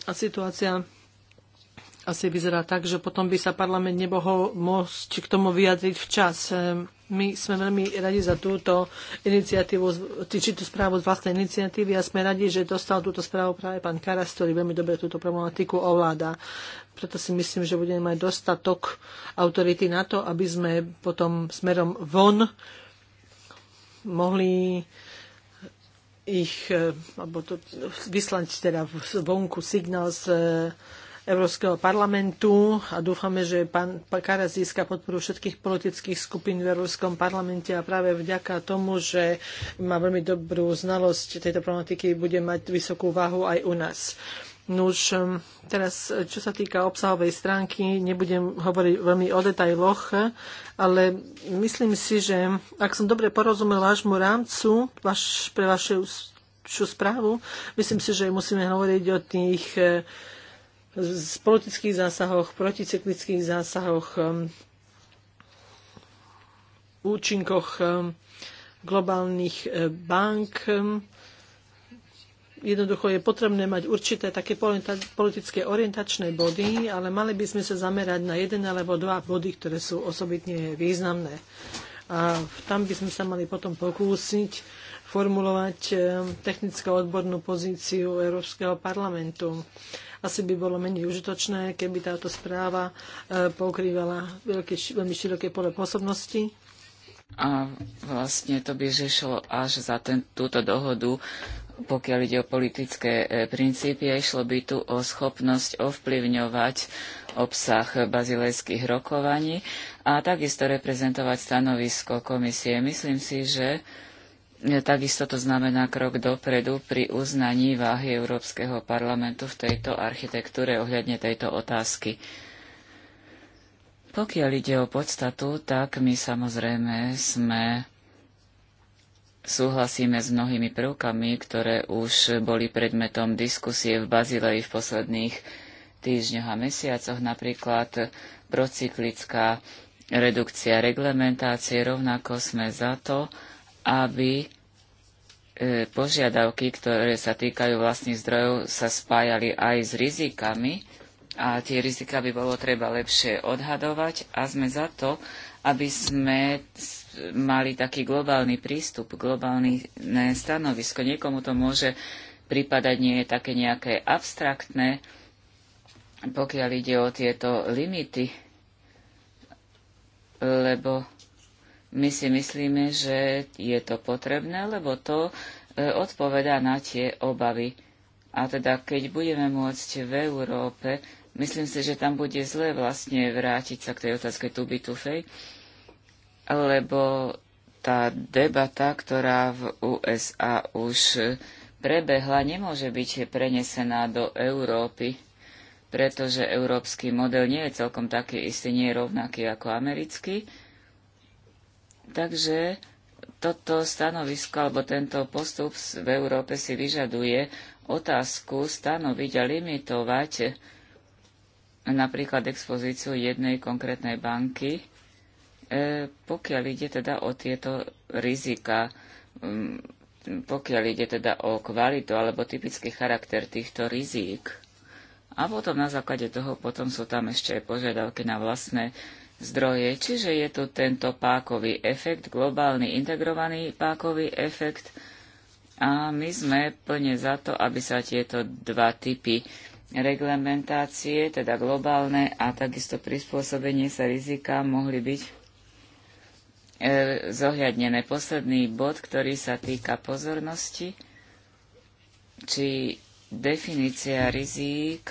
Speaker 2: A situácia asi vyzerá tak, že potom by sa parlament nebohol môcť k tomu vyjadriť včas. My sme veľmi radi za túto iniciatívu, či tú správu z vlastnej iniciatívy a sme radi, že dostal túto správu práve pán Karas, ktorý veľmi dobre túto problematiku ovláda. Preto si myslím, že budeme mať dostatok autority na to, aby sme potom smerom von mohli ich, e, alebo to, vyslať teda vonku signál z e, Európskeho parlamentu a dúfame, že pán Pakara získa podporu všetkých politických skupín v Európskom parlamente a práve vďaka tomu, že má veľmi dobrú znalosť tejto problematiky, bude mať vysokú váhu aj u nás. Nuž, um, teraz, čo sa týka obsahovej stránky, nebudem hovoriť veľmi o detailoch, ale myslím si, že ak som dobre porozumel vášmu rámcu vaš, pre vašu správu, myslím si, že musíme hovoriť o tých e, z politických zásahoch, proticyklických zásahoch, um, účinkoch um, globálnych e, bank, Jednoducho je potrebné mať určité také politické orientačné body, ale mali by sme sa zamerať na jeden alebo dva body, ktoré sú osobitne významné. A tam by sme sa mali potom pokúsiť formulovať e, technickú odbornú pozíciu Európskeho parlamentu. Asi by bolo menej užitočné, keby táto správa e, pokrývala veľmi široké pole pôsobnosti.
Speaker 3: A vlastne to by riešilo až za ten, túto dohodu pokiaľ ide o politické e, princípy, išlo by tu o schopnosť ovplyvňovať obsah bazilejských rokovaní a takisto reprezentovať stanovisko komisie. Myslím si, že e, takisto to znamená krok dopredu pri uznaní váhy Európskeho parlamentu v tejto architektúre ohľadne tejto otázky. Pokiaľ ide o podstatu, tak my samozrejme sme súhlasíme s mnohými prvkami, ktoré už boli predmetom diskusie v Bazileji v posledných týždňoch a mesiacoch, napríklad procyklická redukcia reglementácie. Rovnako sme za to, aby e, požiadavky, ktoré sa týkajú vlastných zdrojov, sa spájali aj s rizikami a tie rizika by bolo treba lepšie odhadovať a sme za to, aby sme mali taký globálny prístup, globálne stanovisko. Niekomu to môže pripadať nie je také nejaké abstraktné, pokiaľ ide o tieto limity, lebo my si myslíme, že je to potrebné, lebo to e, odpovedá na tie obavy. A teda, keď budeme môcť v Európe, myslím si, že tam bude zle vlastne vrátiť sa k tej otázke tu by tu fej, lebo tá debata, ktorá v USA už prebehla, nemôže byť prenesená do Európy, pretože európsky model nie je celkom taký istý, nie je rovnaký ako americký. Takže toto stanovisko alebo tento postup v Európe si vyžaduje otázku stanoviť a limitovať napríklad expozíciu jednej konkrétnej banky E, pokiaľ ide teda o tieto rizika, mm, pokiaľ ide teda o kvalitu alebo typický charakter týchto rizík. A potom na základe toho potom sú tam ešte aj požiadavky na vlastné zdroje. Čiže je tu tento pákový efekt, globálny integrovaný pákový efekt. A my sme plne za to, aby sa tieto dva typy reglementácie, teda globálne a takisto prispôsobenie sa rizika, mohli byť E, zohľadnené. Posledný bod, ktorý sa týka pozornosti, či definícia rizík,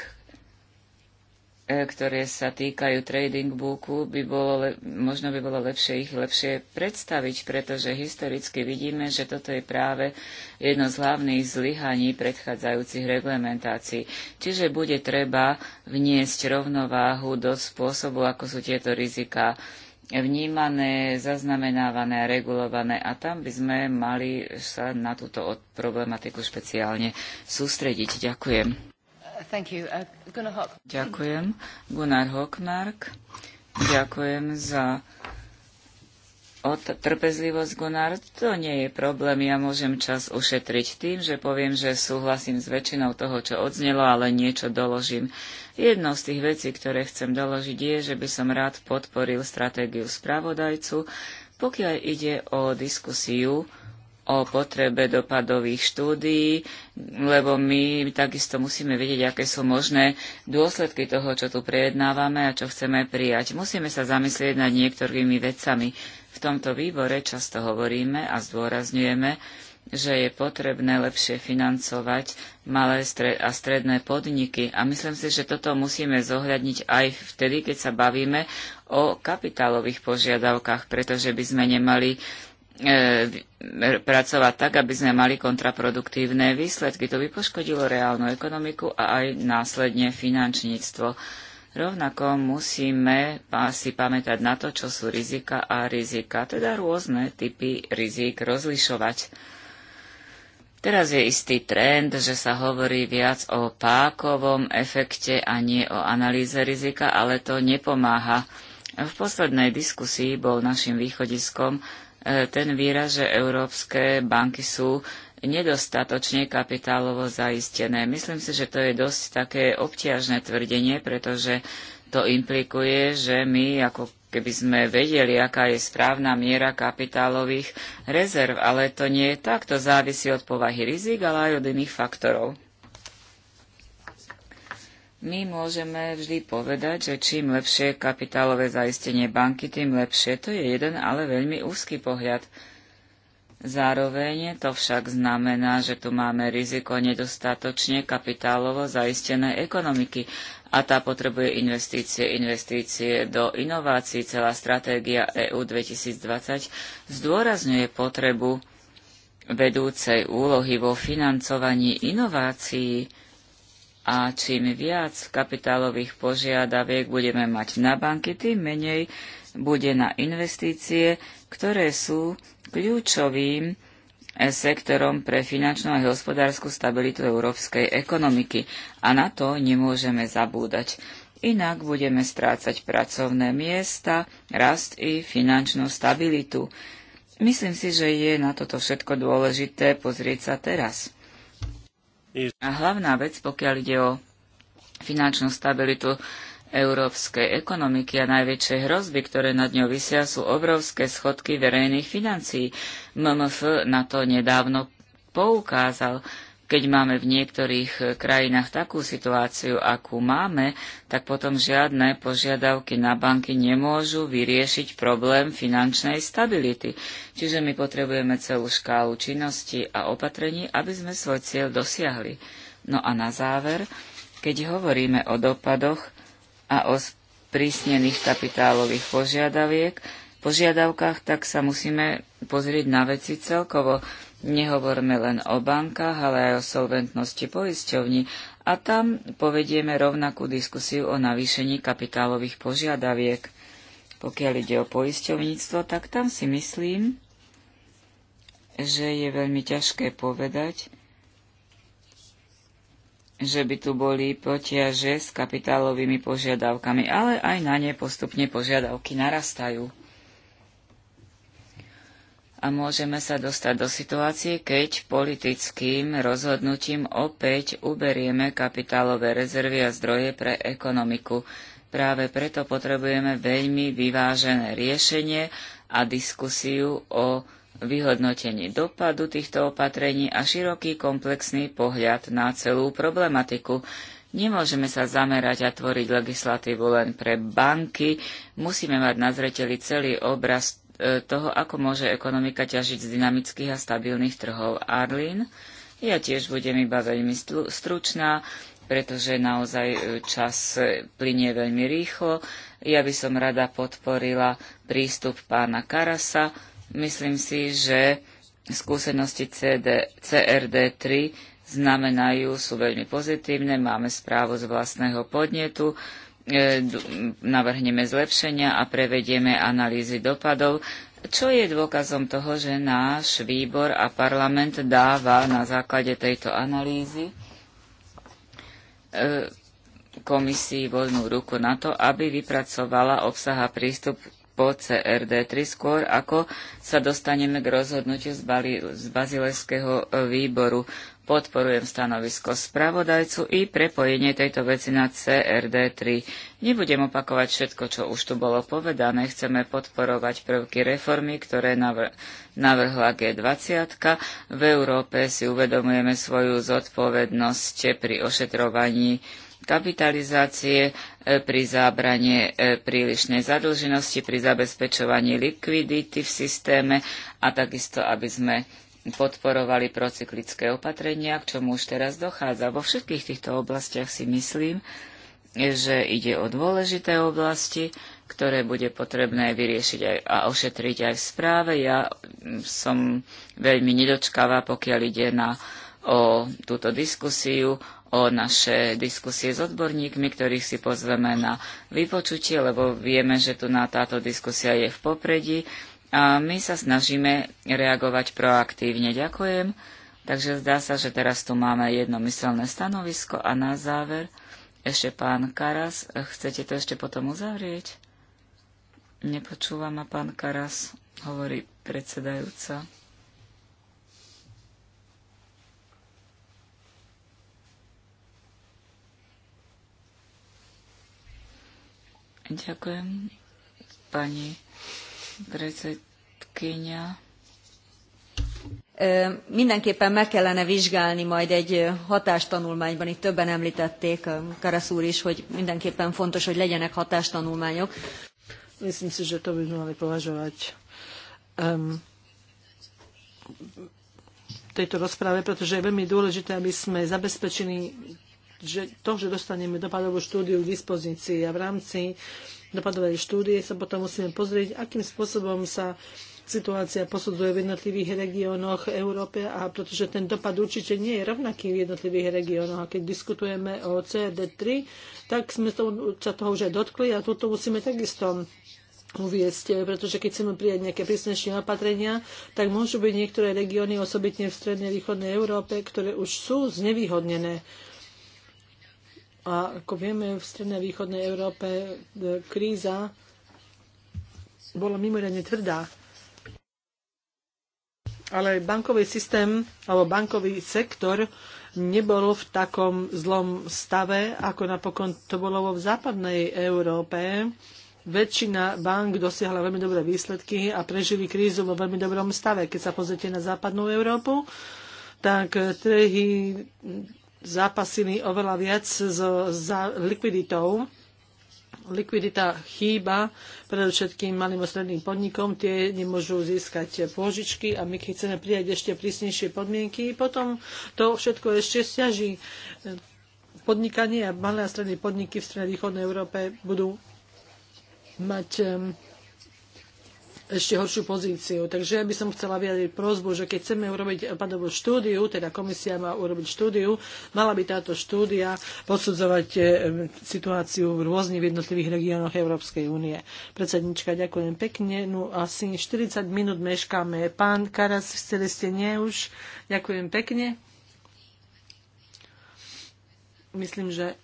Speaker 3: e, ktoré sa týkajú trading booku, by bolo, možno by bolo lepšie ich lepšie predstaviť, pretože historicky vidíme, že toto je práve jedno z hlavných zlyhaní predchádzajúcich reglementácií. Čiže bude treba vniesť rovnováhu do spôsobu, ako sú tieto riziká vnímané, zaznamenávané, regulované a tam by sme mali sa na túto problematiku špeciálne sústrediť. Ďakujem. Uh, Gunnar Ďakujem. Gunnar Hockmark. Ďakujem za o trpezlivosť, Gunnar, to nie je problém. Ja môžem čas ušetriť tým, že poviem, že súhlasím s väčšinou toho, čo odznelo, ale niečo doložím. Jednou z tých vecí, ktoré chcem doložiť, je, že by som rád podporil stratégiu spravodajcu, pokiaľ ide o diskusiu o potrebe dopadových štúdií, lebo my takisto musíme vidieť, aké sú možné dôsledky toho, čo tu prejednávame a čo chceme prijať. Musíme sa zamyslieť nad niektorými vecami. V tomto výbore často hovoríme a zdôrazňujeme, že je potrebné lepšie financovať malé a stredné podniky. A myslím si, že toto musíme zohľadniť aj vtedy, keď sa bavíme o kapitálových požiadavkách, pretože by sme nemali E, pracovať tak, aby sme mali kontraproduktívne výsledky. To by poškodilo reálnu ekonomiku a aj následne finančníctvo. Rovnako musíme si pamätať na to, čo sú rizika a rizika, teda rôzne typy rizik rozlišovať. Teraz je istý trend, že sa hovorí viac o pákovom efekte a nie o analýze rizika, ale to nepomáha. V poslednej diskusii bol našim východiskom E, ten výraz, že európske banky sú nedostatočne kapitálovo zaistené. Myslím si, že to je dosť také obťažné tvrdenie, pretože to implikuje, že my ako keby sme vedeli, aká je správna miera kapitálových rezerv, ale to nie je tak, to závisí od povahy rizik, ale aj od iných faktorov. My môžeme vždy povedať, že čím lepšie kapitálové zaistenie banky, tým lepšie. To je jeden, ale veľmi úzky pohľad. Zároveň to však znamená, že tu máme riziko nedostatočne kapitálovo zaistené ekonomiky a tá potrebuje investície, investície do inovácií. Celá stratégia EU 2020 zdôrazňuje potrebu vedúcej úlohy vo financovaní inovácií a čím viac kapitálových požiadaviek budeme mať na banky, tým menej bude na investície, ktoré sú kľúčovým sektorom pre finančnú a hospodárskú stabilitu európskej ekonomiky. A na to nemôžeme zabúdať. Inak budeme strácať pracovné miesta, rast i finančnú stabilitu. Myslím si, že je na toto všetko dôležité pozrieť sa teraz. A hlavná vec, pokiaľ ide o finančnú stabilitu európskej ekonomiky a najväčšie hrozby, ktoré nad ňou vysia, sú obrovské schodky verejných financií. MMF na to nedávno poukázal. Keď máme v niektorých eh, krajinách takú situáciu, akú máme, tak potom žiadne požiadavky na banky nemôžu vyriešiť problém finančnej stability. Čiže my potrebujeme celú škálu činnosti a opatrení, aby sme svoj cieľ dosiahli. No a na záver, keď hovoríme o dopadoch a o sprísnených kapitálových požiadaviek, požiadavkách, tak sa musíme pozrieť na veci celkovo. Nehovorme len o bankách, ale aj o solventnosti poisťovní a tam povedieme rovnakú diskusiu o navýšení kapitálových požiadaviek. Pokiaľ ide o poisťovníctvo, tak tam si myslím, že je veľmi ťažké povedať, že by tu boli potiaže s kapitálovými požiadavkami, ale aj na ne postupne požiadavky narastajú a môžeme sa dostať do situácie, keď politickým rozhodnutím opäť uberieme kapitálové rezervy a zdroje pre ekonomiku. Práve preto potrebujeme veľmi vyvážené riešenie a diskusiu o vyhodnotení dopadu týchto opatrení a široký komplexný pohľad na celú problematiku. Nemôžeme sa zamerať a tvoriť legislatívu len pre banky, musíme mať na zreteli celý obraz E, toho, ako môže ekonomika ťažiť z dynamických a stabilných trhov. Arlín, ja tiež budem iba veľmi stručná, pretože naozaj e, čas e, plinie veľmi rýchlo. Ja by som rada podporila prístup pána Karasa. Myslím si, že skúsenosti CD, CRD3 znamenajú, sú veľmi pozitívne. Máme správu z vlastného podnetu E, navrhneme zlepšenia a prevedieme analýzy dopadov, čo je dôkazom toho, že náš výbor a parlament dáva na základe tejto analýzy e, komisii voľnú ruku na to, aby vypracovala obsah a prístup po CRD3 skôr, ako sa dostaneme k rozhodnutiu z, Bali, z Bazilejského e, výboru. Podporujem stanovisko spravodajcu i prepojenie tejto veci na CRD3. Nebudem opakovať všetko, čo už tu bolo povedané. Chceme podporovať prvky reformy, ktoré navrhla G20. V Európe si uvedomujeme svoju zodpovednosť pri ošetrovaní kapitalizácie, e, pri zábranie e, prílišnej zadlženosti, pri zabezpečovaní likvidity v systéme a takisto, aby sme podporovali procyklické opatrenia, k čomu už teraz dochádza. Vo všetkých týchto oblastiach si myslím, že ide o dôležité oblasti, ktoré bude potrebné vyriešiť aj, a ošetriť aj v správe. Ja mm, som veľmi nedočkavá, pokiaľ ide na, o túto diskusiu, o naše diskusie s odborníkmi, ktorých si pozveme na vypočutie, lebo vieme, že tu na táto diskusia je v popredí a my sa snažíme reagovať proaktívne. Ďakujem. Takže zdá sa, že teraz tu máme jednomyselné stanovisko a na záver ešte pán Karas. Chcete to ešte potom uzavrieť? Nepočúva ma pán Karas, hovorí predsedajúca. Ďakujem, pani Predsedkynia.
Speaker 1: Mindenképpen meg kellene vizsgálni majd egy hatástanulmányban, itt többen említették, Karasz úr is, hogy mindenképpen fontos, hogy legyenek
Speaker 2: hatástanulmányok. Myslím si, že to by mali považovať um, tejto rozprave, pretože je veľmi dôležité, aby sme zabezpečili že to, že dostaneme dopadovú štúdiu k dispozícii a v rámci dopadovej štúdie sa potom musíme pozrieť, akým spôsobom sa situácia posudzuje v jednotlivých regiónoch Európe a pretože ten dopad určite nie je rovnaký v jednotlivých regiónoch. A keď diskutujeme o CRD3, tak sme to, sa toho už aj dotkli a toto musíme takisto uviesť, pretože keď chceme prijať nejaké prísnejšie opatrenia, tak môžu byť niektoré regióny, osobitne v strednej východnej Európe, ktoré už sú znevýhodnené a ako vieme, v strednej východnej Európe e, kríza bola mimoriadne tvrdá. Ale bankový systém alebo bankový sektor nebol v takom zlom stave, ako napokon to bolo vo západnej Európe. Väčšina bank dosiahla veľmi dobré výsledky a prežili krízu vo veľmi dobrom stave. Keď sa pozrite na západnú Európu, tak trhy zápasili oveľa viac s, za likviditou. Likvidita chýba predovšetkým malým a stredným podnikom, tie nemôžu získať pôžičky a my keď chceme prijať ešte prísnejšie podmienky, potom to všetko ešte stiaží. Podnikanie a malé a stredné podniky v strednej východnej Európe budú mať ešte horšiu pozíciu. Takže ja by som chcela vyjadriť prozbu, že keď chceme urobiť padovú štúdiu, teda komisia má urobiť štúdiu, mala by táto štúdia posudzovať e, situáciu v rôznych jednotlivých regiónoch Európskej únie. Predsednička, ďakujem pekne. No asi 40 minút meškáme. Pán Karas, chceli ste nie už? Ďakujem pekne. Myslím, že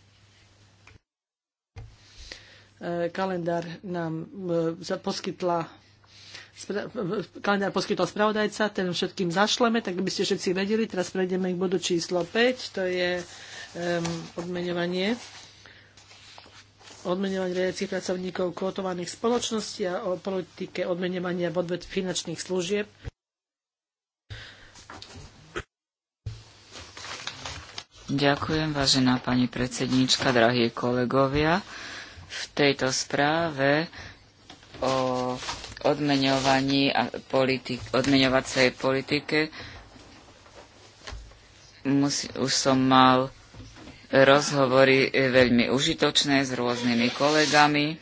Speaker 2: e, kalendár nám e, poskytla kalendár poskytol spravodajca, ten všetkým zašleme, tak by ste všetci vedeli. Teraz prejdeme k bodu číslo 5, to je um, odmeňovanie odmenovanie riadiacich pracovníkov kvotovaných spoločností a o politike odmenovania v odvet finančných služieb.
Speaker 3: Ďakujem, vážená pani predsednička, drahí kolegovia. V tejto správe o odmeňovaní a politik, odmeňovacej politike. Mus, už som mal rozhovory veľmi užitočné s rôznymi kolegami.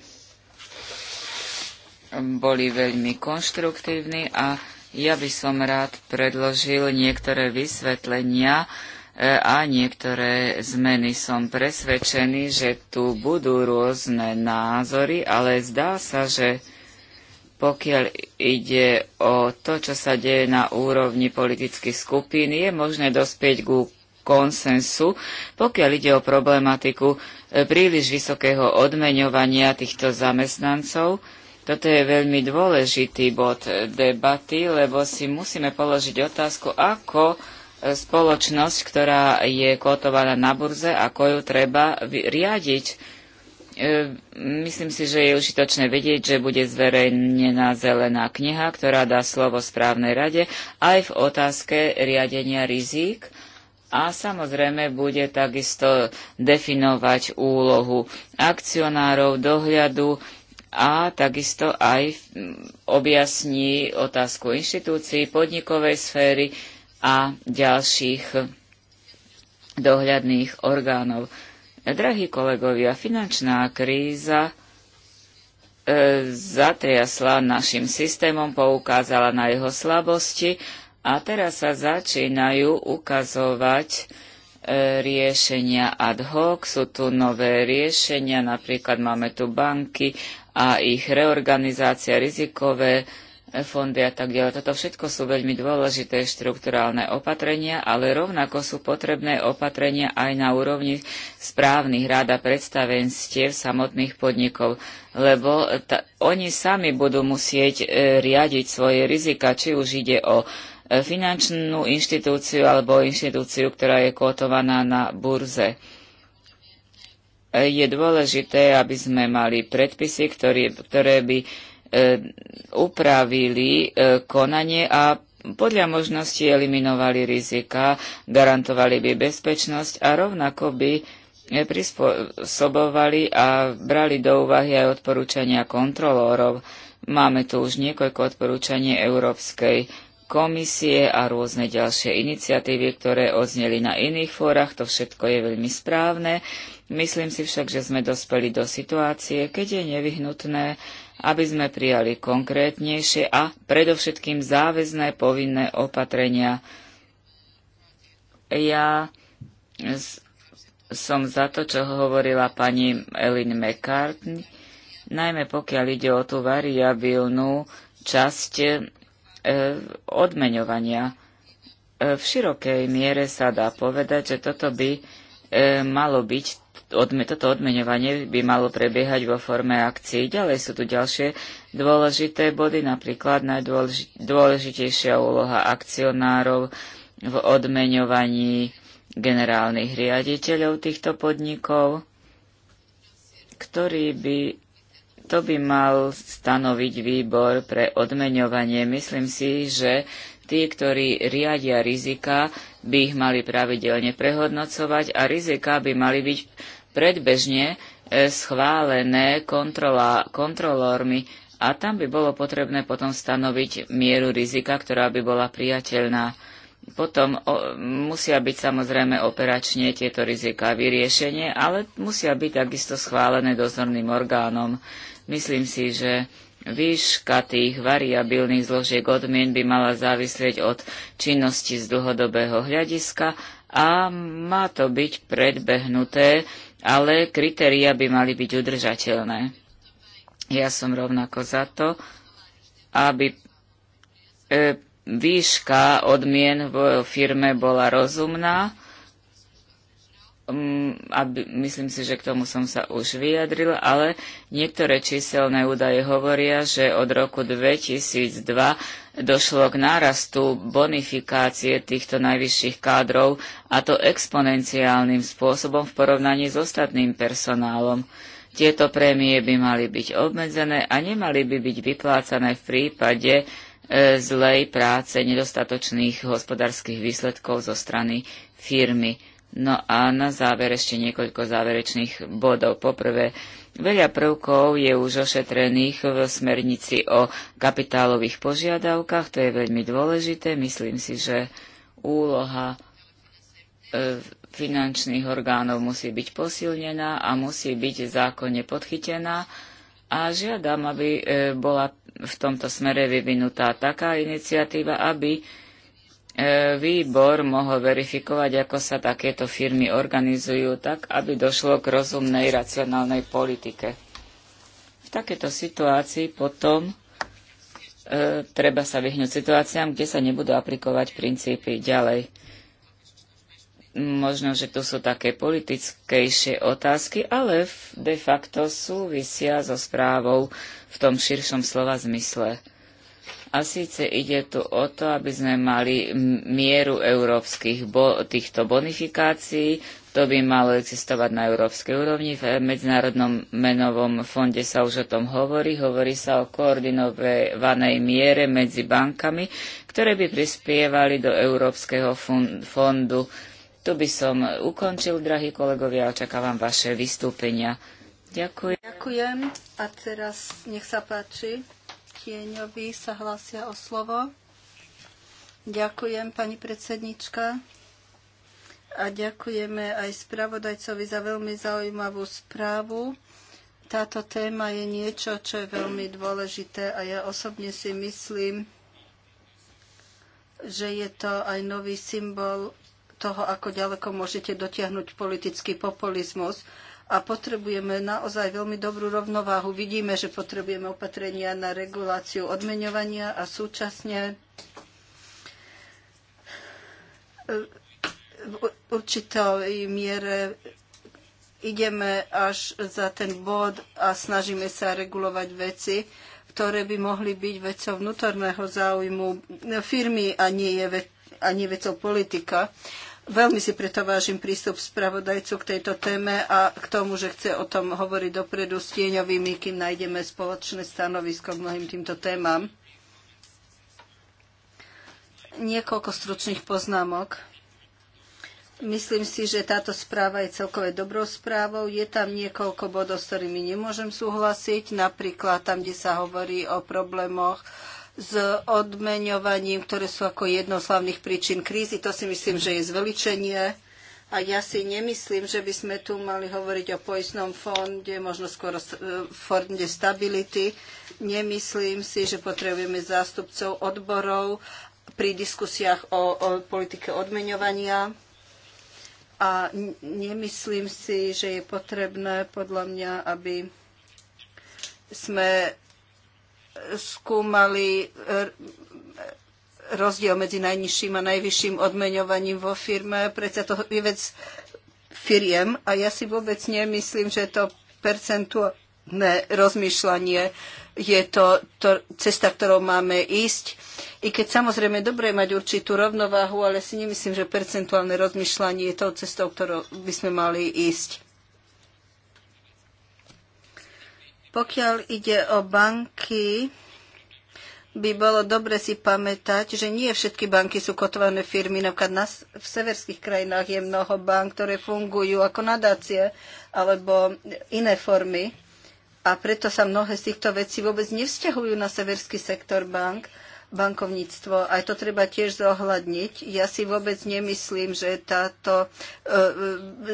Speaker 3: Boli veľmi konštruktívni a ja by som rád predložil niektoré vysvetlenia e, a niektoré zmeny. Som presvedčený, že tu budú rôzne názory, ale zdá sa, že pokiaľ ide o to, čo sa deje na úrovni politických skupín, je možné dospieť ku konsensu, pokiaľ ide o problematiku e, príliš vysokého odmeňovania týchto zamestnancov. Toto je veľmi dôležitý bod debaty, lebo si musíme položiť otázku, ako e, spoločnosť, ktorá je kotovaná na burze, ako ju treba riadiť E, myslím si, že je užitočné vedieť, že bude zverejnená zelená kniha, ktorá dá slovo správnej rade aj v otázke riadenia rizík a samozrejme bude takisto definovať úlohu akcionárov, dohľadu a takisto aj mm, objasní otázku inštitúcií, podnikovej sféry a ďalších dohľadných orgánov. Drahí kolegovia, finančná kríza e, zatriasla našim systémom, poukázala na jeho slabosti a teraz sa začínajú ukazovať e, riešenia ad hoc. Sú tu nové riešenia, napríklad máme tu banky a ich reorganizácia, rizikové fondy a tak ďalej. Toto všetko sú veľmi dôležité štrukturálne opatrenia, ale rovnako sú potrebné opatrenia aj na úrovni správnych rád a predstavenstiev samotných podnikov, lebo oni sami budú musieť e, riadiť svoje rizika, či už ide o e, finančnú inštitúciu alebo inštitúciu, ktorá je kotovaná na burze e, je dôležité, aby sme mali predpisy, ktorý, ktoré by E, upravili e, konanie a podľa možnosti eliminovali rizika, garantovali by bezpečnosť a rovnako by prispôsobovali a brali do úvahy aj odporúčania kontrolórov. Máme tu už niekoľko odporúčaní Európskej komisie a rôzne ďalšie iniciatívy, ktoré odzneli na iných fórach. To všetko je veľmi správne. Myslím si však, že sme dospeli do situácie, keď je nevyhnutné aby sme prijali konkrétnejšie a predovšetkým záväzné povinné opatrenia. Ja som za to, čo hovorila pani Elin McCartney, najmä pokiaľ ide o tú variabilnú časť e, odmeňovania. E, v širokej miere sa dá povedať, že toto by E, malo byť, odme, toto odmeňovanie by malo prebiehať vo forme akcií. Ďalej sú tu ďalšie dôležité body, napríklad najdôležitejšia úloha akcionárov v odmeňovaní generálnych riaditeľov týchto podnikov, ktorý by to by mal stanoviť výbor pre odmeňovanie. Myslím si, že tí, ktorí riadia rizika, by ich mali pravidelne prehodnocovať a rizika by mali byť predbežne e, schválené kontrola, kontrolórmi a tam by bolo potrebné potom stanoviť mieru rizika, ktorá by bola priateľná. Potom o, musia byť samozrejme operačne tieto rizika vyriešenie, ale musia byť takisto schválené dozorným orgánom. Myslím si, že Výška tých variabilných zložiek odmien by mala závisieť od činnosti z dlhodobého hľadiska a má to byť predbehnuté, ale kritéria by mali byť udržateľné. Ja som rovnako za to, aby e, výška odmien vo firme bola rozumná Mm, aby, myslím si, že k tomu som sa už vyjadril, ale niektoré číselné údaje hovoria, že od roku 2002 došlo k nárastu bonifikácie týchto najvyšších kádrov a to exponenciálnym spôsobom v porovnaní s ostatným personálom. Tieto prémie by mali byť obmedzené a nemali by byť vyplácané v prípade e, zlej práce, nedostatočných hospodárskych výsledkov zo strany firmy. No a na záver ešte niekoľko záverečných bodov. Poprvé, veľa prvkov je už ošetrených v smernici o kapitálových požiadavkách, to je veľmi dôležité. Myslím si, že úloha e, finančných orgánov musí byť posilnená a musí byť zákonne podchytená a žiadam, aby e, bola v tomto smere vyvinutá taká iniciatíva, aby E, výbor mohol verifikovať, ako sa takéto firmy organizujú tak, aby došlo k rozumnej, racionálnej politike. V takéto situácii potom e, treba sa vyhnúť situáciám, kde sa nebudú aplikovať princípy ďalej. Možno, že tu sú také politickejšie otázky, ale de facto súvisia so správou v tom širšom slova zmysle. A síce ide tu o to, aby sme mali mieru európskych bo, týchto bonifikácií. To by malo existovať na európskej úrovni. V Medzinárodnom menovom fonde sa už o tom hovorí. Hovorí sa o koordinovanej miere medzi bankami, ktoré by prispievali do Európskeho fondu. Tu by som ukončil, drahí kolegovia, a očakávam vaše vystúpenia. Ďakujem.
Speaker 1: Ďakujem a teraz nech sa páči tieňovi sa hlásia o slovo. Ďakujem, pani predsednička. A ďakujeme aj spravodajcovi za veľmi zaujímavú správu. Táto téma je niečo, čo je veľmi dôležité a ja osobne si myslím, že je to aj nový symbol toho, ako ďaleko môžete dotiahnuť politický populizmus a potrebujeme naozaj veľmi dobrú rovnováhu. Vidíme, že potrebujeme opatrenia na reguláciu odmeňovania a súčasne e, v určitej miere ideme až za ten bod a snažíme sa regulovať veci, ktoré by mohli byť vecou vnútorného záujmu firmy a nie, je ve- a nie vecou politika. Veľmi si preto vážim prístup spravodajcu k tejto téme a k tomu, že chce o tom hovoriť dopredu s tieňovými, kým nájdeme spoločné stanovisko k mnohým týmto témam. Niekoľko stručných poznámok. Myslím si, že táto správa je celkové dobrou správou. Je tam niekoľko bodov, s ktorými nemôžem súhlasiť, napríklad tam, kde sa hovorí o problémoch s odmeňovaním, ktoré sú ako jednou z hlavných príčin krízy. To si myslím, že je zveličenie. A ja si nemyslím, že by sme tu mali hovoriť o poistnom fonde, možno skoro e, fonde stability. Nemyslím si, že potrebujeme zástupcov odborov pri diskusiách o, o politike odmeňovania. A nemyslím si, že je potrebné, podľa mňa, aby sme skúmali e, rozdiel medzi najnižším a najvyšším odmeňovaním vo firme. Predsa to je vec firiem a ja si vôbec nemyslím, že to percentuálne rozmýšľanie je to, to cesta, ktorou máme ísť. I keď samozrejme dobre mať určitú rovnováhu, ale si nemyslím, že percentuálne rozmýšľanie je tou cestou, ktorou by sme mali ísť. Pokiaľ ide o banky, by bolo dobre si pamätať, že nie všetky banky sú kotované firmy. Napríklad na, v severských krajinách je mnoho bank, ktoré fungujú ako nadácie alebo iné formy. A preto sa mnohé z týchto vecí vôbec nevzťahujú na severský sektor bank, bankovníctvo. Aj to treba tiež zohľadniť. Ja si vôbec nemyslím, že táto e, e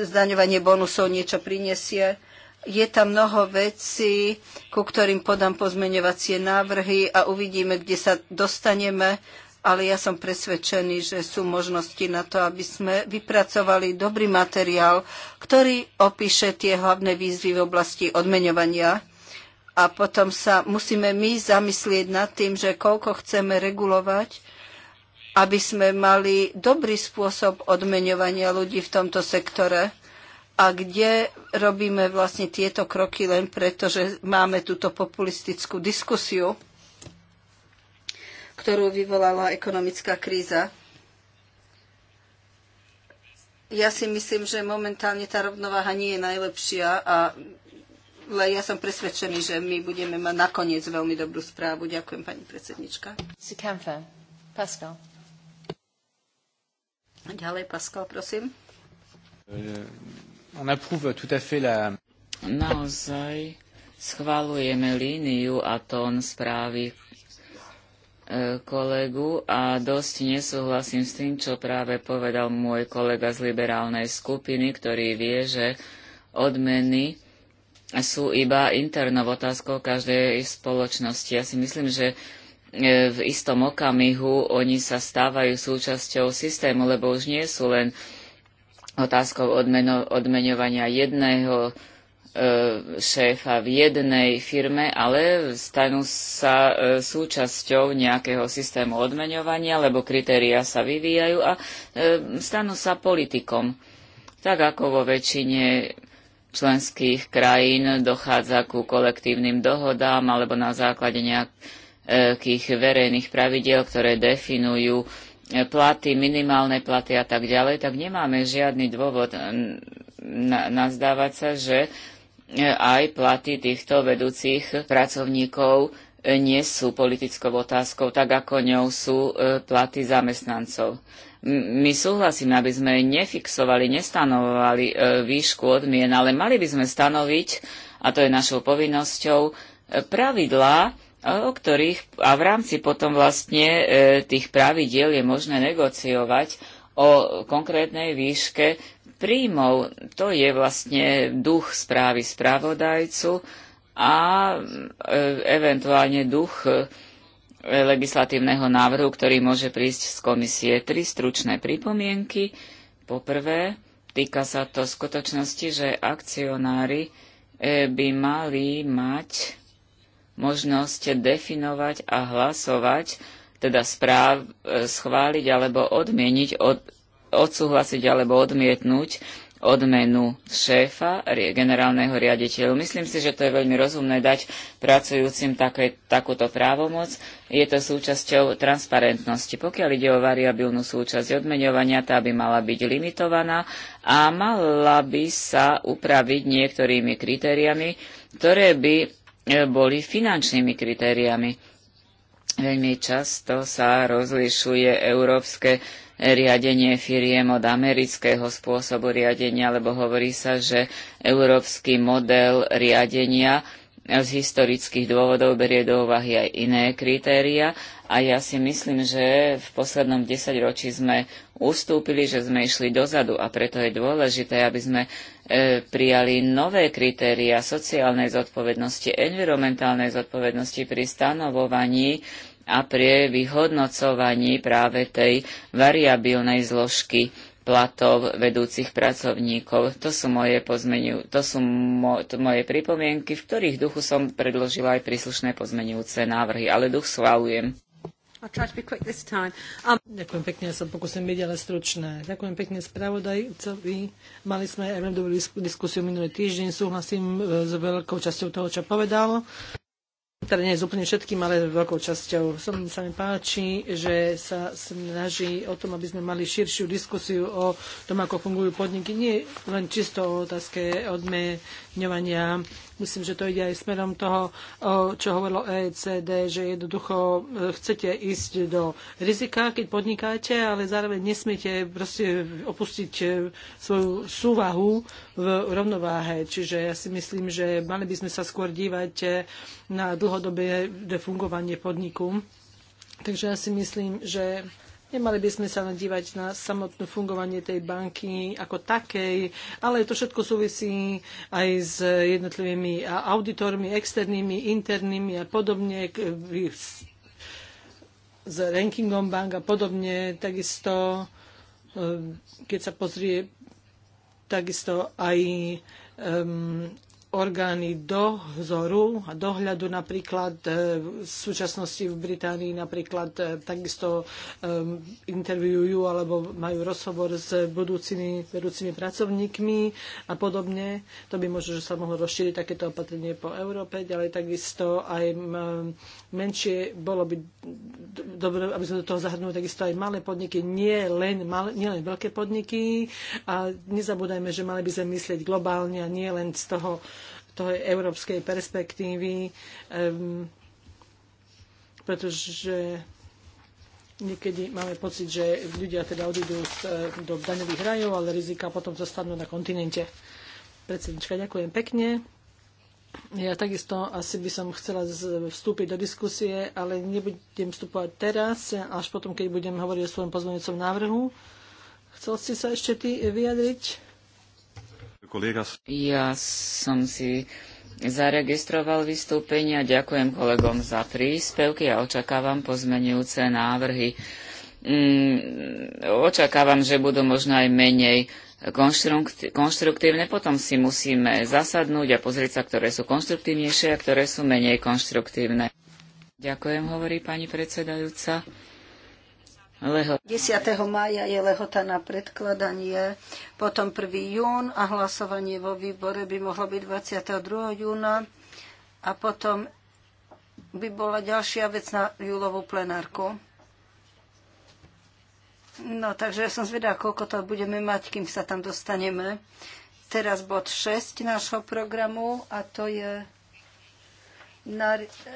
Speaker 1: zdaňovanie bonusov niečo prinesie. E, je tam mnoho vecí, ku ktorým podám pozmeňovacie návrhy a uvidíme, kde sa dostaneme, ale ja som presvedčený, že sú možnosti na to, aby sme vypracovali dobrý materiál, ktorý opíše tie hlavné výzvy v oblasti odmeňovania. A potom sa musíme my zamyslieť nad tým, že koľko chceme regulovať, aby sme mali dobrý spôsob odmeňovania ľudí v tomto sektore a kde robíme vlastne tieto kroky len preto, že máme túto populistickú diskusiu, ktorú vyvolala ekonomická kríza. Ja si myslím, že momentálne tá rovnováha nie je najlepšia, a, ale ja som presvedčený, že my budeme mať nakoniec veľmi dobrú správu. Ďakujem, pani predsednička. Pascal. Ďalej, Pascal, prosím.
Speaker 3: On approuve tout à fait la... Naozaj schvalujeme líniu a tón správy e, kolegu a dosť nesúhlasím s tým, čo práve povedal môj kolega z liberálnej skupiny, ktorý vie, že odmeny sú iba internou otázkou každej spoločnosti. Ja si myslím, že e, v istom okamihu oni sa stávajú súčasťou systému, lebo už nie sú len otázkou odmeno, odmeňovania jedného e, šéfa v jednej firme, ale stanú sa e, súčasťou nejakého systému odmeňovania, lebo kritéria sa vyvíjajú a e, stanú sa politikom. Tak ako vo väčšine členských krajín dochádza ku kolektívnym dohodám alebo na základe nejakých verejných pravidiel, ktoré definujú platy, minimálne platy a tak ďalej, tak nemáme žiadny dôvod mm, nazdávať sa, že e, aj platy týchto vedúcich pracovníkov e, nie sú politickou otázkou, tak ako ňou sú e, platy zamestnancov. My súhlasíme, aby sme nefixovali, nestanovovali výšku odmien, ale mali by sme stanoviť, a to je našou povinnosťou, pravidlá, o ktorých a v rámci potom vlastne e, tých pravidiel je možné negociovať o konkrétnej výške príjmov. To je vlastne duch správy spravodajcu a e, eventuálne duch e, legislatívneho návrhu, ktorý môže prísť z komisie. Tri stručné pripomienky. Poprvé, týka sa to skutočnosti, že akcionári e, by mali mať možnosť definovať a hlasovať, teda správ, e, schváliť alebo odmieniť, od, odsúhlasiť alebo odmietnúť odmenu šéfa, generálneho riaditeľu. Myslím si, že to je veľmi rozumné dať pracujúcim také, takúto právomoc. Je to súčasťou transparentnosti. Pokiaľ ide o variabilnú súčasť odmeňovania, tá by mala byť limitovaná a mala by sa upraviť niektorými kritériami, ktoré by E, boli finančnými kritériami. Veľmi často sa rozlišuje európske riadenie firiem od amerického spôsobu riadenia, lebo hovorí sa, že európsky model riadenia z historických dôvodov berie do úvahy aj iné kritéria a ja si myslím, že v poslednom desaťročí sme ustúpili, že sme išli dozadu a preto je dôležité, aby sme e, prijali nové kritéria sociálnej zodpovednosti, environmentálnej zodpovednosti pri stanovovaní a pri vyhodnocovaní práve tej variabilnej zložky platov vedúcich pracovníkov. To sú moje, pozmeniu, to sú mo, to moje pripomienky, v ktorých duchu som predložila aj príslušné pozmenujúce návrhy, ale duch schválujem.
Speaker 2: Um, Ďakujem pekne, ja sa pokúsim byť ale stručné. Ďakujem pekne spravodajcovi. Mali sme aj veľmi dobrú diskusiu minulý týždeň. Súhlasím e, s veľkou časťou toho, čo povedal. Teda nie s úplne všetkým, ale veľkou časťou. Som sa mi páči, že sa snaží o tom, aby sme mali širšiu diskusiu o tom, ako fungujú podniky. Nie len čisto o otázke odme uplatňovania. Myslím, že to ide aj smerom toho, čo hovorilo ECD, že jednoducho e, chcete ísť do rizika, keď podnikáte, ale zároveň nesmiete proste opustiť e, svoju súvahu v rovnováhe. Čiže ja si myslím, že mali by sme sa skôr dívať e, na dlhodobé fungovanie podniku. Takže ja si myslím, že Nemali by sme sa nadívať na samotné fungovanie tej banky ako takej, ale to všetko súvisí aj s jednotlivými auditormi, externými, internými a podobne s rankingom bank a podobne. Takisto, eh, keď sa pozrie takisto aj um, orgány dozoru a dohľadu napríklad e, v súčasnosti v Británii napríklad e, takisto e, interviewujú alebo majú rozhovor s budúcimi vedúcimi pracovníkmi a podobne. To by možno, že sa mohlo rozšíriť takéto opatrenie po Európe, ďalej takisto aj menšie, bolo by dobre, aby sme do toho zahrnuli takisto aj malé podniky, nie len, malé, nie len veľké podniky a nezabúdajme, že mali by sme myslieť globálne a nie len z toho tej európskej perspektívy, um, pretože niekedy máme pocit, že ľudia teda odídu z, eh, do daňových rajov, ale rizika potom zostanú na kontinente. Predsednička, ďakujem pekne. Ja takisto asi by som chcela vstúpiť do diskusie, ale nebudem vstupovať teraz, až potom, keď budem hovoriť o svojom pozvaniacom návrhu. Chcel ste sa ešte ty vyjadriť?
Speaker 3: Ja som si zaregistroval vystúpenia. Ďakujem kolegom za príspevky a očakávam pozmenujúce návrhy. Mm, očakávam, že budú možno aj menej konštruktívne, potom si musíme zasadnúť a pozrieť sa, ktoré sú konštruktívnejšie a ktoré sú menej konštruktívne. Ďakujem, hovorí pani predsedajúca. Leho. 10.
Speaker 1: mája je lehota na predkladanie, potom 1. jún a hlasovanie vo výbore by mohlo byť 22. júna a potom by bola ďalšia vec na júlovú plenárku. No, takže ja som zvedá, koľko to budeme mať, kým sa tam dostaneme. Teraz bod 6 nášho programu a to je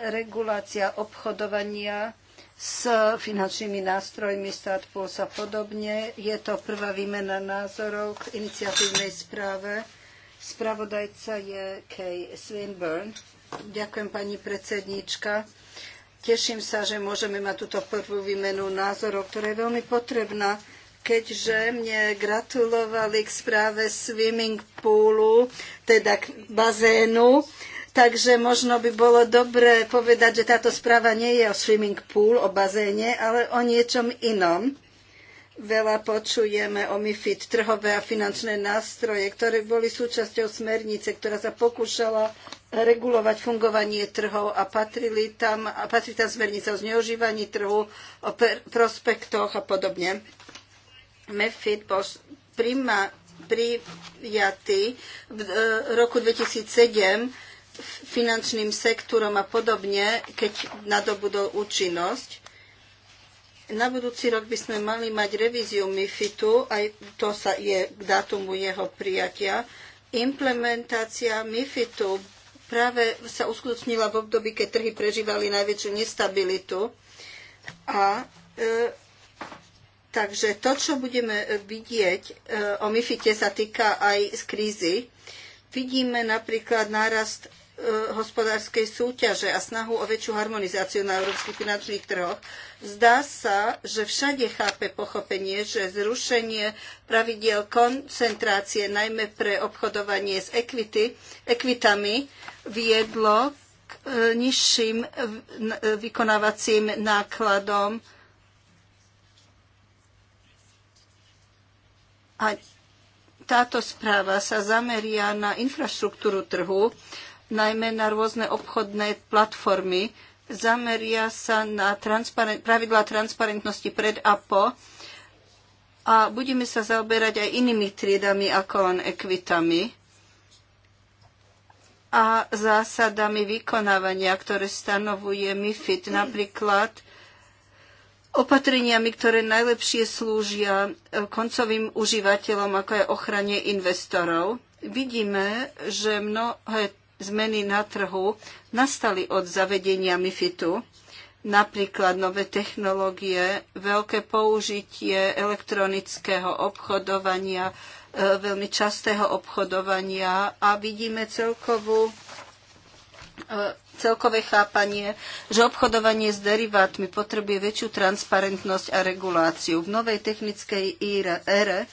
Speaker 1: regulácia obchodovania s finančnými nástrojmi stát a podobne. Je to prvá výmena názorov k iniciatívnej správe. Spravodajca je Kay Swinburne. Ďakujem pani predsednička. Teším sa, že môžeme mať túto prvú výmenu názorov, ktorá je veľmi potrebná, keďže mne gratulovali k správe swimming poolu, teda k bazénu Takže možno by bolo dobré povedať, že táto správa nie je o swimming pool, o bazéne, ale o niečom inom. Veľa počujeme o MIFID, trhové a finančné nástroje, ktoré boli súčasťou smernice, ktorá sa pokúšala regulovať fungovanie trhov a patrili tam, a patrí tam smernica o zneužívaní trhu, o prospektoch a podobne. MIFID bol prima, prijatý v e, roku 2007 finančným sektorom a podobne, keď nadobudol účinnosť. Na budúci rok by sme mali mať revíziu MIFITu, aj to sa je k dátumu jeho prijatia. Implementácia MIFITu práve sa uskutočnila v období, keď trhy prežívali najväčšiu nestabilitu. A e, takže to, čo budeme vidieť e, o MIFITe, sa týka aj z krízy. Vidíme napríklad nárast Eh, hospodárskej súťaže a snahu o väčšiu harmonizáciu na európskych finančných trhoch. Zdá sa, že všade chápe pochopenie, že zrušenie pravidiel koncentrácie, najmä pre obchodovanie s equity, ekvitami, viedlo k eh, nižším eh, vykonávacím nákladom a táto správa sa zameria na infraštruktúru trhu, najmä na rôzne obchodné platformy. Zameria sa na transparent, pravidlá transparentnosti pred a po a budeme sa zaoberať aj inými triedami ako len ekvitami a zásadami vykonávania, ktoré stanovuje MIFID, napríklad opatreniami, ktoré najlepšie slúžia e, koncovým užívateľom, ako je ochrane investorov. Vidíme, že mnohé zmeny na trhu nastali od zavedenia MIFITu, napríklad nové technológie, veľké použitie elektronického obchodovania, e, veľmi častého obchodovania a vidíme celkovú e, celkové chápanie, že obchodovanie s derivátmi potrebuje väčšiu transparentnosť a reguláciu. V novej technickej ére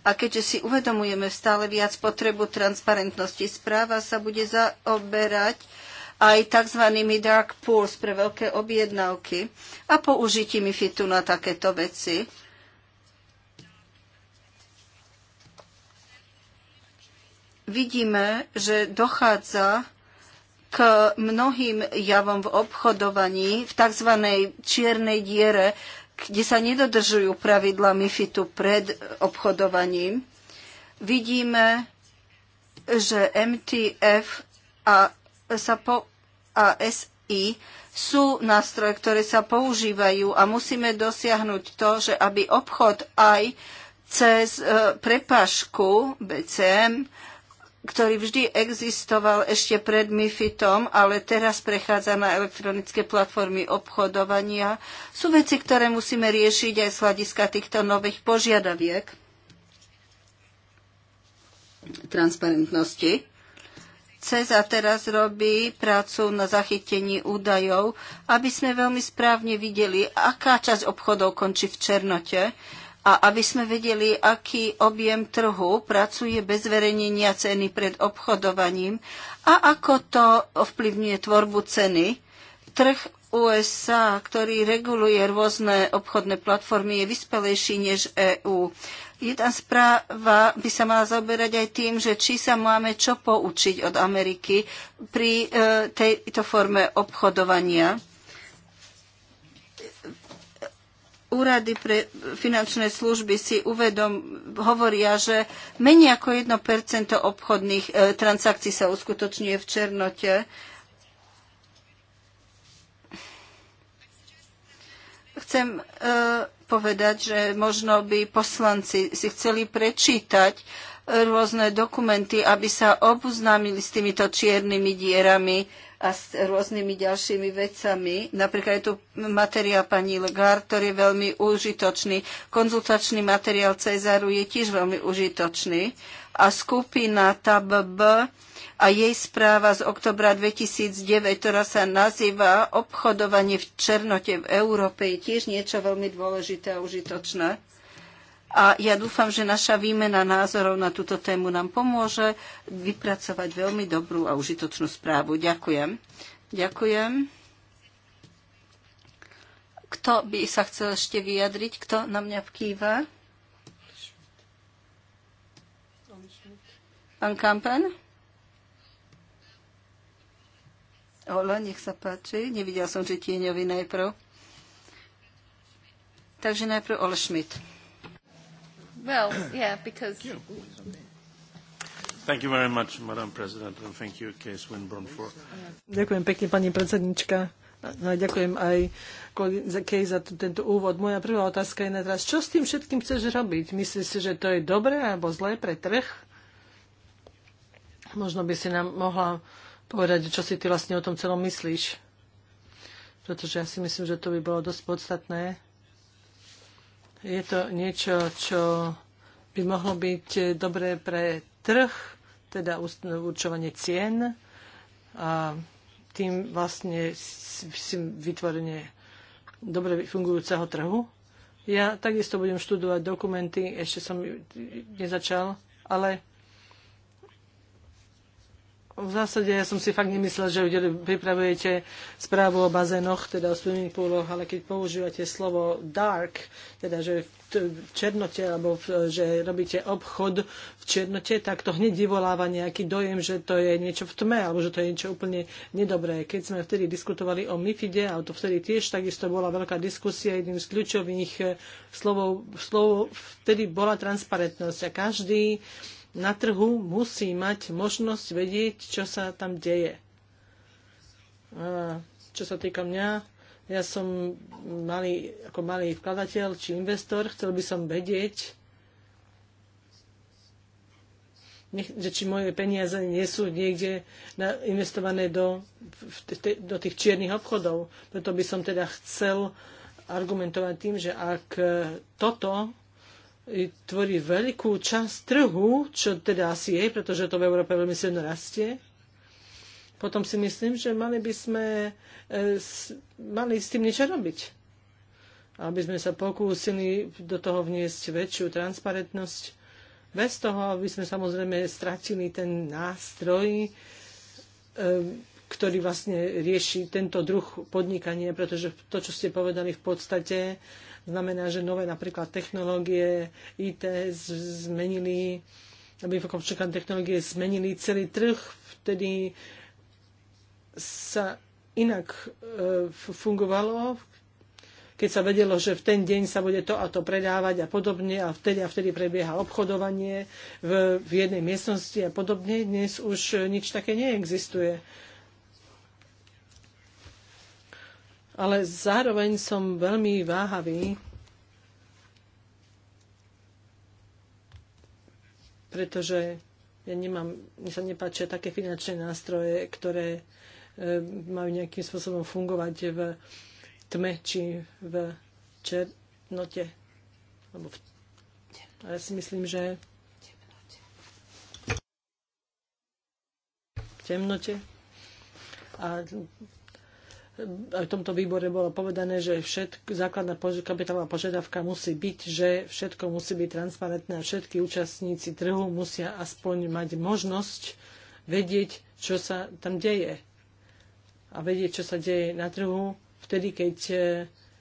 Speaker 1: a keďže si uvedomujeme stále viac potrebu transparentnosti, správa sa bude zaoberať aj tzv. dark pools pre veľké objednávky a použitím MIFITu na takéto veci. Vidíme, že dochádza k mnohým javom v obchodovaní, v tzv. čiernej diere kde sa nedodržujú pravidla MIFITu pred obchodovaním, vidíme, že MTF a, a SI sú nástroje, ktoré sa používajú a musíme dosiahnuť to, že aby obchod aj cez e, prepašku BCM ktorý vždy existoval ešte pred MIFITom, ale teraz prechádza na elektronické platformy obchodovania, sú veci, ktoré musíme riešiť aj z hľadiska týchto nových požiadaviek transparentnosti. CESA teraz robí prácu na zachytení údajov, aby sme veľmi správne videli, aká časť obchodov končí v černote a aby sme vedeli, aký objem trhu pracuje bez verejnenia ceny pred obchodovaním a ako to ovplyvňuje tvorbu ceny. Trh USA, ktorý reguluje rôzne obchodné platformy, je vyspelejší než EÚ. Jedna správa by sa mala zaoberať aj tým, že či sa máme čo poučiť od Ameriky pri e, tejto forme obchodovania úrady pre finančné služby si uvedom, hovoria, že menej ako 1% obchodných e, transakcií sa uskutočňuje v Černote. Chcem e, povedať, že možno by poslanci si chceli prečítať e, rôzne dokumenty, aby sa oboznámili s týmito čiernymi dierami a s rôznymi ďalšími vecami. Napríklad je tu materiál pani Legár, ktorý je veľmi užitočný. Konzultačný materiál Cezaru je tiež veľmi užitočný. A skupina TABB a jej správa z oktobra 2009, ktorá sa nazýva Obchodovanie v černote v Európe, je tiež niečo veľmi dôležité a užitočné. A ja dúfam, že naša výmena názorov na túto tému nám pomôže vypracovať veľmi dobrú a užitočnú správu. Ďakujem. Ďakujem. Kto by sa chcel ešte vyjadriť? Kto na mňa vkýva? Pán Kampen? Ola, nech sa páči. Nevidel som, že tieňovi najprv. Takže najprv Ole Schmidt. Well, yeah, because... Thank you Thank you very much, Madam President, and thank you, Case Winburn, for...
Speaker 2: Ďakujem pekne, pani predsednička. No, ďakujem aj Kej za tento úvod. Moja prvá otázka je na teraz, čo s tým všetkým chceš robiť? Myslíš si, že to je dobré alebo zlé pre trh? Možno by si nám mohla povedať, čo si ty vlastne o tom celom myslíš. Pretože ja si myslím, že to by bolo dosť podstatné je to niečo, čo by mohlo byť dobré pre trh, teda určovanie cien a tým vlastne vytvorenie dobre fungujúceho trhu. Ja takisto budem študovať dokumenty, ešte som nezačal, ale v zásade ja som si fakt nemyslel, že pripravujete správu o bazénoch, teda o swimming pooloch, ale keď používate slovo dark, teda že v černote, alebo v, že robíte obchod v černote, tak to hneď vyvoláva nejaký dojem, že to je niečo v tme, alebo že to je niečo úplne nedobré. Keď sme vtedy diskutovali o MIFIDE, a to vtedy tiež takisto bola veľká diskusia, jedným z kľúčových eh, slovov, slov, vtedy bola transparentnosť a každý na trhu musí mať možnosť vedieť, čo sa tam deje. A čo sa týka mňa, ja som malý, ako malý vkladateľ či investor, chcel by som vedieť, že či moje peniaze nie sú niekde investované do, do tých čiernych obchodov. Preto by som teda chcel argumentovať tým, že ak toto tvorí veľkú časť trhu, čo teda asi je, pretože to v Európe veľmi silno rastie. Potom si myslím, že mali by sme e, mali s tým niečo robiť. Aby sme sa pokúsili do toho vniesť väčšiu transparentnosť, bez toho, aby sme samozrejme stratili ten nástroj, e, ktorý vlastne rieši tento druh podnikania, pretože to, čo ste povedali v podstate, Znamená, že nové napríklad technológie IT zmenili, aby všetkým technológie zmenili celý trh, vtedy sa inak e, fungovalo, keď sa vedelo, že v ten deň sa bude to a to predávať a podobne a vtedy a vtedy prebieha obchodovanie v, v jednej miestnosti a podobne. Dnes už nič také neexistuje. ale zároveň som veľmi váhavý, pretože ja nemám, mi sa nepáčia také finančné nástroje, ktoré e, majú nejakým spôsobom fungovať v tme či v černote. Alebo v... A ja si myslím, že v temnote. A v tomto výbore bolo povedané, že všetk, základná kapitálová požiadavka musí byť, že všetko musí byť transparentné a všetky účastníci trhu musia aspoň mať možnosť vedieť, čo sa tam deje. A vedieť, čo sa deje na trhu vtedy, keď e,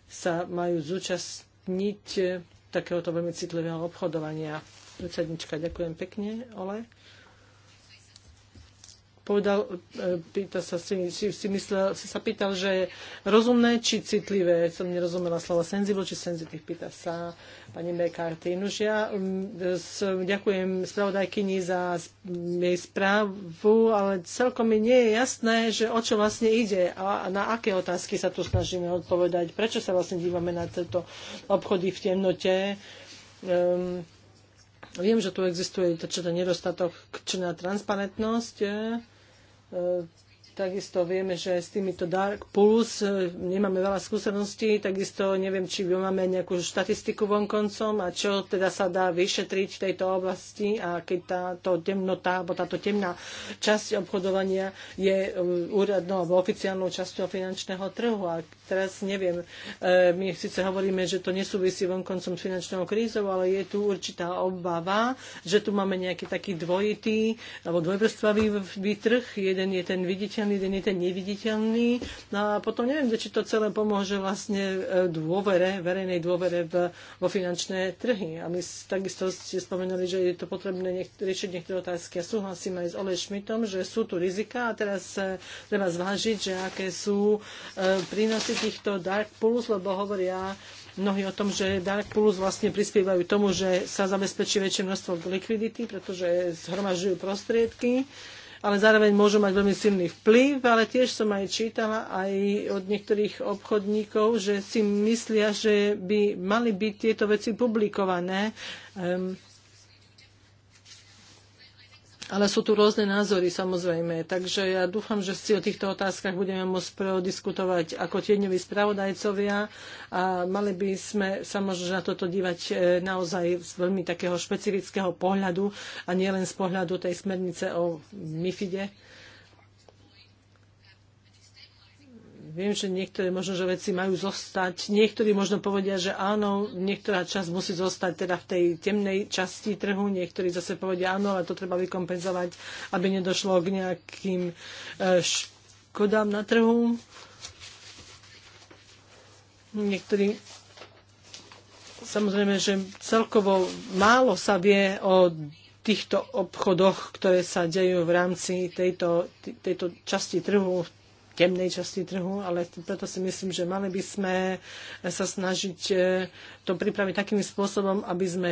Speaker 2: sa majú zúčastniť e, takéhoto veľmi citlivého obchodovania. Predsednička, ďakujem pekne, Ole povedal, e, pýta sa, si, si, si, myslel, si sa pýtal, že je rozumné či citlivé. Som nerozumela slova senzible či senzitív, pýta sa pani McCarthy. Nož ja um, ďakujem spravodajkyni za jej správu, ale celkom mi nie je jasné, že o čo vlastne ide a na aké otázky sa tu snažíme odpovedať. Prečo sa vlastne dívame na tieto obchody v temnote? Um, Viem, že tu existuje to, čo to nedostatok, čo na transparentnosť. E, Yy. Takisto vieme, že s týmito Dark Plus e, nemáme veľa skúseností, takisto neviem, či máme nejakú štatistiku vonkoncom a čo teda sa dá vyšetriť v tejto oblasti a keď táto temnota, alebo táto temná časť obchodovania je e, úradnou alebo oficiálnou časťou finančného trhu. A teraz neviem, e, my síce hovoríme, že to nesúvisí vonkoncom s finančnou krízou, ale je tu určitá obava, že tu máme nejaký taký dvojitý alebo dvojvrstvavý výtrh, Jeden je ten viditeľný ten jeden je ten neviditeľný. No a potom neviem, či to celé pomôže vlastne e, dôvere, verejnej dôvere v, vo finančné trhy. A my takisto ste spomenuli, že je to potrebné niek- riešiť niektoré otázky. Ja súhlasím aj s Ole Šmitom, že sú tu rizika a teraz e, treba zvážiť, že aké sú e, prínosy týchto dark pools, lebo hovoria mnohí o tom, že Dark Pools vlastne prispievajú tomu, že sa zabezpečí väčšie množstvo likvidity, pretože zhromažujú prostriedky ale zároveň môžu mať veľmi silný vplyv, ale tiež som aj čítala aj od niektorých obchodníkov, že si myslia, že by mali byť tieto veci publikované. Um, ale sú tu rôzne názory samozrejme, takže ja dúfam, že si o týchto otázkach budeme môcť prediskutovať ako tieňoví spravodajcovia a mali by sme sa možno na toto dívať e, naozaj z veľmi takého špecifického pohľadu a nielen z pohľadu tej smernice o MIFIDE Viem, že niektoré možno, že veci majú zostať. Niektorí možno povedia, že áno, niektorá časť musí zostať teda v tej temnej časti trhu. Niektorí zase povedia áno, ale to treba vykompenzovať, aby nedošlo k nejakým e, škodám na trhu. Niektorí samozrejme, že celkovo málo sa vie o týchto obchodoch, ktoré sa dejú v rámci tejto, tejto časti trhu, v temnej časti trhu, ale preto si myslím, že mali by sme sa snažiť e, to pripraviť takým spôsobom, aby sme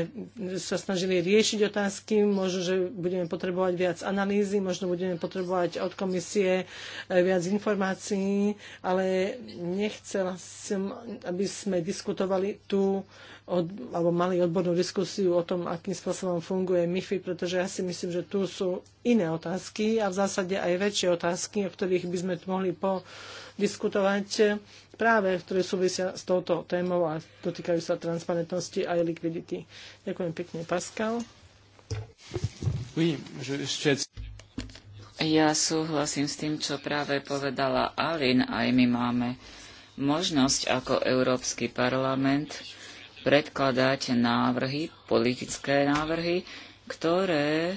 Speaker 2: sa snažili riešiť otázky. Možno, že budeme potrebovať viac analýzy, možno budeme potrebovať od komisie e, viac informácií, ale nechcela som, aby sme diskutovali tu od, alebo mali odbornú diskusiu o tom, akým spôsobom funguje MIFI, pretože ja si myslím, že tu sú iné otázky a v zásade aj väčšie otázky, o ktorých by sme mohli podiskutovať práve, ktoré súvisia s touto témou a dotýkajú sa transparentnosti a aj likvidity. Ďakujem pekne, Pascal. Oui, je,
Speaker 3: je... Ja súhlasím s tým, čo práve povedala Alin. Aj my máme možnosť ako Európsky parlament predkladať návrhy, politické návrhy, ktoré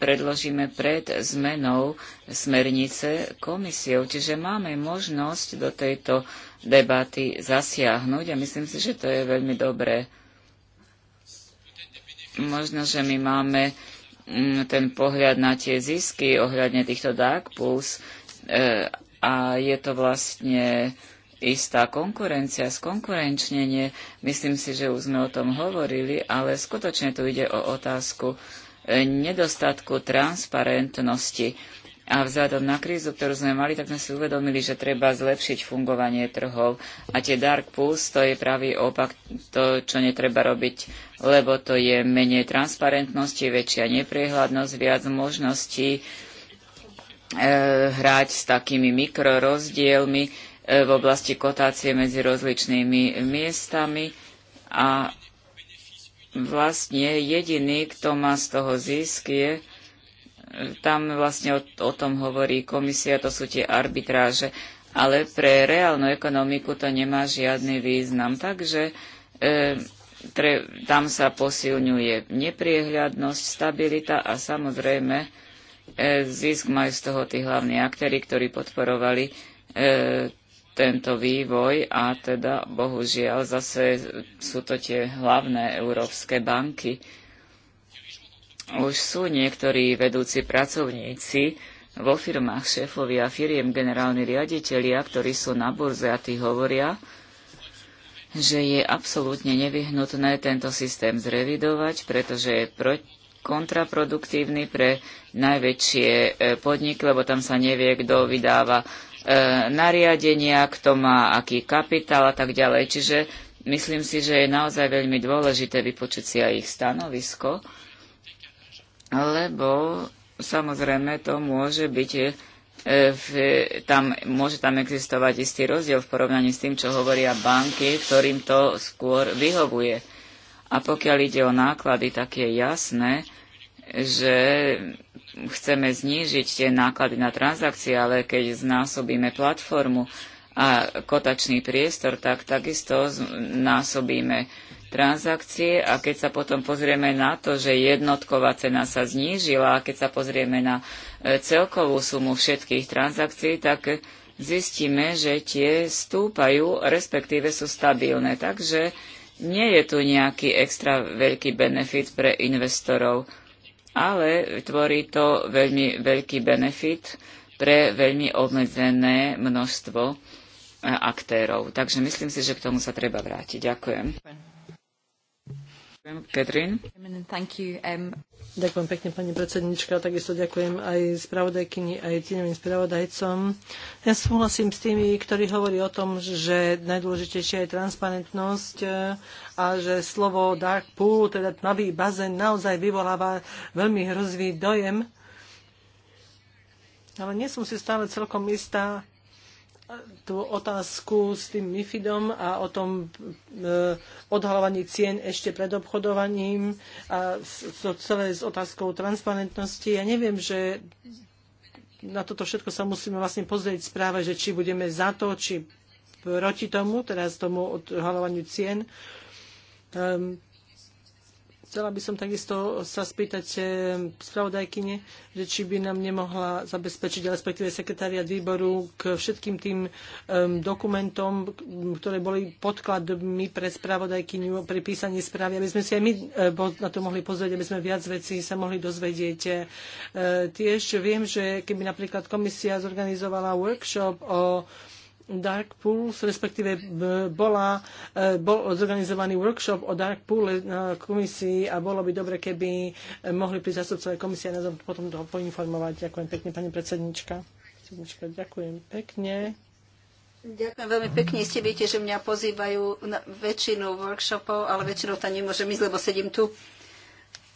Speaker 3: predložíme pred zmenou smernice komisiou. Čiže máme možnosť do tejto debaty zasiahnuť a myslím si, že to je veľmi dobré. Možno, že my máme mm, ten pohľad na tie zisky ohľadne týchto DAC plus e, a je to vlastne istá konkurencia, skonkurenčnenie. Myslím si, že už sme o tom hovorili, ale skutočne tu ide o otázku e, nedostatku transparentnosti. A vzhľadom na krízu, ktorú sme mali, tak sme si uvedomili, že treba zlepšiť fungovanie trhov. A tie dark pools, to je pravý opak, to, čo netreba robiť, lebo to je menej transparentnosti, väčšia nepriehľadnosť, viac možností e, hrať s takými mikrorozdielmi, E, v oblasti kotácie medzi rozličnými miestami a vlastne jediný, kto má z toho zisk, je tam vlastne o, o tom hovorí komisia, to sú tie arbitráže, ale pre reálnu ekonomiku to nemá žiadny význam. Takže e, tre, tam sa posilňuje nepriehľadnosť, stabilita a samozrejme e, zisk majú z toho tí hlavní aktéry, ktorí podporovali e, tento vývoj a teda bohužiaľ zase sú to tie hlavné európske banky. Už sú niektorí vedúci pracovníci vo firmách šéfovia firiem generálni riaditeľia, ktorí sú na burze a tí hovoria, že je absolútne nevyhnutné tento systém zrevidovať, pretože je kontraproduktívny pre najväčšie e, podniky, lebo tam sa nevie, kto vydáva E, nariadenia, kto má aký kapitál a tak ďalej. Čiže myslím si, že je naozaj veľmi dôležité vypočuť si aj ich stanovisko, lebo samozrejme to môže byť e, v, tam, môže tam existovať istý rozdiel v porovnaní s tým, čo hovoria banky, ktorým to skôr vyhovuje. A pokiaľ ide o náklady, tak je jasné, že chceme znížiť tie náklady na transakcie, ale keď znásobíme platformu a kotačný priestor, tak takisto znásobíme transakcie a keď sa potom pozrieme na to, že jednotková cena sa znížila a keď sa pozrieme na e, celkovú sumu všetkých transakcií, tak zistíme, že tie stúpajú, respektíve sú stabilné. Takže nie je tu nejaký extra veľký benefit pre investorov ale tvorí to veľmi veľký benefit pre veľmi obmedzené množstvo e, aktérov. Takže myslím si, že k tomu sa treba vrátiť. Ďakujem.
Speaker 2: Um, ďakujem pekne, pani predsednička. Takisto ďakujem aj spravodajkyni, aj tieňovým spravodajcom. Ja súhlasím s tými, ktorí hovorí o tom, že najdôležitejšia je transparentnosť e, a že slovo dark pool, teda tmavý bazén, naozaj vyvoláva veľmi hrozivý dojem. Ale nie som si stále celkom istá, tú otázku s tým MIFIDom a o tom e, odhalovaní cien ešte pred obchodovaním a to celé s otázkou transparentnosti. Ja neviem, že na toto všetko sa musíme vlastne pozrieť správe, že či budeme za to, či proti tomu, teraz tomu odhalovaniu cien. Um, Chcela by som takisto sa spýtať eh, spravodajkyne, že či by nám nemohla zabezpečiť, respektíve sekretariat výboru k všetkým tým um, dokumentom, ktoré boli podkladmi pre spravodajkyňu pri písaní správy, aby sme si aj my eh, na to mohli pozrieť, aby sme viac vecí sa mohli dozvedieť. Eh, tiež viem, že keby napríklad komisia zorganizovala workshop o Dark Pools, respektíve e, bola, e, bol zorganizovaný workshop o Dark Pool na komisii a bolo by dobre, keby e, mohli prísť zastupcovia komisie a nás potom to poinformovať. Ďakujem pekne, pani predsednička. predsednička ďakujem pekne.
Speaker 1: Ďakujem veľmi pekne. Ste viete, že mňa pozývajú na väčšinu workshopov, ale väčšinou tam nemôžem ísť, lebo sedím tu.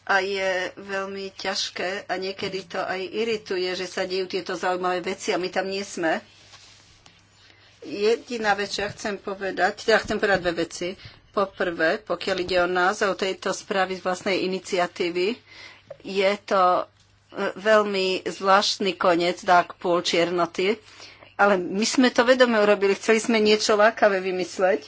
Speaker 1: A je veľmi ťažké a niekedy to aj irituje, že sa dejú tieto zaujímavé veci a my tam nie sme. Jediná vec, čo ja chcem povedať, ja chcem povedať dve veci. Poprvé, pokiaľ ide o o tejto správy z vlastnej iniciatívy, je to e, veľmi zvláštny koniec dák pôl čiernoty, ale my sme to vedome urobili, chceli sme niečo lákavé vymysleť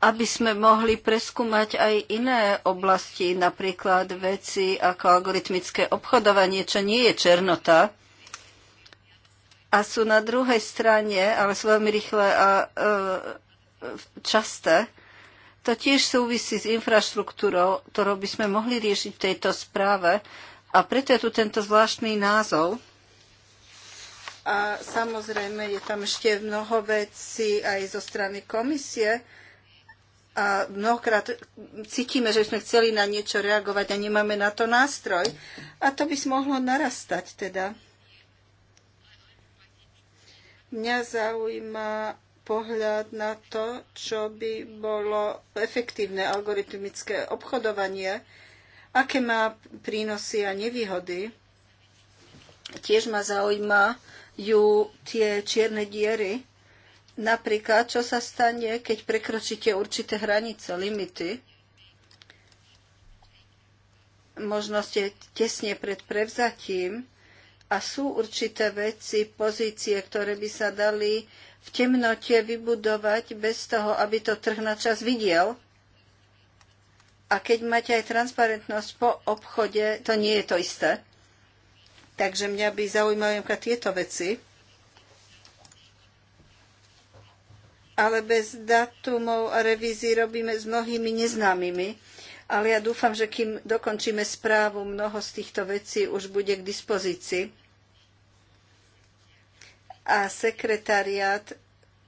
Speaker 1: aby sme mohli preskúmať aj iné oblasti, napríklad veci ako algoritmické obchodovanie, čo nie je černota. A sú na druhej strane, ale sú veľmi rýchle a e, časté. To tiež súvisí s infraštruktúrou, ktorou by sme mohli riešiť v tejto správe. A preto je tu tento zvláštny názov. A samozrejme je tam ešte mnoho vecí aj zo strany komisie, a mnohokrát cítime, že sme chceli na niečo reagovať a nemáme na to nástroj. A to by mohlo narastať teda. Mňa zaujíma pohľad na to, čo by bolo efektívne algoritmické obchodovanie, aké má prínosy a nevýhody. Tiež ma zaujímajú tie čierne diery, Napríklad, čo sa stane, keď prekročíte určité hranice, limity. Možno ste tesne pred prevzatím a sú určité veci, pozície, ktoré by sa dali v temnote vybudovať bez toho, aby to trh na čas videl. A keď máte aj transparentnosť po obchode, to nie je to isté. Takže mňa by zaujímavé tieto veci. ale bez datumov a revízií robíme s mnohými neznámymi. Ale ja dúfam, že kým dokončíme správu, mnoho z týchto vecí už bude k dispozícii. A sekretariát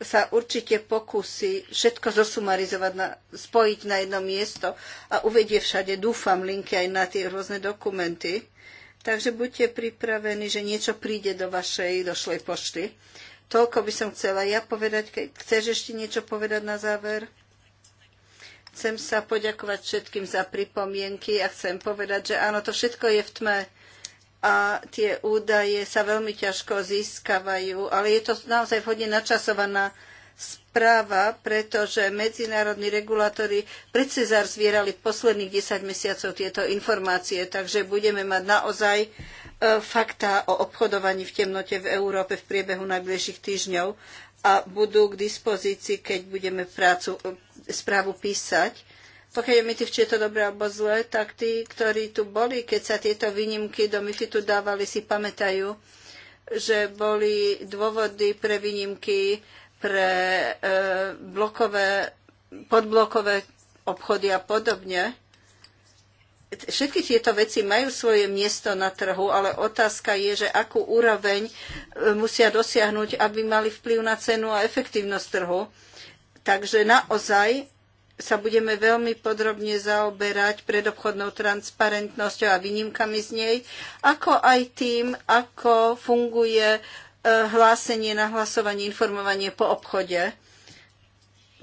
Speaker 1: sa určite pokusí všetko zosumarizovať, na, spojiť na jedno miesto a uvedie všade, dúfam, linky aj na tie rôzne dokumenty. Takže buďte pripravení, že niečo príde do vašej došlej pošty. Toľko by som chcela ja povedať. Keď chceš ešte niečo povedať na záver? Chcem sa poďakovať všetkým za pripomienky a chcem povedať, že áno, to všetko je v tme a tie údaje sa veľmi ťažko získavajú, ale je to naozaj vhodne načasovaná správa, pretože medzinárodní regulátori pred Cezar zvierali posledných 10 mesiacov tieto informácie, takže budeme mať naozaj E, fakta o obchodovaní v temnote v Európe v priebehu najbližších týždňov a budú k dispozícii, keď budeme prácu, e, správu písať. Pokiaľ je MITIF, či je to dobré alebo zlé, tak tí, ktorí tu boli, keď sa tieto výnimky do MIFITu dávali, si pamätajú, že boli dôvody pre výnimky pre e, blokové, podblokové obchody a podobne všetky tieto veci majú svoje miesto na trhu, ale otázka je, že akú úroveň e, musia dosiahnuť, aby mali vplyv na cenu a efektívnosť trhu. Takže naozaj sa budeme veľmi podrobne zaoberať predobchodnou transparentnosťou a výnimkami z nej, ako aj tým, ako funguje e, hlásenie, nahlasovanie, informovanie po obchode,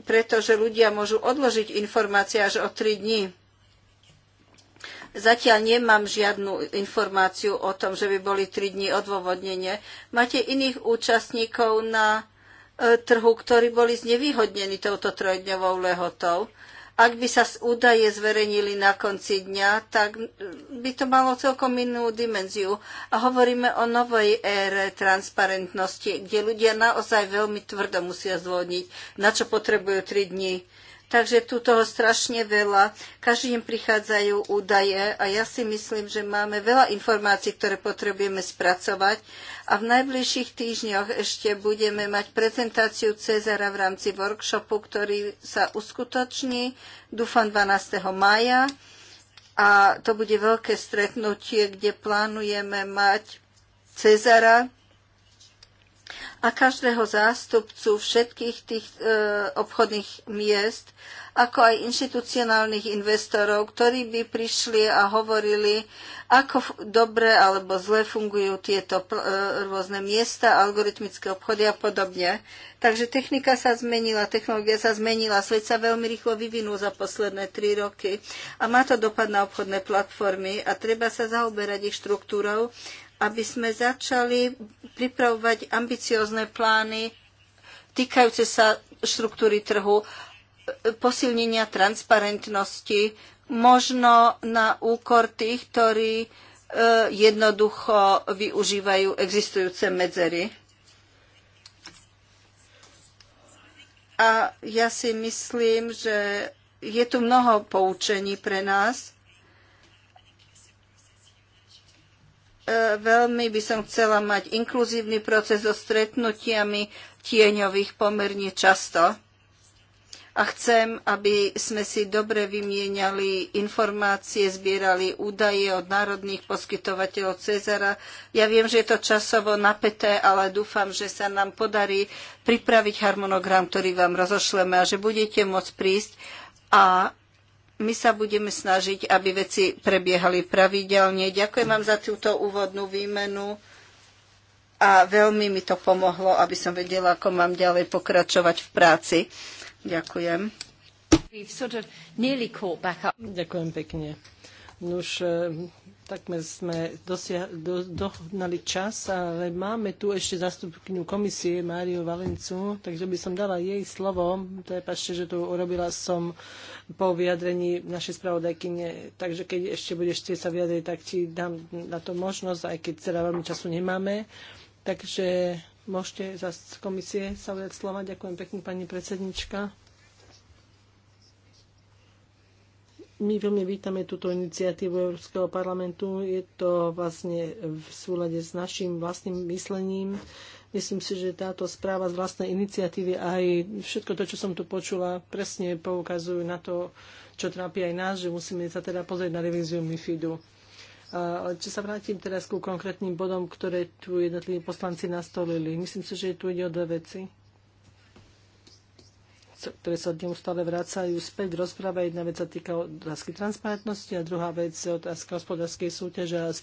Speaker 1: pretože ľudia môžu odložiť informácie až o 3 dní Zatiaľ nemám žiadnu informáciu o tom, že by boli 3 dní odôvodnenie. Máte iných účastníkov na e, trhu, ktorí boli znevýhodnení touto trojdňovou lehotou. Ak by sa údaje zverejnili na konci dňa, tak by to malo celkom inú dimenziu. A hovoríme o novej ére transparentnosti, kde ľudia naozaj veľmi tvrdo musia zvodniť, na čo potrebujú 3 dní Takže tu toho strašne veľa. Každý deň prichádzajú údaje a ja si myslím, že máme veľa informácií, ktoré potrebujeme spracovať. A v najbližších týždňoch ešte budeme mať prezentáciu Cezara v rámci workshopu, ktorý sa uskutoční, dúfam, 12. maja. A to bude veľké stretnutie, kde plánujeme mať Cezara a každého zástupcu všetkých tých e, obchodných miest, ako aj inštitucionálnych investorov, ktorí by prišli a hovorili, ako dobre alebo zle fungujú tieto e, rôzne miesta, algoritmické obchody a podobne. Takže technika sa zmenila, technológia sa zmenila, svet sa veľmi rýchlo vyvinul za posledné tri roky a má to dopad na obchodné platformy a treba sa zaoberať ich štruktúrou aby sme začali pripravovať ambiciozne plány týkajúce sa štruktúry trhu, posilnenia transparentnosti, možno na úkor tých, ktorí e, jednoducho využívajú existujúce medzery. A ja si myslím, že je tu mnoho poučení pre nás E, veľmi by som chcela mať inkluzívny proces so stretnutiami tieňových pomerne často. A chcem, aby sme si dobre vymieniali informácie, zbierali údaje od národných poskytovateľov Cezara. Ja viem, že je to časovo napeté, ale dúfam, že sa nám podarí pripraviť harmonogram, ktorý vám rozošleme a že budete môcť prísť a my sa budeme snažiť, aby veci prebiehali pravidelne. Ďakujem vám za túto úvodnú výmenu a veľmi mi to pomohlo, aby som vedela, ako mám ďalej pokračovať v práci. Ďakujem.
Speaker 2: Ďakujem pekne. Už eh, takmer sme dosia- do- dohnali čas, ale máme tu ešte zastupkynu komisie Máriu Valencu, takže by som dala jej slovo. To je Prepačte, že to urobila som po vyjadrení našej spravodajkyne, takže keď ešte budeš chcieť sa vyjadriť, tak ti dám na to možnosť, aj keď teda veľmi času nemáme. Takže môžete z komisie sa vedať slova. Ďakujem pekne, pani predsednička. my veľmi vítame túto iniciatívu Európskeho parlamentu. Je to vlastne v súlade s našim vlastným myslením. Myslím si, že táto správa z vlastnej iniciatívy a aj všetko to, čo som tu počula, presne poukazujú na to, čo trápi aj nás, že musíme sa teda pozrieť na revíziu MIFIDu. čo sa vrátim teraz ku konkrétnym bodom, ktoré tu jednotliví poslanci nastolili. Myslím si, že tu ide o dve veci ktoré sa neustále vracajú späť rozpráva. Jedna vec sa týka otázky transparentnosti a druhá vec je otázka hospodárskej súťaže a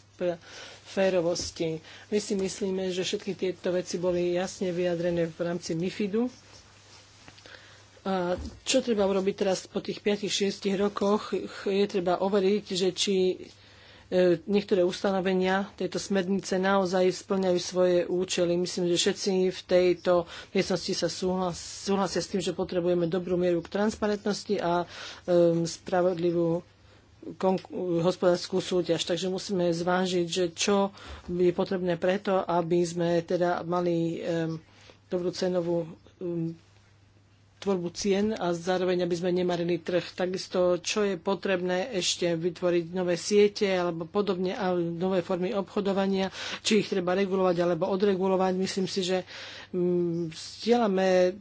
Speaker 2: férovosti. My si myslíme, že všetky tieto veci boli jasne vyjadrené v rámci MIFIDu. A čo treba urobiť teraz po tých 5-6 rokoch? Je treba overiť, že či E, niektoré ustanovenia tejto smernice naozaj splňajú svoje účely. Myslím, že všetci v tejto miestnosti sa súhlasia s tým, že potrebujeme dobrú mieru k transparentnosti a um, spravodlivú hospodárskú súťaž. Takže musíme zvážiť, že čo je potrebné preto, aby sme teda mali um, dobrú cenovú um, tvorbu cien a zároveň, aby sme nemarili trh. Takisto, čo je potrebné ešte vytvoriť nové siete alebo podobne a nové formy obchodovania, či ich treba regulovať alebo odregulovať. Myslím si, že mm, vzdielame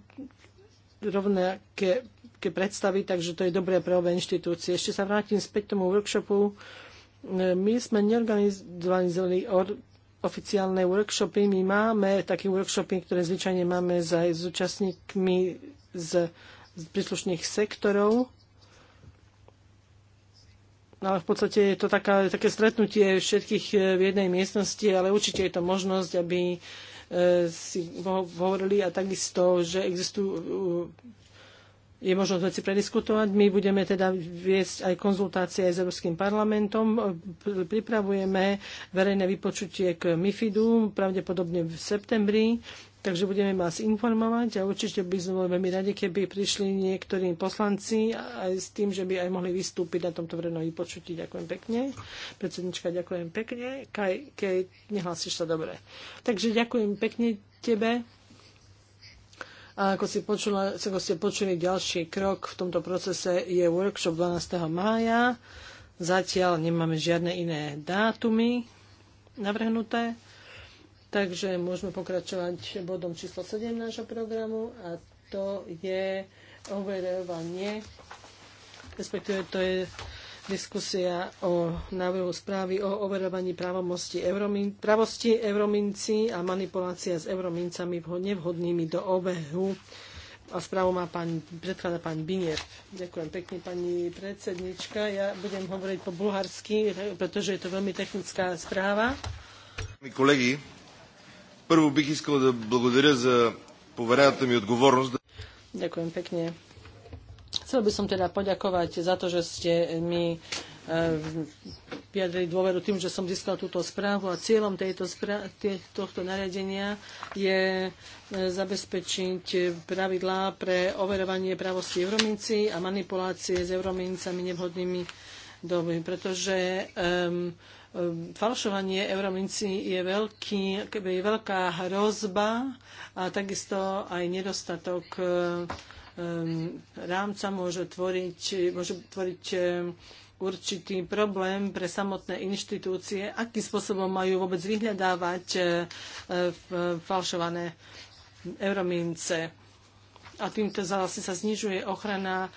Speaker 2: rovnaké predstavy, takže to je dobré pre obe inštitúcie. Ešte sa vrátim späť tomu workshopu. My sme neorganizovali or- oficiálne workshopy. My máme také workshopy, ktoré zvyčajne máme za aj s účastníkmi z, z príslušných sektorov. No, ale v podstate je to taká, také stretnutie všetkých e, v jednej miestnosti, ale určite je to možnosť, aby e, si hovorili a takisto, že existujú e, je možnosť veci prediskutovať. My budeme teda viesť aj konzultácie aj s Európskym parlamentom. Pripravujeme verejné vypočutie k MIFIDu, pravdepodobne v septembri. Takže budeme vás informovať a určite by sme boli veľmi radi, keby prišli niektorí poslanci aj s tým, že by aj mohli vystúpiť na tomto verejnom vypočutí. Ďakujem pekne. Predsednička, ďakujem pekne. Kaj, keď nehlasíš sa dobre. Takže ďakujem pekne tebe. A ako, si počula, ako ste počuli, ďalší krok v tomto procese je workshop 12. mája. Zatiaľ nemáme žiadne iné dátumy navrhnuté. Takže môžeme pokračovať bodom číslo 7 nášho programu a to je overovanie, respektíve to je diskusia o návrhu správy o overovaní právomosti euromin, pravosti eurominci a manipulácia s euromincami nevhodnými do obehu. A správu má pán, predkladá pán Biniev. Ďakujem pekne, pani predsednička. Ja budem hovoriť po bulharsky, pretože je to veľmi technická správa. Kolegy, Първо бих искал да благодаря за поверената ми отговорност. Ďakujem pekne. Chcel by som teda poďakovať za to, že ste mi e, vyjadrili dôveru tým, že som získal túto správu a cieľom tejto spra- tohto nariadenia je e, zabezpečiť pravidlá pre overovanie právosti eurominci a manipulácie s euromincami nevhodnými domy, pretože um, Ehm, falšovanie euromincí je, veľký, je veľká hrozba a takisto aj nedostatok ehm, rámca môže tvoriť, môže tvoriť ehm, určitý problém pre samotné inštitúcie, akým spôsobom majú vôbec vyhľadávať e, falšované euromince a týmto vlastne sa znižuje ochrana e,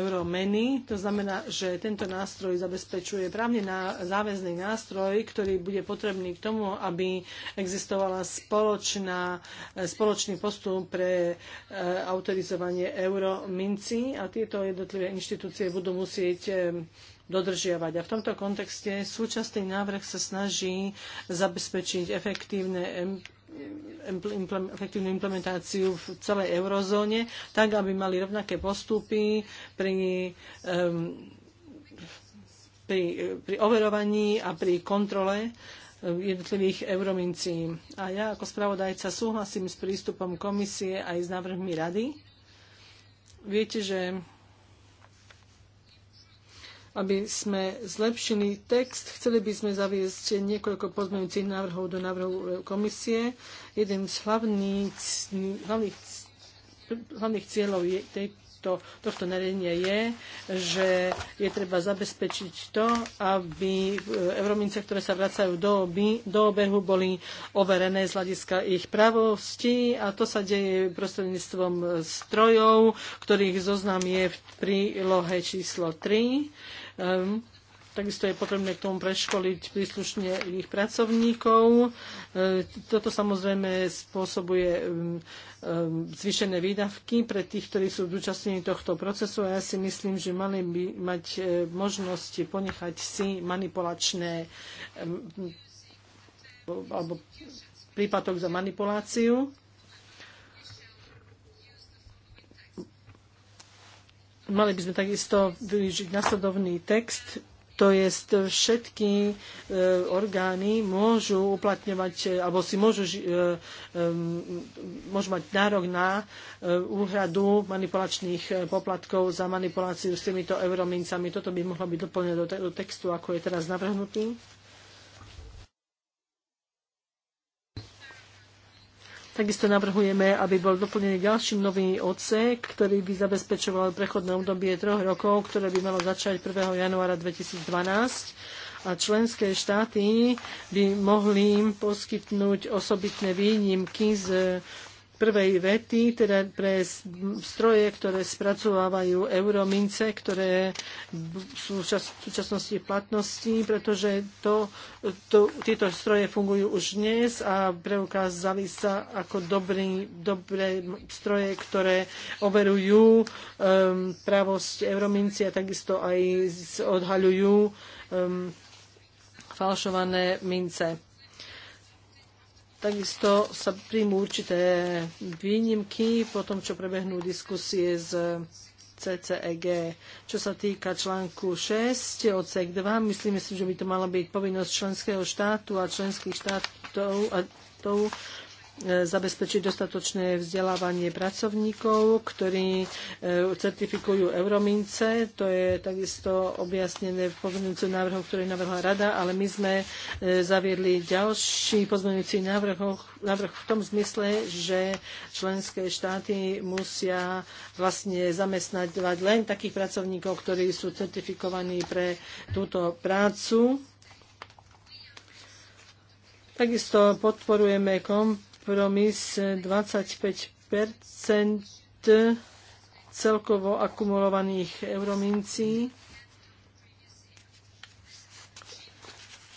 Speaker 2: euromeny. To znamená, že tento nástroj zabezpečuje právne na záväzný nástroj, ktorý bude potrebný k tomu, aby existovala spoločná, e, spoločný postup pre e, autorizovanie euromincí a tieto jednotlivé inštitúcie budú musieť dodržiavať. A v tomto kontexte súčasný návrh sa snaží zabezpečiť efektívne efektívnu implementáciu v celej eurozóne, tak aby mali rovnaké postupy pri, pri, pri overovaní a pri kontrole jednotlivých euromincí. A ja ako spravodajca súhlasím s prístupom komisie aj s návrhmi rady. Viete, že aby sme zlepšili text. Chceli by sme zaviesť niekoľko pozmeňujúcich návrhov do návrhu komisie. Jeden z hlavných, hlavných, hlavných cieľov je tej, to, tohto nariadenia je, že je treba zabezpečiť to, aby euromince, ktoré sa vracajú do, oby, do obehu, boli overené z hľadiska ich právosti a to sa deje prostredníctvom strojov, ktorých zoznam je v prílohe číslo 3 Um, Takisto je potrebné k tomu preškoliť príslušne ich pracovníkov. Ehm, toto samozrejme spôsobuje ehm, zvýšené výdavky pre tých, ktorí sú zúčastnení tohto procesu a ja si myslím, že mali by mať e, možnosť ponechať si manipulačné alebo prípadok za manipuláciu mali by sme takisto využiť nasledovný text, to je e, všetky e, orgány môžu uplatňovať, e, alebo si môžu, e, e, môžu mať nárok na e, úhradu manipulačných poplatkov za manipuláciu s týmito euromincami. Toto by mohlo byť doplnené do, te, do textu, ako je teraz navrhnutý. Takisto navrhujeme, aby bol doplnený ďalší nový odsek, ktorý by zabezpečoval prechodné obdobie troch rokov, ktoré by malo začať 1. januára 2012 a členské štáty by mohli poskytnúť osobitné výnimky z prvej vety, teda pre stroje, ktoré spracovávajú euromince, ktoré sú v súčasnosti v platnosti, pretože to, to, tieto stroje fungujú už dnes a preukázali sa ako dobrý, dobré stroje, ktoré overujú um, pravosť Euromince a takisto aj odhaľujú um, falšované mince. Takisto sa príjmú určité výnimky po tom, čo prebehnú diskusie z CCEG. Čo sa týka článku 6, odsek 2, myslíme si, že by to mala byť povinnosť členského štátu a členských štátov a štátov E, zabezpečiť dostatočné vzdelávanie pracovníkov, ktorí e, certifikujú Euromince. To je takisto objasnené v pozmeňujúcom návrhu, ktorý navrhla Rada, ale my sme e, zaviedli ďalší pozmeňujúci návrh, v tom zmysle, že členské štáty musia vlastne zamestnať len takých pracovníkov, ktorí sú certifikovaní pre túto prácu. Takisto podporujeme komp- kompromis 25 celkovo akumulovaných euromincí,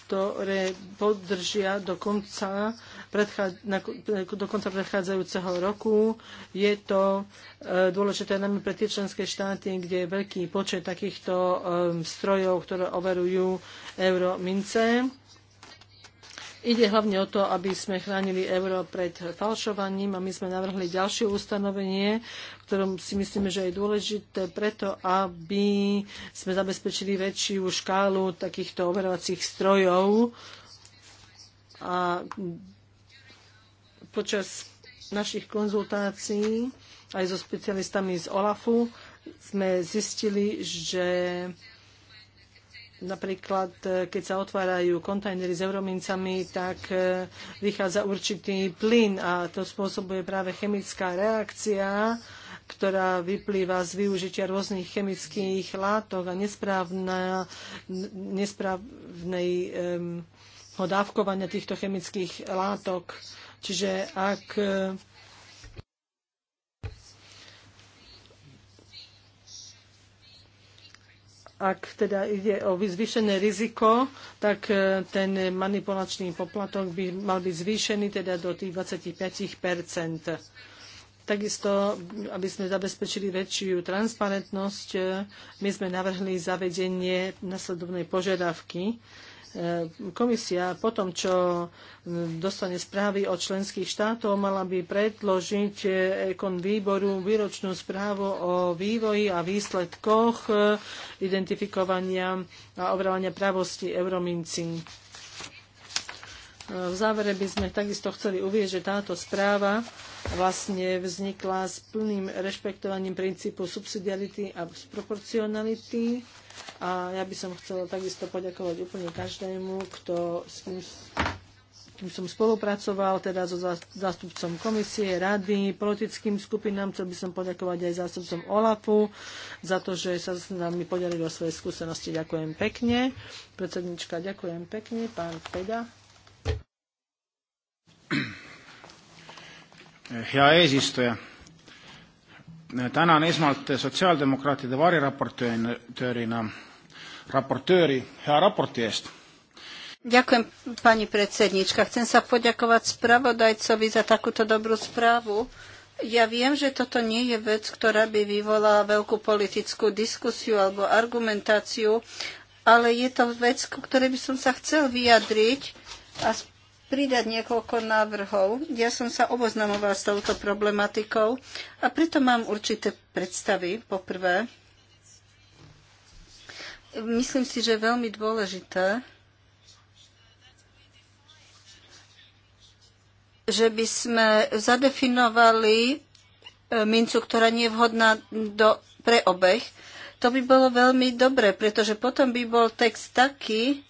Speaker 2: ktoré podržia do konca, do konca predchádzajúceho roku. Je to e, dôležité najmä pre tie členské štáty, kde je veľký počet takýchto e, strojov, ktoré overujú euromince. mince Ide hlavne o to, aby sme chránili euro pred falšovaním a my sme navrhli ďalšie ustanovenie, ktorom si myslíme, že je dôležité preto, aby sme zabezpečili väčšiu škálu takýchto overovacích strojov a počas našich konzultácií aj so specialistami z OLAFu sme zistili, že Napríklad, e, keď sa otvárajú kontajnery s euromincami, tak e, vychádza určitý plyn a to spôsobuje práve chemická reakcia, ktorá vyplýva z využitia rôznych chemických látok a nesprávnej um, dávkovania týchto chemických látok. Čiže ak ak teda ide o zvýšené riziko, tak e, ten manipulačný poplatok by mal byť zvýšený teda do tých 25 Takisto, aby sme zabezpečili väčšiu transparentnosť, e, my sme navrhli zavedenie nasledovnej požiadavky E, komisia po tom, čo e, dostane správy od členských štátov, mala by predložiť e, ekon výboru výročnú správu o vývoji a výsledkoch identifikovania a obrávania právosti eurominci. V závere by sme takisto chceli uvieť, že táto správa vlastne vznikla s plným rešpektovaním princípu subsidiarity a proporcionality. A ja by som chcela takisto poďakovať úplne každému, kto s tým kým som spolupracoval, teda so zástupcom komisie, rady, politickým skupinám. Chcel by som poďakovať aj zástupcom OLAFu za to, že sa s nami podelili o svoje skúsenosti. Ďakujem pekne. Predsednička, ďakujem pekne. Pán Peda
Speaker 1: hea eesistuja, tänan esmalt sotsiaaldemokraatide variraportöörina raportööri hea raporti eest. Ďakujem, pani predsednička. Chcem sa poďakovať spravodajcovi za takúto dobrú správu. Ja viem, že toto nie je vec, ktorá by vyvolala veľkú politickú diskusiu alebo argumentáciu, ale je to vec, ku ktorej by som sa chcel vyjadriť a pridať niekoľko návrhov. Ja som sa oboznamovala s touto problematikou a preto mám určité predstavy. Poprvé, myslím si, že je veľmi dôležité, že by sme zadefinovali e, mincu, ktorá nie je vhodná do, pre obeh. To by bolo veľmi dobré, pretože potom by bol text taký,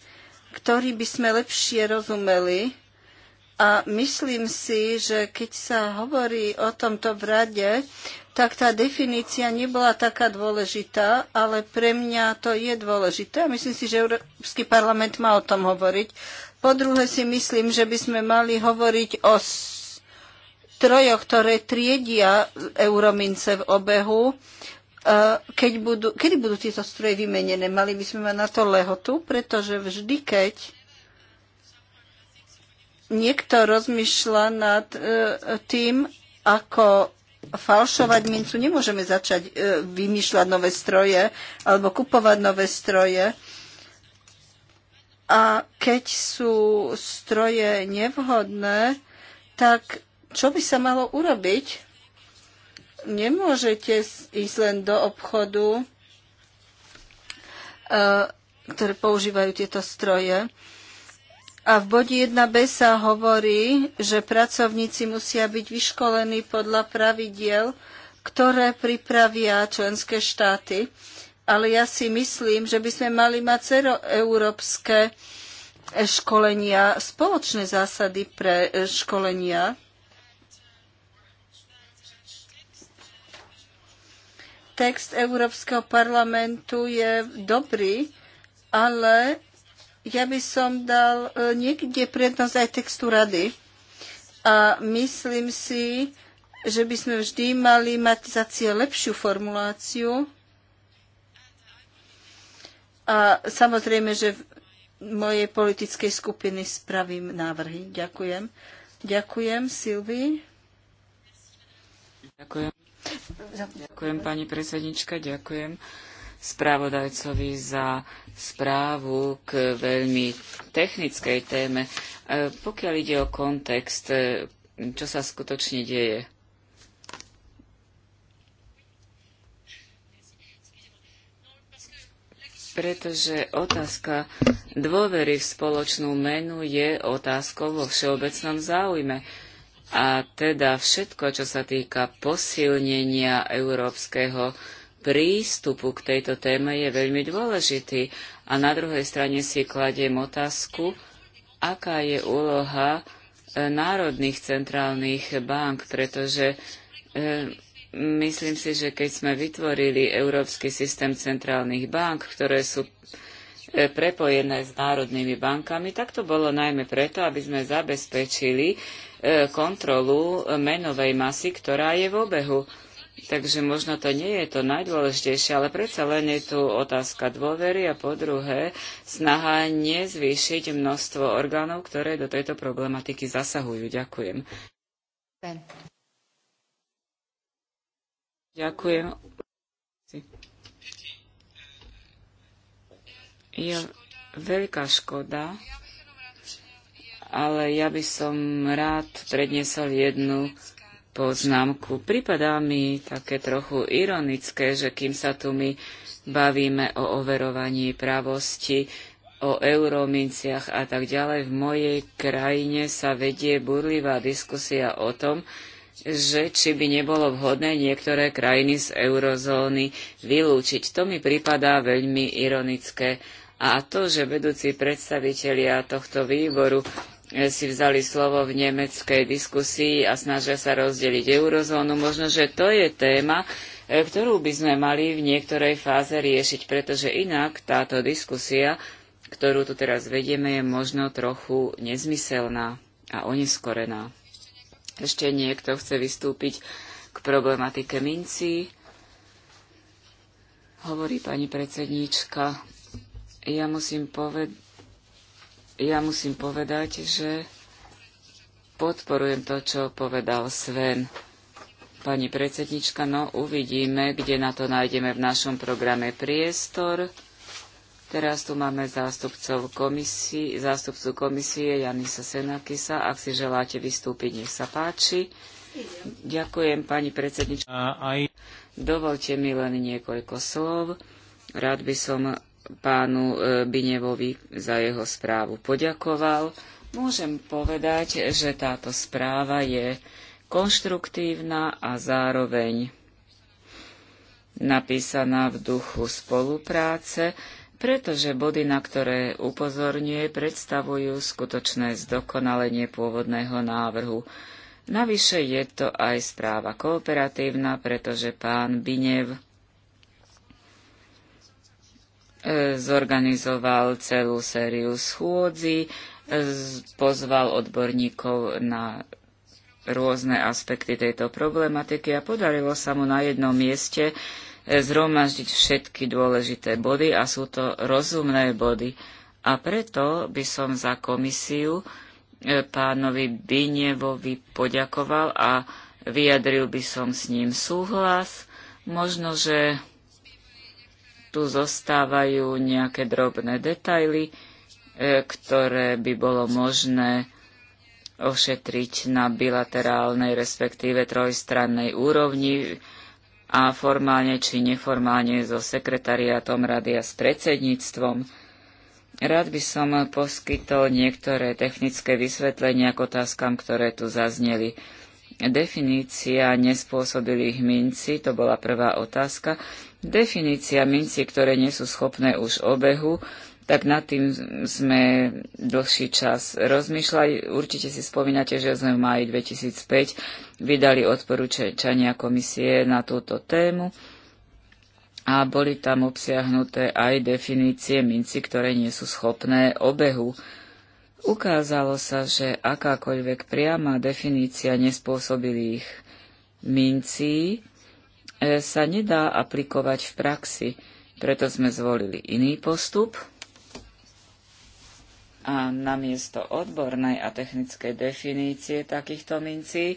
Speaker 1: ktorý by sme lepšie rozumeli a myslím si, že keď sa hovorí o tomto v rade, tak tá definícia nebola taká dôležitá, ale pre mňa to je dôležité a myslím si, že Európsky parlament má o tom hovoriť. Po druhé si myslím, že by sme mali hovoriť o strojoch, ktoré triedia euromince v obehu. Keď budú, kedy budú tieto stroje vymenené? Mali by sme mať na to lehotu, pretože vždy, keď niekto rozmýšľa nad e, tým, ako falšovať mincu. Nemôžeme začať e, vymýšľať nové stroje alebo kupovať nové stroje. A keď sú stroje nevhodné, tak čo by sa malo urobiť? Nemôžete ísť len do obchodu, e, ktoré používajú tieto stroje a v bodi 1b sa hovorí, že pracovníci musia byť vyškolení podľa pravidiel, ktoré pripravia členské štáty. Ale ja si myslím, že by sme mali mať európske školenia, spoločné zásady pre školenia. Text Európskeho parlamentu je dobrý, ale ja by som dal e, niekde prednosť aj textu rady. A myslím si, že by sme vždy mali mať za cieľ lepšiu formuláciu. A samozrejme, že v mojej politickej skupiny spravím návrhy. Ďakujem. Ďakujem, Silvi.
Speaker 3: Ďakujem. Ďakujem, pani predsednička, ďakujem spravodajcovi za správu k veľmi technickej téme. E, pokiaľ ide o kontext, e, čo sa skutočne deje? pretože otázka dôvery v spoločnú menu je otázkou vo všeobecnom záujme. A teda všetko, čo sa týka posilnenia európskeho prístupu k tejto téme je veľmi dôležitý. A na druhej strane si kladiem otázku, aká je úloha e, národných centrálnych bank, pretože e, myslím si, že keď sme vytvorili európsky systém centrálnych bank, ktoré sú e, prepojené s národnými bankami, tak to bolo najmä preto, aby sme zabezpečili kontrolu menovej masy, ktorá je v obehu. Takže možno to nie je to najdôležitejšie, ale predsa len je tu otázka dôvery a po druhé snaha nezvýšiť množstvo orgánov, ktoré do tejto problematiky zasahujú. Ďakujem. Ben. Ďakujem. Je veľká škoda, ale ja by som rád predniesol jednu poznámku. Pripadá mi také trochu ironické, že kým sa tu my bavíme o overovaní pravosti, o eurominciach a tak ďalej, v mojej krajine sa vedie burlivá diskusia o tom, že či by nebolo vhodné niektoré krajiny z eurozóny vylúčiť. To mi pripadá veľmi ironické. A to, že vedúci predstavitelia tohto výboru Eh, si vzali slovo v nemeckej diskusii a snažia sa rozdeliť eurozónu. Možno, že to je téma, eh, ktorú by sme mali v niektorej fáze riešiť, pretože inak táto diskusia, ktorú tu teraz vedieme, je možno trochu nezmyselná a oneskorená. Ešte niekto chce vystúpiť k problematike minci? Hovorí pani predsedníčka. Ja musím povedať, ja musím povedať, že podporujem to, čo povedal Sven. Pani predsednička, no uvidíme, kde na to nájdeme v našom programe priestor. Teraz tu máme zástupcov komisí, zástupcu komisie Janisa Senakisa. Ak si želáte vystúpiť, nech sa páči. Ďakujem, pani predsednička. Dovolte mi len niekoľko slov. Rád by som pánu e, Binevovi za jeho správu poďakoval. Môžem povedať, že táto správa je konštruktívna a zároveň napísaná v duchu spolupráce, pretože body, na ktoré upozorňuje, predstavujú skutočné zdokonalenie pôvodného návrhu. Navyše je to aj správa kooperatívna, pretože pán Binev zorganizoval celú sériu schôdzi, pozval odborníkov na rôzne aspekty tejto problematiky a podarilo sa mu na jednom mieste e, zhromaždiť všetky dôležité body a sú to rozumné body. A preto by som za komisiu e, pánovi Binevovi poďakoval a vyjadril by som s ním súhlas. Možno, že tu zostávajú nejaké drobné detaily, e, ktoré by bolo možné ošetriť na bilaterálnej, respektíve trojstrannej úrovni a formálne či neformálne so sekretariátom rady a s predsedníctvom. Rád by som poskytol niektoré technické vysvetlenia k otázkam, ktoré tu zazneli. Definícia nespôsobilých minci, to bola prvá otázka. Definícia minci, ktoré nie sú schopné už obehu, tak nad tým sme dlhší čas rozmýšľali. Určite si spomínate, že sme v máji 2005 vydali odporúčania komisie na túto tému a boli tam obsiahnuté aj definície minci, ktoré nie sú schopné obehu. Ukázalo sa, že akákoľvek priama definícia nespôsobilých mincí E, sa nedá aplikovať v praxi. Preto sme zvolili iný postup a namiesto odbornej a technickej definície takýchto mincí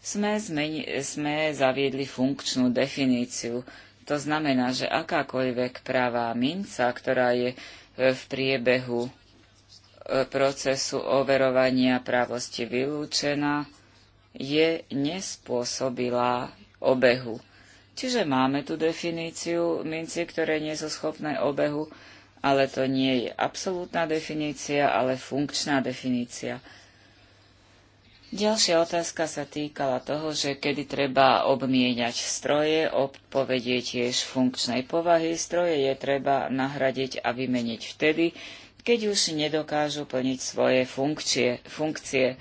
Speaker 3: sme, zmeni- sme zaviedli funkčnú definíciu. To znamená, že akákoľvek pravá minca, ktorá je e, v priebehu e, procesu overovania právosti vylúčená, je nespôsobilá obehu. Čiže máme tu definíciu minci, ktoré nie sú schopné obehu, ale to nie je absolútna definícia, ale funkčná definícia. Ďalšia otázka sa týkala toho, že kedy treba obmieniať stroje, odpovedie tiež funkčnej povahy. Stroje je treba nahradiť a vymeniť vtedy, keď už nedokážu plniť svoje funkcie. funkcie.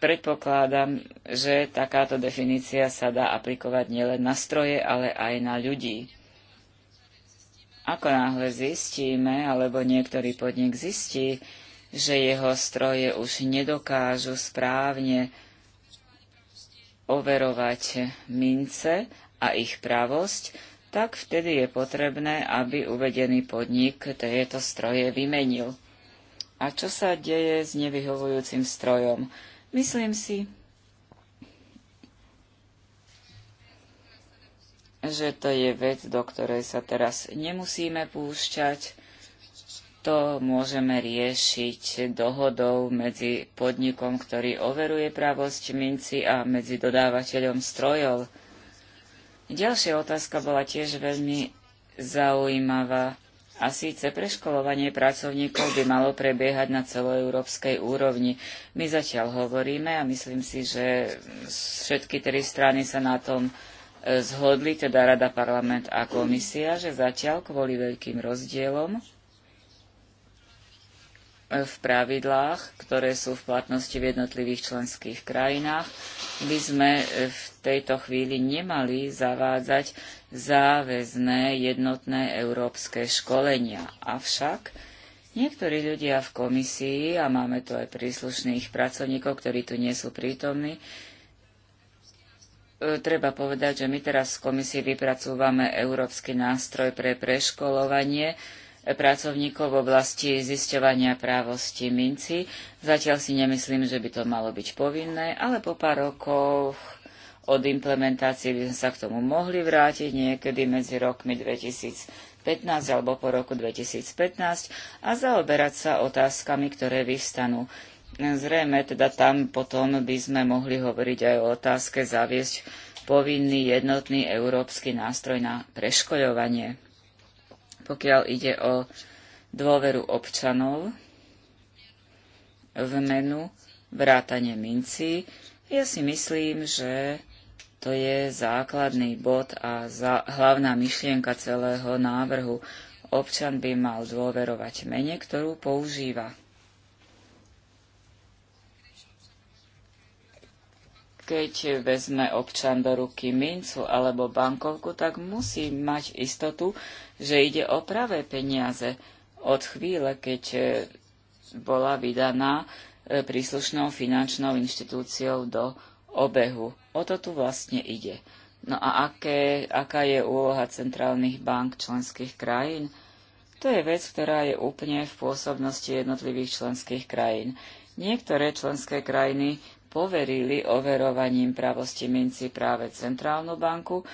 Speaker 3: Predpokladám, že takáto definícia sa dá aplikovať nielen na stroje, ale aj na ľudí. Ako náhle zistíme, alebo niektorý podnik zistí, že jeho stroje už nedokážu správne overovať mince a ich pravosť, tak vtedy je potrebné, aby uvedený podnik tieto stroje vymenil. A čo sa deje s nevyhovujúcim strojom? Myslím si, že to je vec, do ktorej sa teraz nemusíme púšťať. To môžeme riešiť dohodou medzi podnikom, ktorý overuje pravosť minci a medzi dodávateľom strojov. Ďalšia otázka bola tiež veľmi zaujímavá. A síce preškolovanie pracovníkov by malo prebiehať na celoeurópskej úrovni. My zatiaľ hovoríme a myslím si, že všetky tri strany sa na tom e, zhodli, teda Rada, Parlament a Komisia, že zatiaľ kvôli veľkým rozdielom e, v pravidlách, ktoré sú v platnosti v jednotlivých členských krajinách, by sme e, v tejto chvíli nemali zavádzať záväzné jednotné európske školenia. Avšak niektorí ľudia v komisii, a máme tu aj príslušných pracovníkov, ktorí tu nie sú prítomní, e, treba povedať, že my teraz v komisii vypracúvame európsky nástroj pre preškolovanie, pracovníkov v oblasti zisťovania právosti minci. Zatiaľ si nemyslím, že by to malo byť povinné, ale po pár rokoch od implementácie by sme sa k tomu mohli vrátiť niekedy medzi rokmi 2015 alebo po roku 2015 a zaoberať sa otázkami, ktoré vyvstanú. Zrejme teda tam potom by sme mohli hovoriť aj o otázke zaviesť povinný jednotný európsky nástroj na preškoľovanie. Pokiaľ ide o dôveru občanov v menu vrátane minci, ja si myslím, že to je základný bod a za, hlavná myšlienka celého návrhu. Občan by mal dôverovať mene, ktorú používa. keď vezme občan do ruky mincu alebo bankovku, tak musí mať istotu, že ide o pravé peniaze od chvíle, keď e, bola vydaná e, príslušnou finančnou inštitúciou do obehu. O to tu vlastne ide. No a aké, aká je úloha centrálnych bank členských krajín? To je vec, ktorá je úplne v pôsobnosti jednotlivých členských krajín. Niektoré členské krajiny poverili overovaním pravosti minci práve centrálnu banku,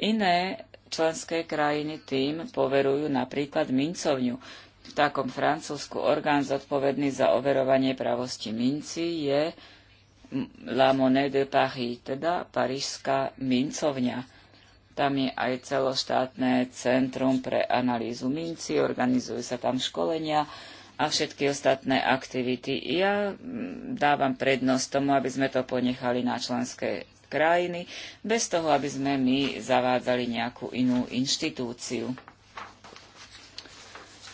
Speaker 3: iné členské krajiny tým poverujú napríklad mincovňu. V takom Francúzsku orgán zodpovedný za overovanie pravosti minci je La Monnaie de Paris, teda Parížská mincovňa. Tam je aj celoštátne centrum pre analýzu minci, organizujú sa tam školenia a všetky ostatné aktivity. Ja mm, dávam prednosť tomu, aby sme to ponechali na členské krajiny, bez toho, aby sme my zavádzali nejakú inú inštitúciu.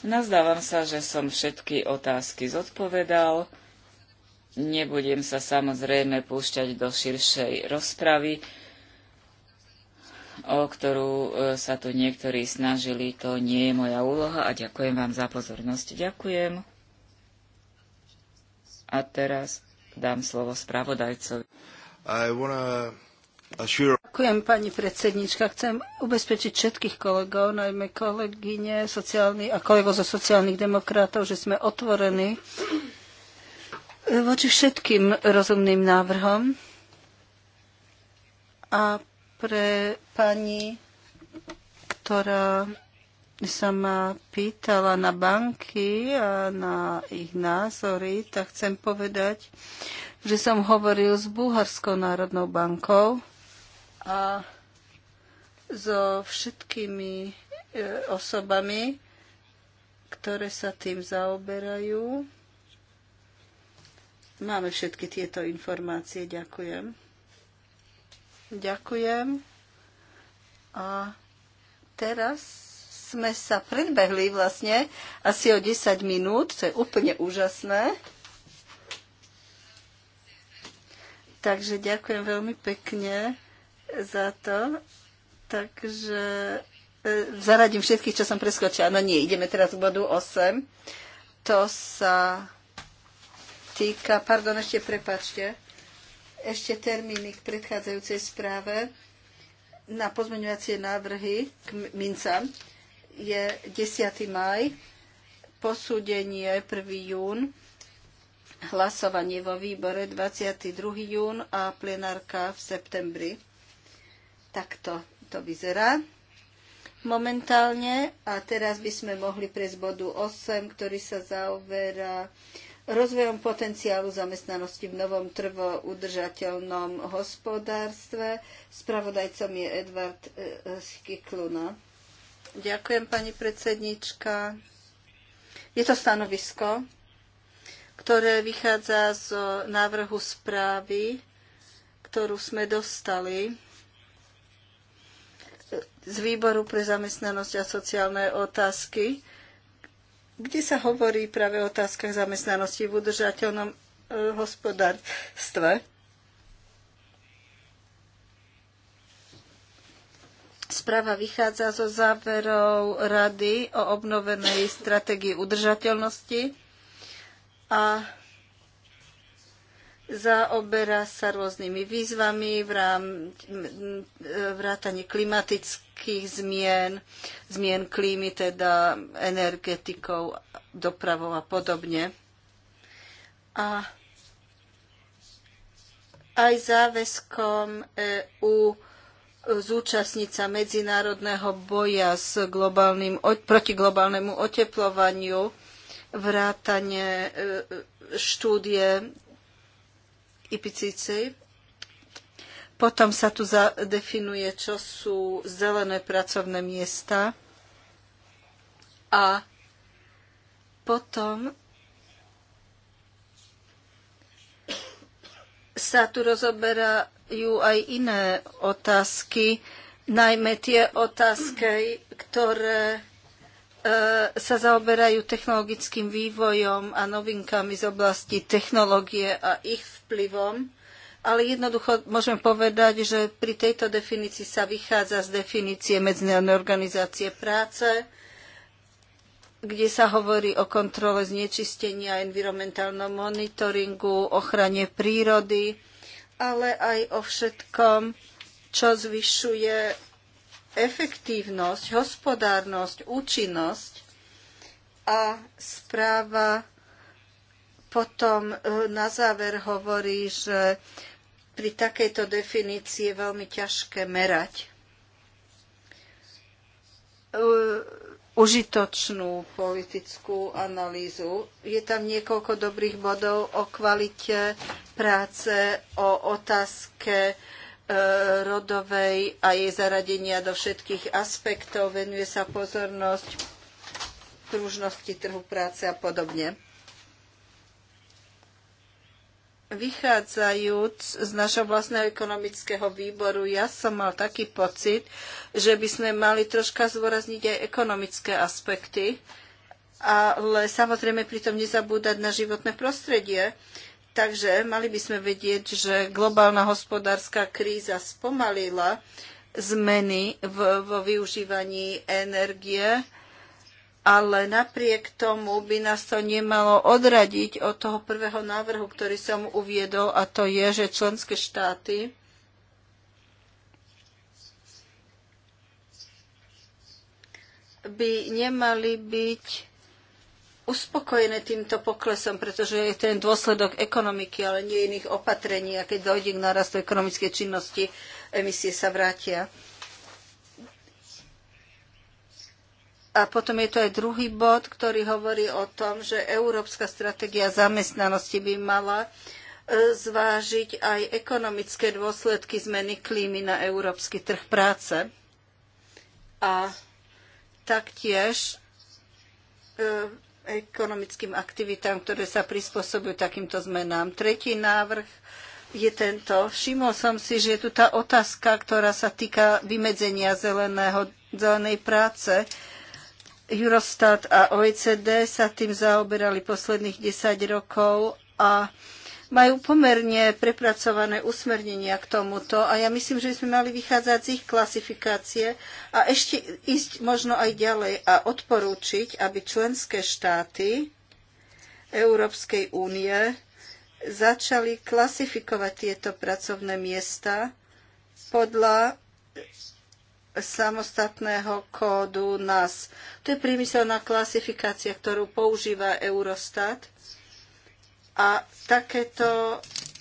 Speaker 3: Nazdávam sa, že som všetky otázky zodpovedal. Nebudem sa samozrejme púšťať do širšej rozpravy, o ktorú e, sa tu niektorí snažili. To nie je moja úloha a ďakujem vám za pozornosť.
Speaker 1: Ďakujem.
Speaker 3: A teraz dám slovo spravodajcovi.
Speaker 1: Ďakujem, pani predsednička. Chcem ubezpečiť všetkých kolegov, najmä kolegyne sociálny, a kolegov zo sociálnych demokratov, že sme otvorení voči všetkým rozumným návrhom. A pre pani, ktorá sa ma pýtala na banky a na ich názory, tak chcem povedať, že som hovoril s Bulharskou národnou bankou a so všetkými e, osobami, ktoré sa tým zaoberajú Máme všetky tieto informácie. Ďakujem. Ďakujem. A teraz sme sa predbehli vlastne asi o 10 minút. To je úplne úžasné. Takže ďakujem veľmi pekne za to. Takže e, zaradím všetkých, čo som preskočila. No nie, ideme teraz k bodu 8. To sa týka, pardon, ešte prepačte, ešte termíny k predchádzajúcej správe na pozmeňovacie návrhy k mincam je 10. maj, posúdenie 1. jún, hlasovanie vo výbore 22. jún a plenárka v septembri. Takto to vyzerá momentálne. A teraz by sme mohli prejsť bodu 8, ktorý sa zaoberá rozvojom potenciálu zamestnanosti v novom trvo udržateľnom hospodárstve. Spravodajcom je Edvard e, e, Skikluna. Ďakujem, pani predsednička. Je to stanovisko, ktoré vychádza z návrhu správy, ktorú sme dostali z výboru pre zamestnanosť a sociálne otázky kde sa hovorí práve o otázkach zamestnanosti v udržateľnom e, hospodárstve. Správa vychádza zo záverov Rady o obnovenej stratégii udržateľnosti a zaoberá sa rôznymi výzvami vrám, vrátanie klimatických zmien, zmien klímy, teda energetikou, dopravou a podobne. A aj záväzkom EU zúčastniť sa medzinárodného boja s globálnym, proti globálnemu oteplovaniu, vrátanie e, e, štúdie IPCC. Potom sa tu zadefinuje, čo sú zelené pracovné miesta. A potom sa tu rozoberajú aj iné otázky, najmä tie otázky, ktoré E, sa zaoberajú technologickým vývojom a novinkami z oblasti technológie a ich vplyvom, ale jednoducho môžem povedať, že pri tejto definícii sa vychádza z definície Medzinárodnej organizácie práce, kde sa hovorí o kontrole znečistenia, environmentálnom monitoringu, ochrane prírody, ale aj o všetkom, čo zvyšuje efektívnosť, hospodárnosť, účinnosť a správa potom e, na záver hovorí, že pri takejto definícii je veľmi ťažké merať e, užitočnú politickú analýzu. Je tam niekoľko dobrých bodov o kvalite práce, o otázke rodovej a jej zaradenia do všetkých aspektov, venuje sa pozornosť pružnosti trhu práce a podobne. Vychádzajúc z našho vlastného ekonomického výboru, ja som mal taký pocit, že by sme mali troška zvorazniť aj ekonomické aspekty, ale samozrejme pritom nezabúdať na životné prostredie. Takže mali by sme vedieť, že globálna hospodárska kríza spomalila zmeny v, vo využívaní energie, ale napriek tomu by nás to nemalo odradiť od toho prvého návrhu, ktorý som uviedol, a to je, že členské štáty by nemali byť uspokojené týmto poklesom, pretože je ten dôsledok ekonomiky, ale nie iných opatrení. A keď dojde k nárastu ekonomickej činnosti, emisie sa vrátia. A potom je to aj druhý bod, ktorý hovorí o tom, že európska stratégia zamestnanosti by mala e, zvážiť aj ekonomické dôsledky zmeny klímy na európsky trh práce. A taktiež e, ekonomickým aktivitám, ktoré sa prispôsobujú takýmto zmenám. Tretí návrh je tento. Všimol som si, že je tu tá otázka, ktorá sa týka vymedzenia zeleného, zelenej práce. Eurostat a OECD sa tým zaoberali posledných 10 rokov a majú pomerne prepracované usmernenia k tomuto a ja myslím, že by sme mali vychádzať z ich klasifikácie a ešte ísť možno aj ďalej a odporúčiť, aby členské štáty Európskej únie začali klasifikovať tieto pracovné miesta podľa samostatného kódu NAS. To je priemyselná klasifikácia, ktorú používa Eurostat a takéto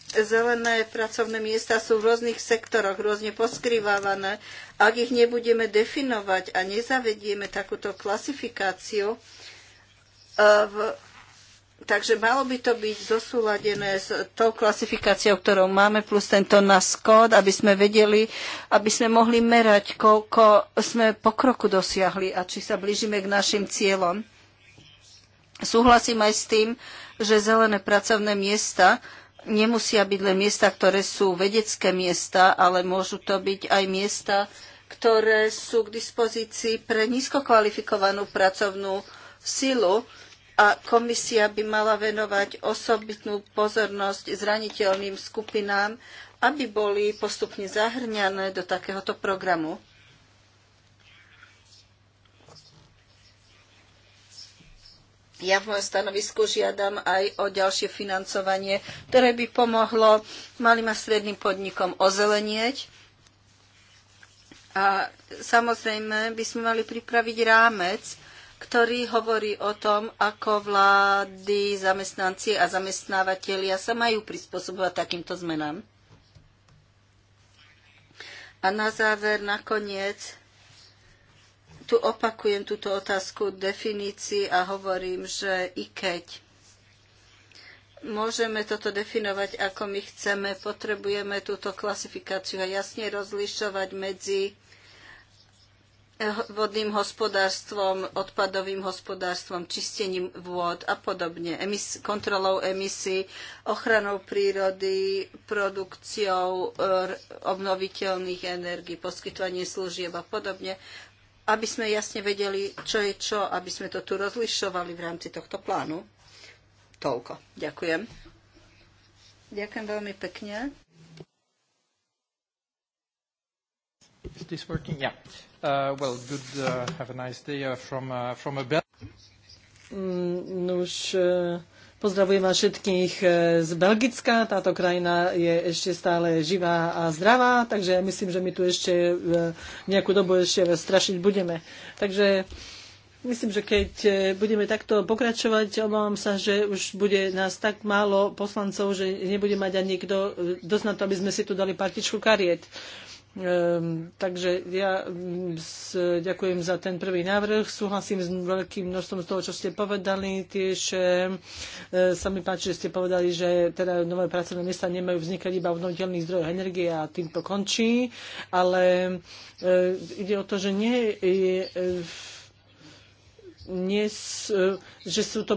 Speaker 1: zelené pracovné miesta sú v rôznych sektoroch, rôzne poskrývávané. Ak ich nebudeme definovať a nezavedieme takúto klasifikáciu, e, v, takže malo by to byť zosúladené s tou klasifikáciou, ktorou máme, plus tento nás kód, aby sme vedeli, aby sme mohli merať, koľko sme pokroku dosiahli a či sa blížime k našim cieľom. Súhlasím aj s tým, že zelené pracovné miesta nemusia byť len miesta, ktoré sú vedecké miesta, ale môžu to byť aj miesta, ktoré sú k dispozícii pre nízkokvalifikovanú pracovnú silu a komisia by mala venovať osobitnú pozornosť zraniteľným skupinám, aby boli postupne zahrňané do takéhoto programu. Ja v mojom stanovisku žiadam aj o ďalšie financovanie, ktoré by pomohlo malým a stredným podnikom ozelenieť. A samozrejme by sme mali pripraviť rámec, ktorý hovorí o tom, ako vlády, zamestnanci a zamestnávateľia sa majú prispôsobovať takýmto zmenám. A na záver nakoniec tu opakujem túto otázku definícií a hovorím, že i keď môžeme toto definovať, ako my chceme, potrebujeme túto klasifikáciu a jasne rozlišovať medzi eh, vodným hospodárstvom, odpadovým hospodárstvom, čistením vôd a podobne, emis, kontrolou emisí, ochranou prírody, produkciou eh, obnoviteľných energií, poskytovanie služieb a podobne aby sme jasne vedeli, čo je čo, aby sme to tu rozlišovali v rámci tohto plánu. Toľko. Ďakujem. Ďakujem veľmi pekne.
Speaker 2: Is this working? Yeah. Uh, well, good. Uh, have a nice day uh, from uh, from a Mm, no, sure. Uh, Pozdravujem vás všetkých e, z Belgicka. Táto krajina je ešte stále živá a zdravá, takže myslím, že my tu ešte e, nejakú dobu ešte strašiť budeme. Takže Myslím, že keď e, budeme takto pokračovať, obávam sa, že už bude nás tak málo poslancov, že nebude mať ani nikto dosť na to, aby sme si tu dali partičku kariet. Ehm, takže ja mm, s, ďakujem za ten prvý návrh. Súhlasím s veľkým množstvom z toho, čo ste povedali. Tiež ehm, e, sa mi páči, že ste povedali, že teda nové pracovné miesta nemajú vznikať iba v noviteľných zdrojoch energie a tým to končí. Ale ehm, e, ide o to, že nie je e, nie, že sú to,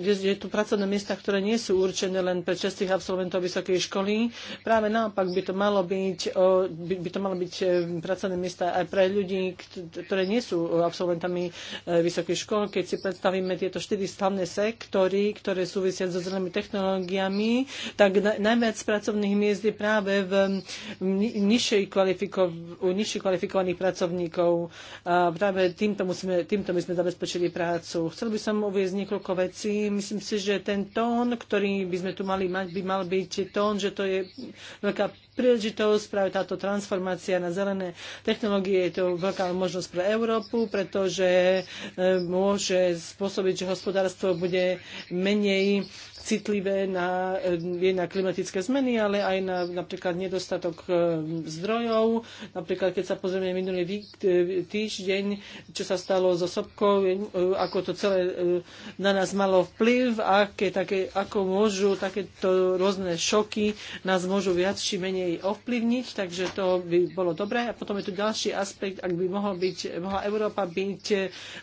Speaker 2: je pracovné miesta, ktoré nie sú určené len pre čestých absolventov vysokej školy. Práve naopak by to malo byť, by to malo byť e, pracovné miesta aj pre ľudí, ktoré nie sú absolventami e, vysokej školy. Keď si predstavíme tieto štyri slavné sektory, ktoré súvisia so zelenými technológiami, tak najviac pracovných miest je práve v nižšej kvalifiko, u nižšie kvalifikovaných pracovníkov. A práve týmto, musíme, týmto my sme zabezpečili uľahčili prácu. Chcel by som uvieť niekoľko vecí. Myslím si, že ten tón, ktorý by sme tu mali mať, by mal byť tón, že to je veľká príležitosť, práve táto transformácia na zelené technológie je to veľká možnosť pre Európu, pretože e, môže spôsobiť, že hospodárstvo bude menej citlivé na, e, je na klimatické zmeny, ale aj na napríklad nedostatok e, zdrojov. Napríklad, keď sa pozrieme minulý e, týždeň, čo sa stalo so sopkou, ako to celé na nás malo vplyv, aké, také, ako môžu takéto rôzne šoky nás môžu viac či menej ovplyvniť, takže to by bolo dobré. A potom je tu ďalší aspekt, ak by mohol byť, mohla Európa byť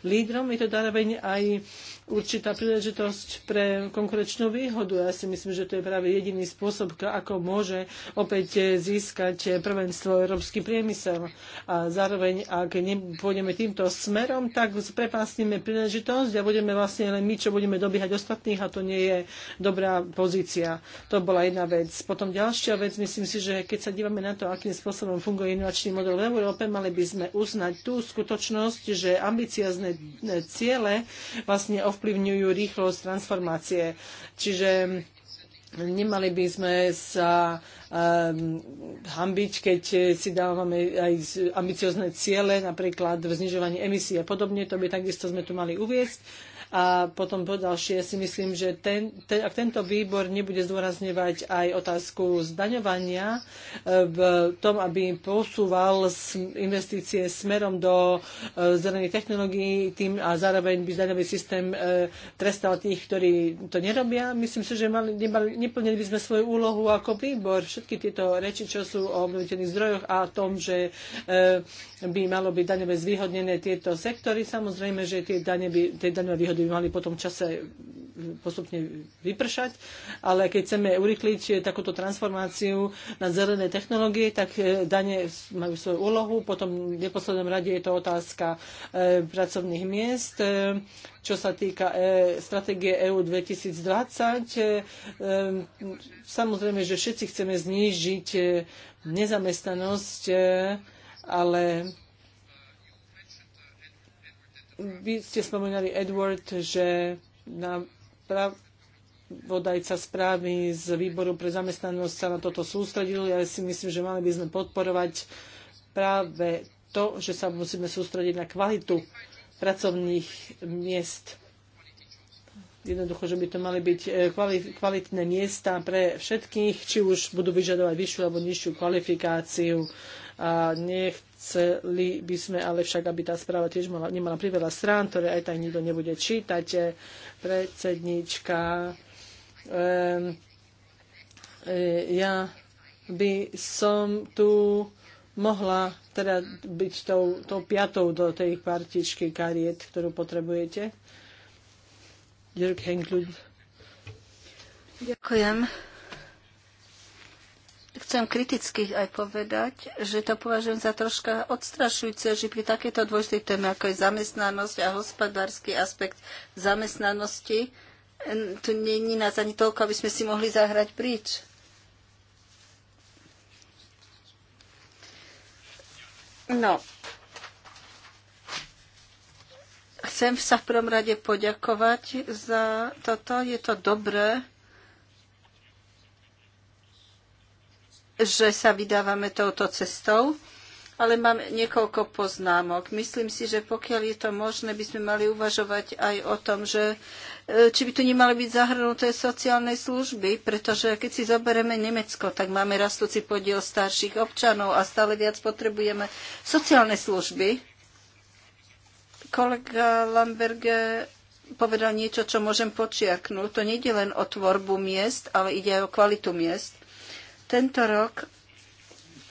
Speaker 2: lídrom, je to zároveň aj určitá príležitosť pre konkurenčnú konkurenčnú výhodu. Ja si myslím, že to je práve jediný spôsob, ako môže opäť eh, získať eh, prvenstvo európsky priemysel. A zároveň, ak pôjdeme týmto smerom, tak prepásneme príležitosť a budeme vlastne len my, čo budeme dobíhať ostatných a to nie je dobrá pozícia. To bola jedna vec. Potom ďalšia vec, myslím si, že keď sa dívame na to, akým spôsobom funguje inovačný model v Európe, mali by sme uznať tú skutočnosť, že ambiciozne eh, ciele vlastne ovplyvňujú rýchlosť transformácie. Čiže nemali by sme sa um, hambiť, keď si dávame aj ambiciozne ciele, napríklad v znižovaní emisí a podobne. To by takisto sme tu mali uviezť. A potom po ďalšie si myslím, že ten, ten, ak tento výbor nebude zdôrazňovať aj otázku zdaňovania e, v tom, aby posúval investície smerom do e, zelených technológií tým a zároveň by zdaňový systém e, trestal tých, ktorí to nerobia. Myslím si, že mali, nemali, neplnili by sme svoju úlohu ako výbor. Všetky tieto reči, čo sú o obnoviteľných zdrojoch a tom, že by malo byť daňové zvýhodnené tieto sektory. Samozrejme, že tie, dane by, tie daňové výhodnené ktoré by mali potom čase postupne vypršať, ale keď chceme urychliť eh, takúto transformáciu na zelené technológie, tak eh, dane majú svoju úlohu, potom v neposlednom rade je to otázka eh, pracovných miest, čo sa týka stratégie EU 2020. Samozrejme, že všetci chceme znížiť nezamestnanosť, ale vy ste spomínali Edward, že na prav, vodajca správy z výboru pre zamestnanosť sa na toto sústredil. Ja si myslím, že mali by sme podporovať práve to, že sa musíme sústrediť na kvalitu pracovných miest. Jednoducho, že by to mali byť e, kvalitné miesta pre všetkých, či už budú vyžadovať vyššiu alebo nižšiu kvalifikáciu. A nech Chceli by sme ale však, aby tá správa tiež mala, nemala priveľa strán, ktoré aj tak nikto nebude čítať. E, predsednička, um, ja by som tu mohla teda byť tou, tou piatou do tej partičky kariet, ktorú potrebujete. Jörg Henklund. Ďakujem
Speaker 1: chcem kriticky aj povedať, že to považujem za troška odstrašujúce, že pri takéto dôležitej téme, ako je zamestnanosť a hospodársky aspekt zamestnanosti, tu není nás ani toľko, aby sme si mohli zahrať príč. No. Chcem sa v prvom rade poďakovať za toto. Je to dobré že sa vydávame touto cestou, ale mám niekoľko poznámok. Myslím si, že pokiaľ je to možné, by sme mali uvažovať aj o tom, že e, či by tu nemali byť zahrnuté sociálne služby, pretože keď si zoberieme Nemecko, tak máme rastúci podiel starších občanov a stále viac potrebujeme sociálne služby. Kolega Lamberge povedal niečo, čo môžem počiaknúť. To nie je len o tvorbu miest, ale ide aj o kvalitu miest. Tento rok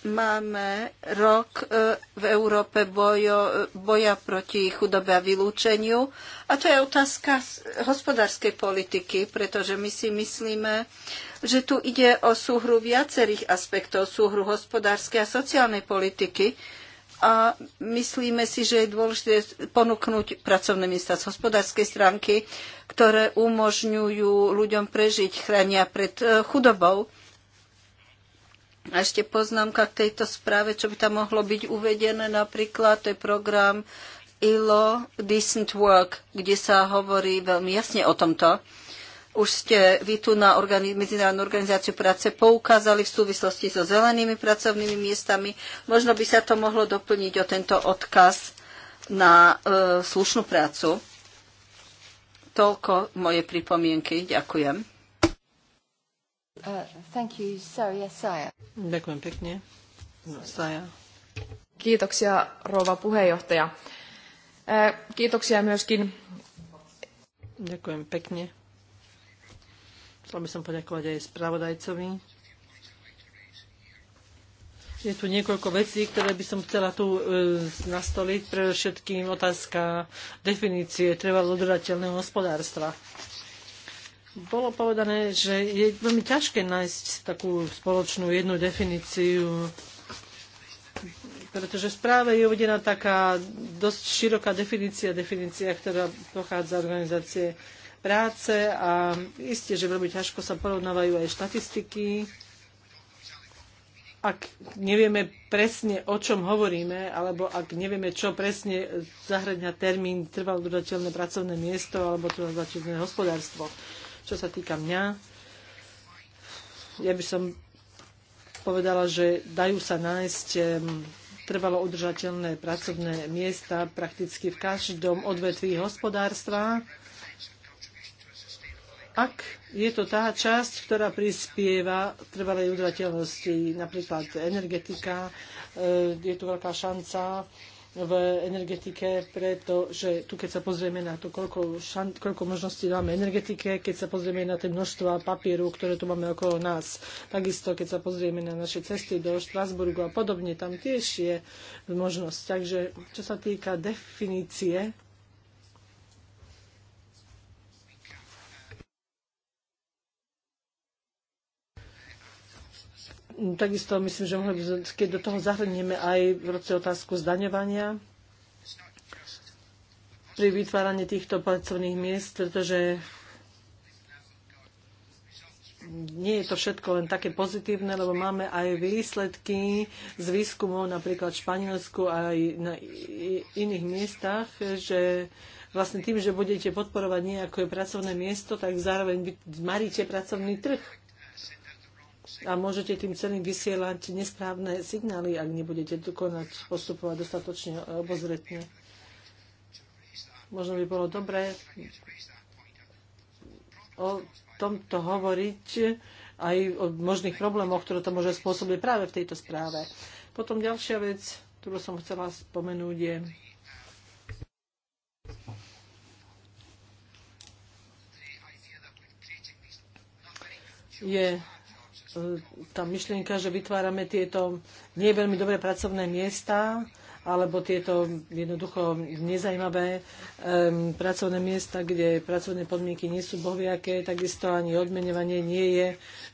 Speaker 1: máme rok e, v Európe bojo, e, boja proti chudobe a vylúčeniu. A to je otázka hospodárskej politiky, pretože my si myslíme, že tu ide o súhru viacerých aspektov, súhru hospodárskej a sociálnej politiky. A myslíme si, že je dôležité ponúknuť pracovné miesta z hospodárskej stránky, ktoré umožňujú ľuďom prežiť, chránia pred e, chudobou. A ešte poznámka k tejto správe, čo by tam mohlo byť uvedené napríklad, to je program ILO Decent Work, kde sa hovorí veľmi jasne o tomto. Už ste vy tu na organi- Medzinárodnú organizáciu práce poukázali v súvislosti so zelenými pracovnými miestami. Možno by sa to mohlo doplniť o tento odkaz na e, slušnú prácu. Toľko moje pripomienky. Ďakujem. Uh,
Speaker 2: Ďakujem pekne. No, Saja. Kiitoksia, rouva puheenjohtaja. Uh, kiitoksia myöskin. Ďakujem pekne. Chcel by som poďakovať aj spravodajcovi. Je tu niekoľko vecí, ktoré by som chcela tu e, nastoliť. Pre všetkým otázka definície trvalo udržateľného hospodárstva. Bolo povedané, že je veľmi ťažké nájsť takú spoločnú jednu definíciu, pretože v správe je uvedená taká dosť široká definícia, definícia, ktorá pochádza z organizácie práce a isté, že veľmi ťažko sa porovnávajú aj štatistiky. Ak nevieme presne, o čom hovoríme, alebo ak nevieme, čo presne zahrania termín trvalo pracovné miesto alebo trvalo hospodárstvo. Čo sa týka mňa, ja by som povedala, že dajú sa nájsť trvalo udržateľné pracovné miesta prakticky v každom odvetví hospodárstva, ak je to tá časť, ktorá prispieva k trvalej udržateľnosti, napríklad energetika, eh, je tu veľká šanca v energetike, pretože tu keď sa pozrieme na to, koľko, šan, koľko možností máme energetike, keď sa pozrieme na tie množstva papieru, ktoré tu máme okolo nás, takisto keď sa pozrieme na naše cesty do Štrasburgu a podobne, tam tiež je možnosť. Takže čo sa týka definície takisto myslím, že mohli, keď do toho zahrnieme aj otázku zdaňovania pri vytváraní týchto pracovných miest, pretože nie je to všetko len také pozitívne, lebo máme aj výsledky z výskumov napríklad v Španielsku a aj na iných miestach, že vlastne tým, že budete podporovať nejaké pracovné miesto, tak zároveň maríte pracovný trh a môžete tým celým vysielať nesprávne signály, ak nebudete dokonať postupovať dostatočne obozretne. Možno by bolo dobré o tomto hovoriť aj o možných problémoch, ktoré to môže spôsobiť práve v tejto správe. Potom ďalšia vec, ktorú som chcela spomenúť, je je E, tá myšlienka, že vytvárame tieto nie veľmi dobré pracovné miesta, alebo tieto jednoducho nezajímavé um, pracovné miesta, kde pracovné podmienky nie sú bohviaké, takisto ani odmenovanie nie je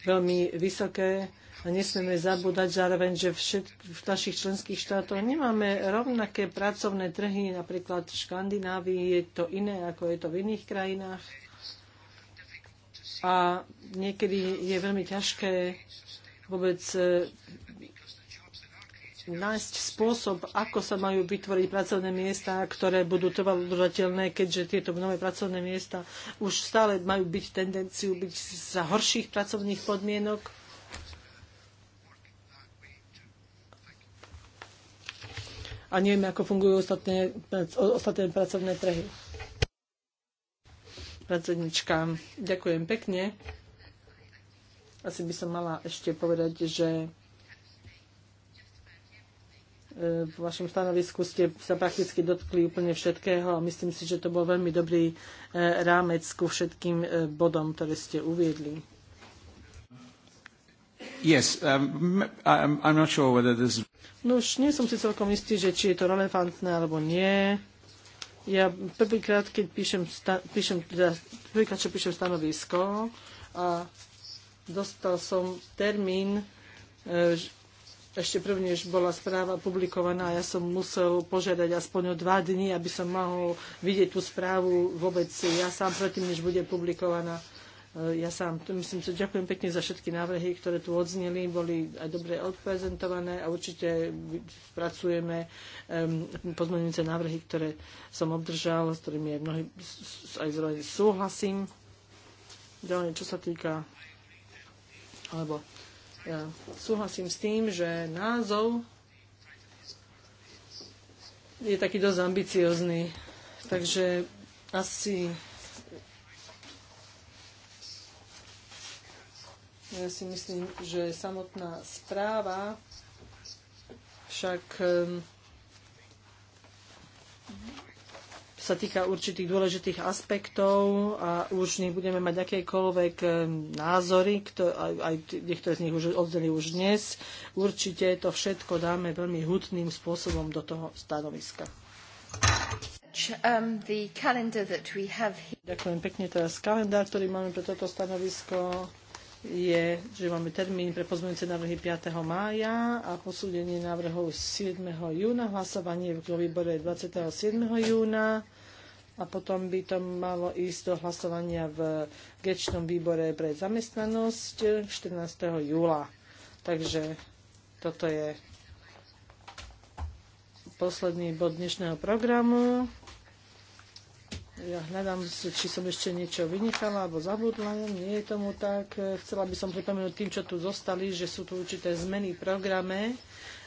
Speaker 2: veľmi vysoké. A nesmieme zabúdať zároveň, že všet, v našich členských štátoch nemáme rovnaké pracovné trhy, napríklad v Škandinávii je to iné, ako je to v iných krajinách a niekedy je veľmi ťažké vôbec e, nájsť spôsob, ako sa majú vytvoriť pracovné miesta, ktoré budú trvalodržateľné, keďže tieto nové pracovné miesta už stále majú byť tendenciu byť za horších pracovných podmienok. A neviem, ako fungujú ostatné, ostatné pracovné trhy predsednička. Ďakujem pekne. Asi by som mala ešte povedať, že e, v vašom stanovisku ste sa prakticky dotkli úplne všetkého a myslím si, že to bol veľmi dobrý e, rámec ku všetkým e, bodom, ktoré ste uviedli.
Speaker 1: Yes, um, I'm, um, I'm not sure whether this...
Speaker 2: No už nie som si celkom istý, že či je to relevantné alebo nie. Ja prvýkrát, keď píšem, sta- píšem, teda, prvýkrát, čo píšem stanovisko a dostal som termín e, ešte prvnež bola správa publikovaná, ja som musel požiadať aspoň o dva dní, aby som mohol vidieť tú správu vôbec ja sám predtým, než bude publikovaná. E, ja sám myslím, že ďakujem pekne za všetky návrhy, ktoré tu odzneli, boli aj dobre odprezentované a určite pracujeme pozmeňujúce návrhy, ktoré som obdržal, s ktorými aj mnohí aj súhlasím. Ďalej, čo sa týka alebo ja súhlasím s tým, že názov je taký dosť ambiciozný. Takže asi Ja si myslím, že samotná správa však ehm, sa týka určitých dôležitých aspektov a už nech budeme mať akékoľvek ehm, názory, aj, niektoré z nich už odzeli už dnes, určite to všetko dáme veľmi hutným spôsobom do toho stanoviska. Um, Ďakujem pekne teraz kalendár, ktorý máme pre toto stanovisko je, že máme termín pre pozmeňujúce návrhy 5. mája a posúdenie návrhov 7. júna, hlasovanie v výbore 27. júna a potom by to malo ísť do hlasovania v gečnom výbore pre zamestnanosť 14. júla. Takže toto je posledný bod dnešného programu. Ja hľadám, či som ešte niečo vynechala alebo zabudla. Nie je tomu tak. Chcela by som pripomenúť tým, čo tu zostali, že sú tu určité zmeny v programe, e,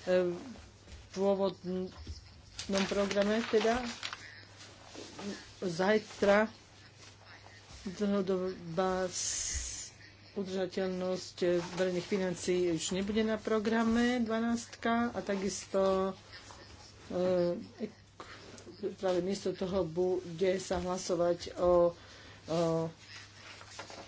Speaker 2: v pôvodnom programe teda. Zajtra dlhodobá udržateľnosť verejných financí už nebude na programe 12 a takisto e, práve miesto toho bude sa hlasovať o, o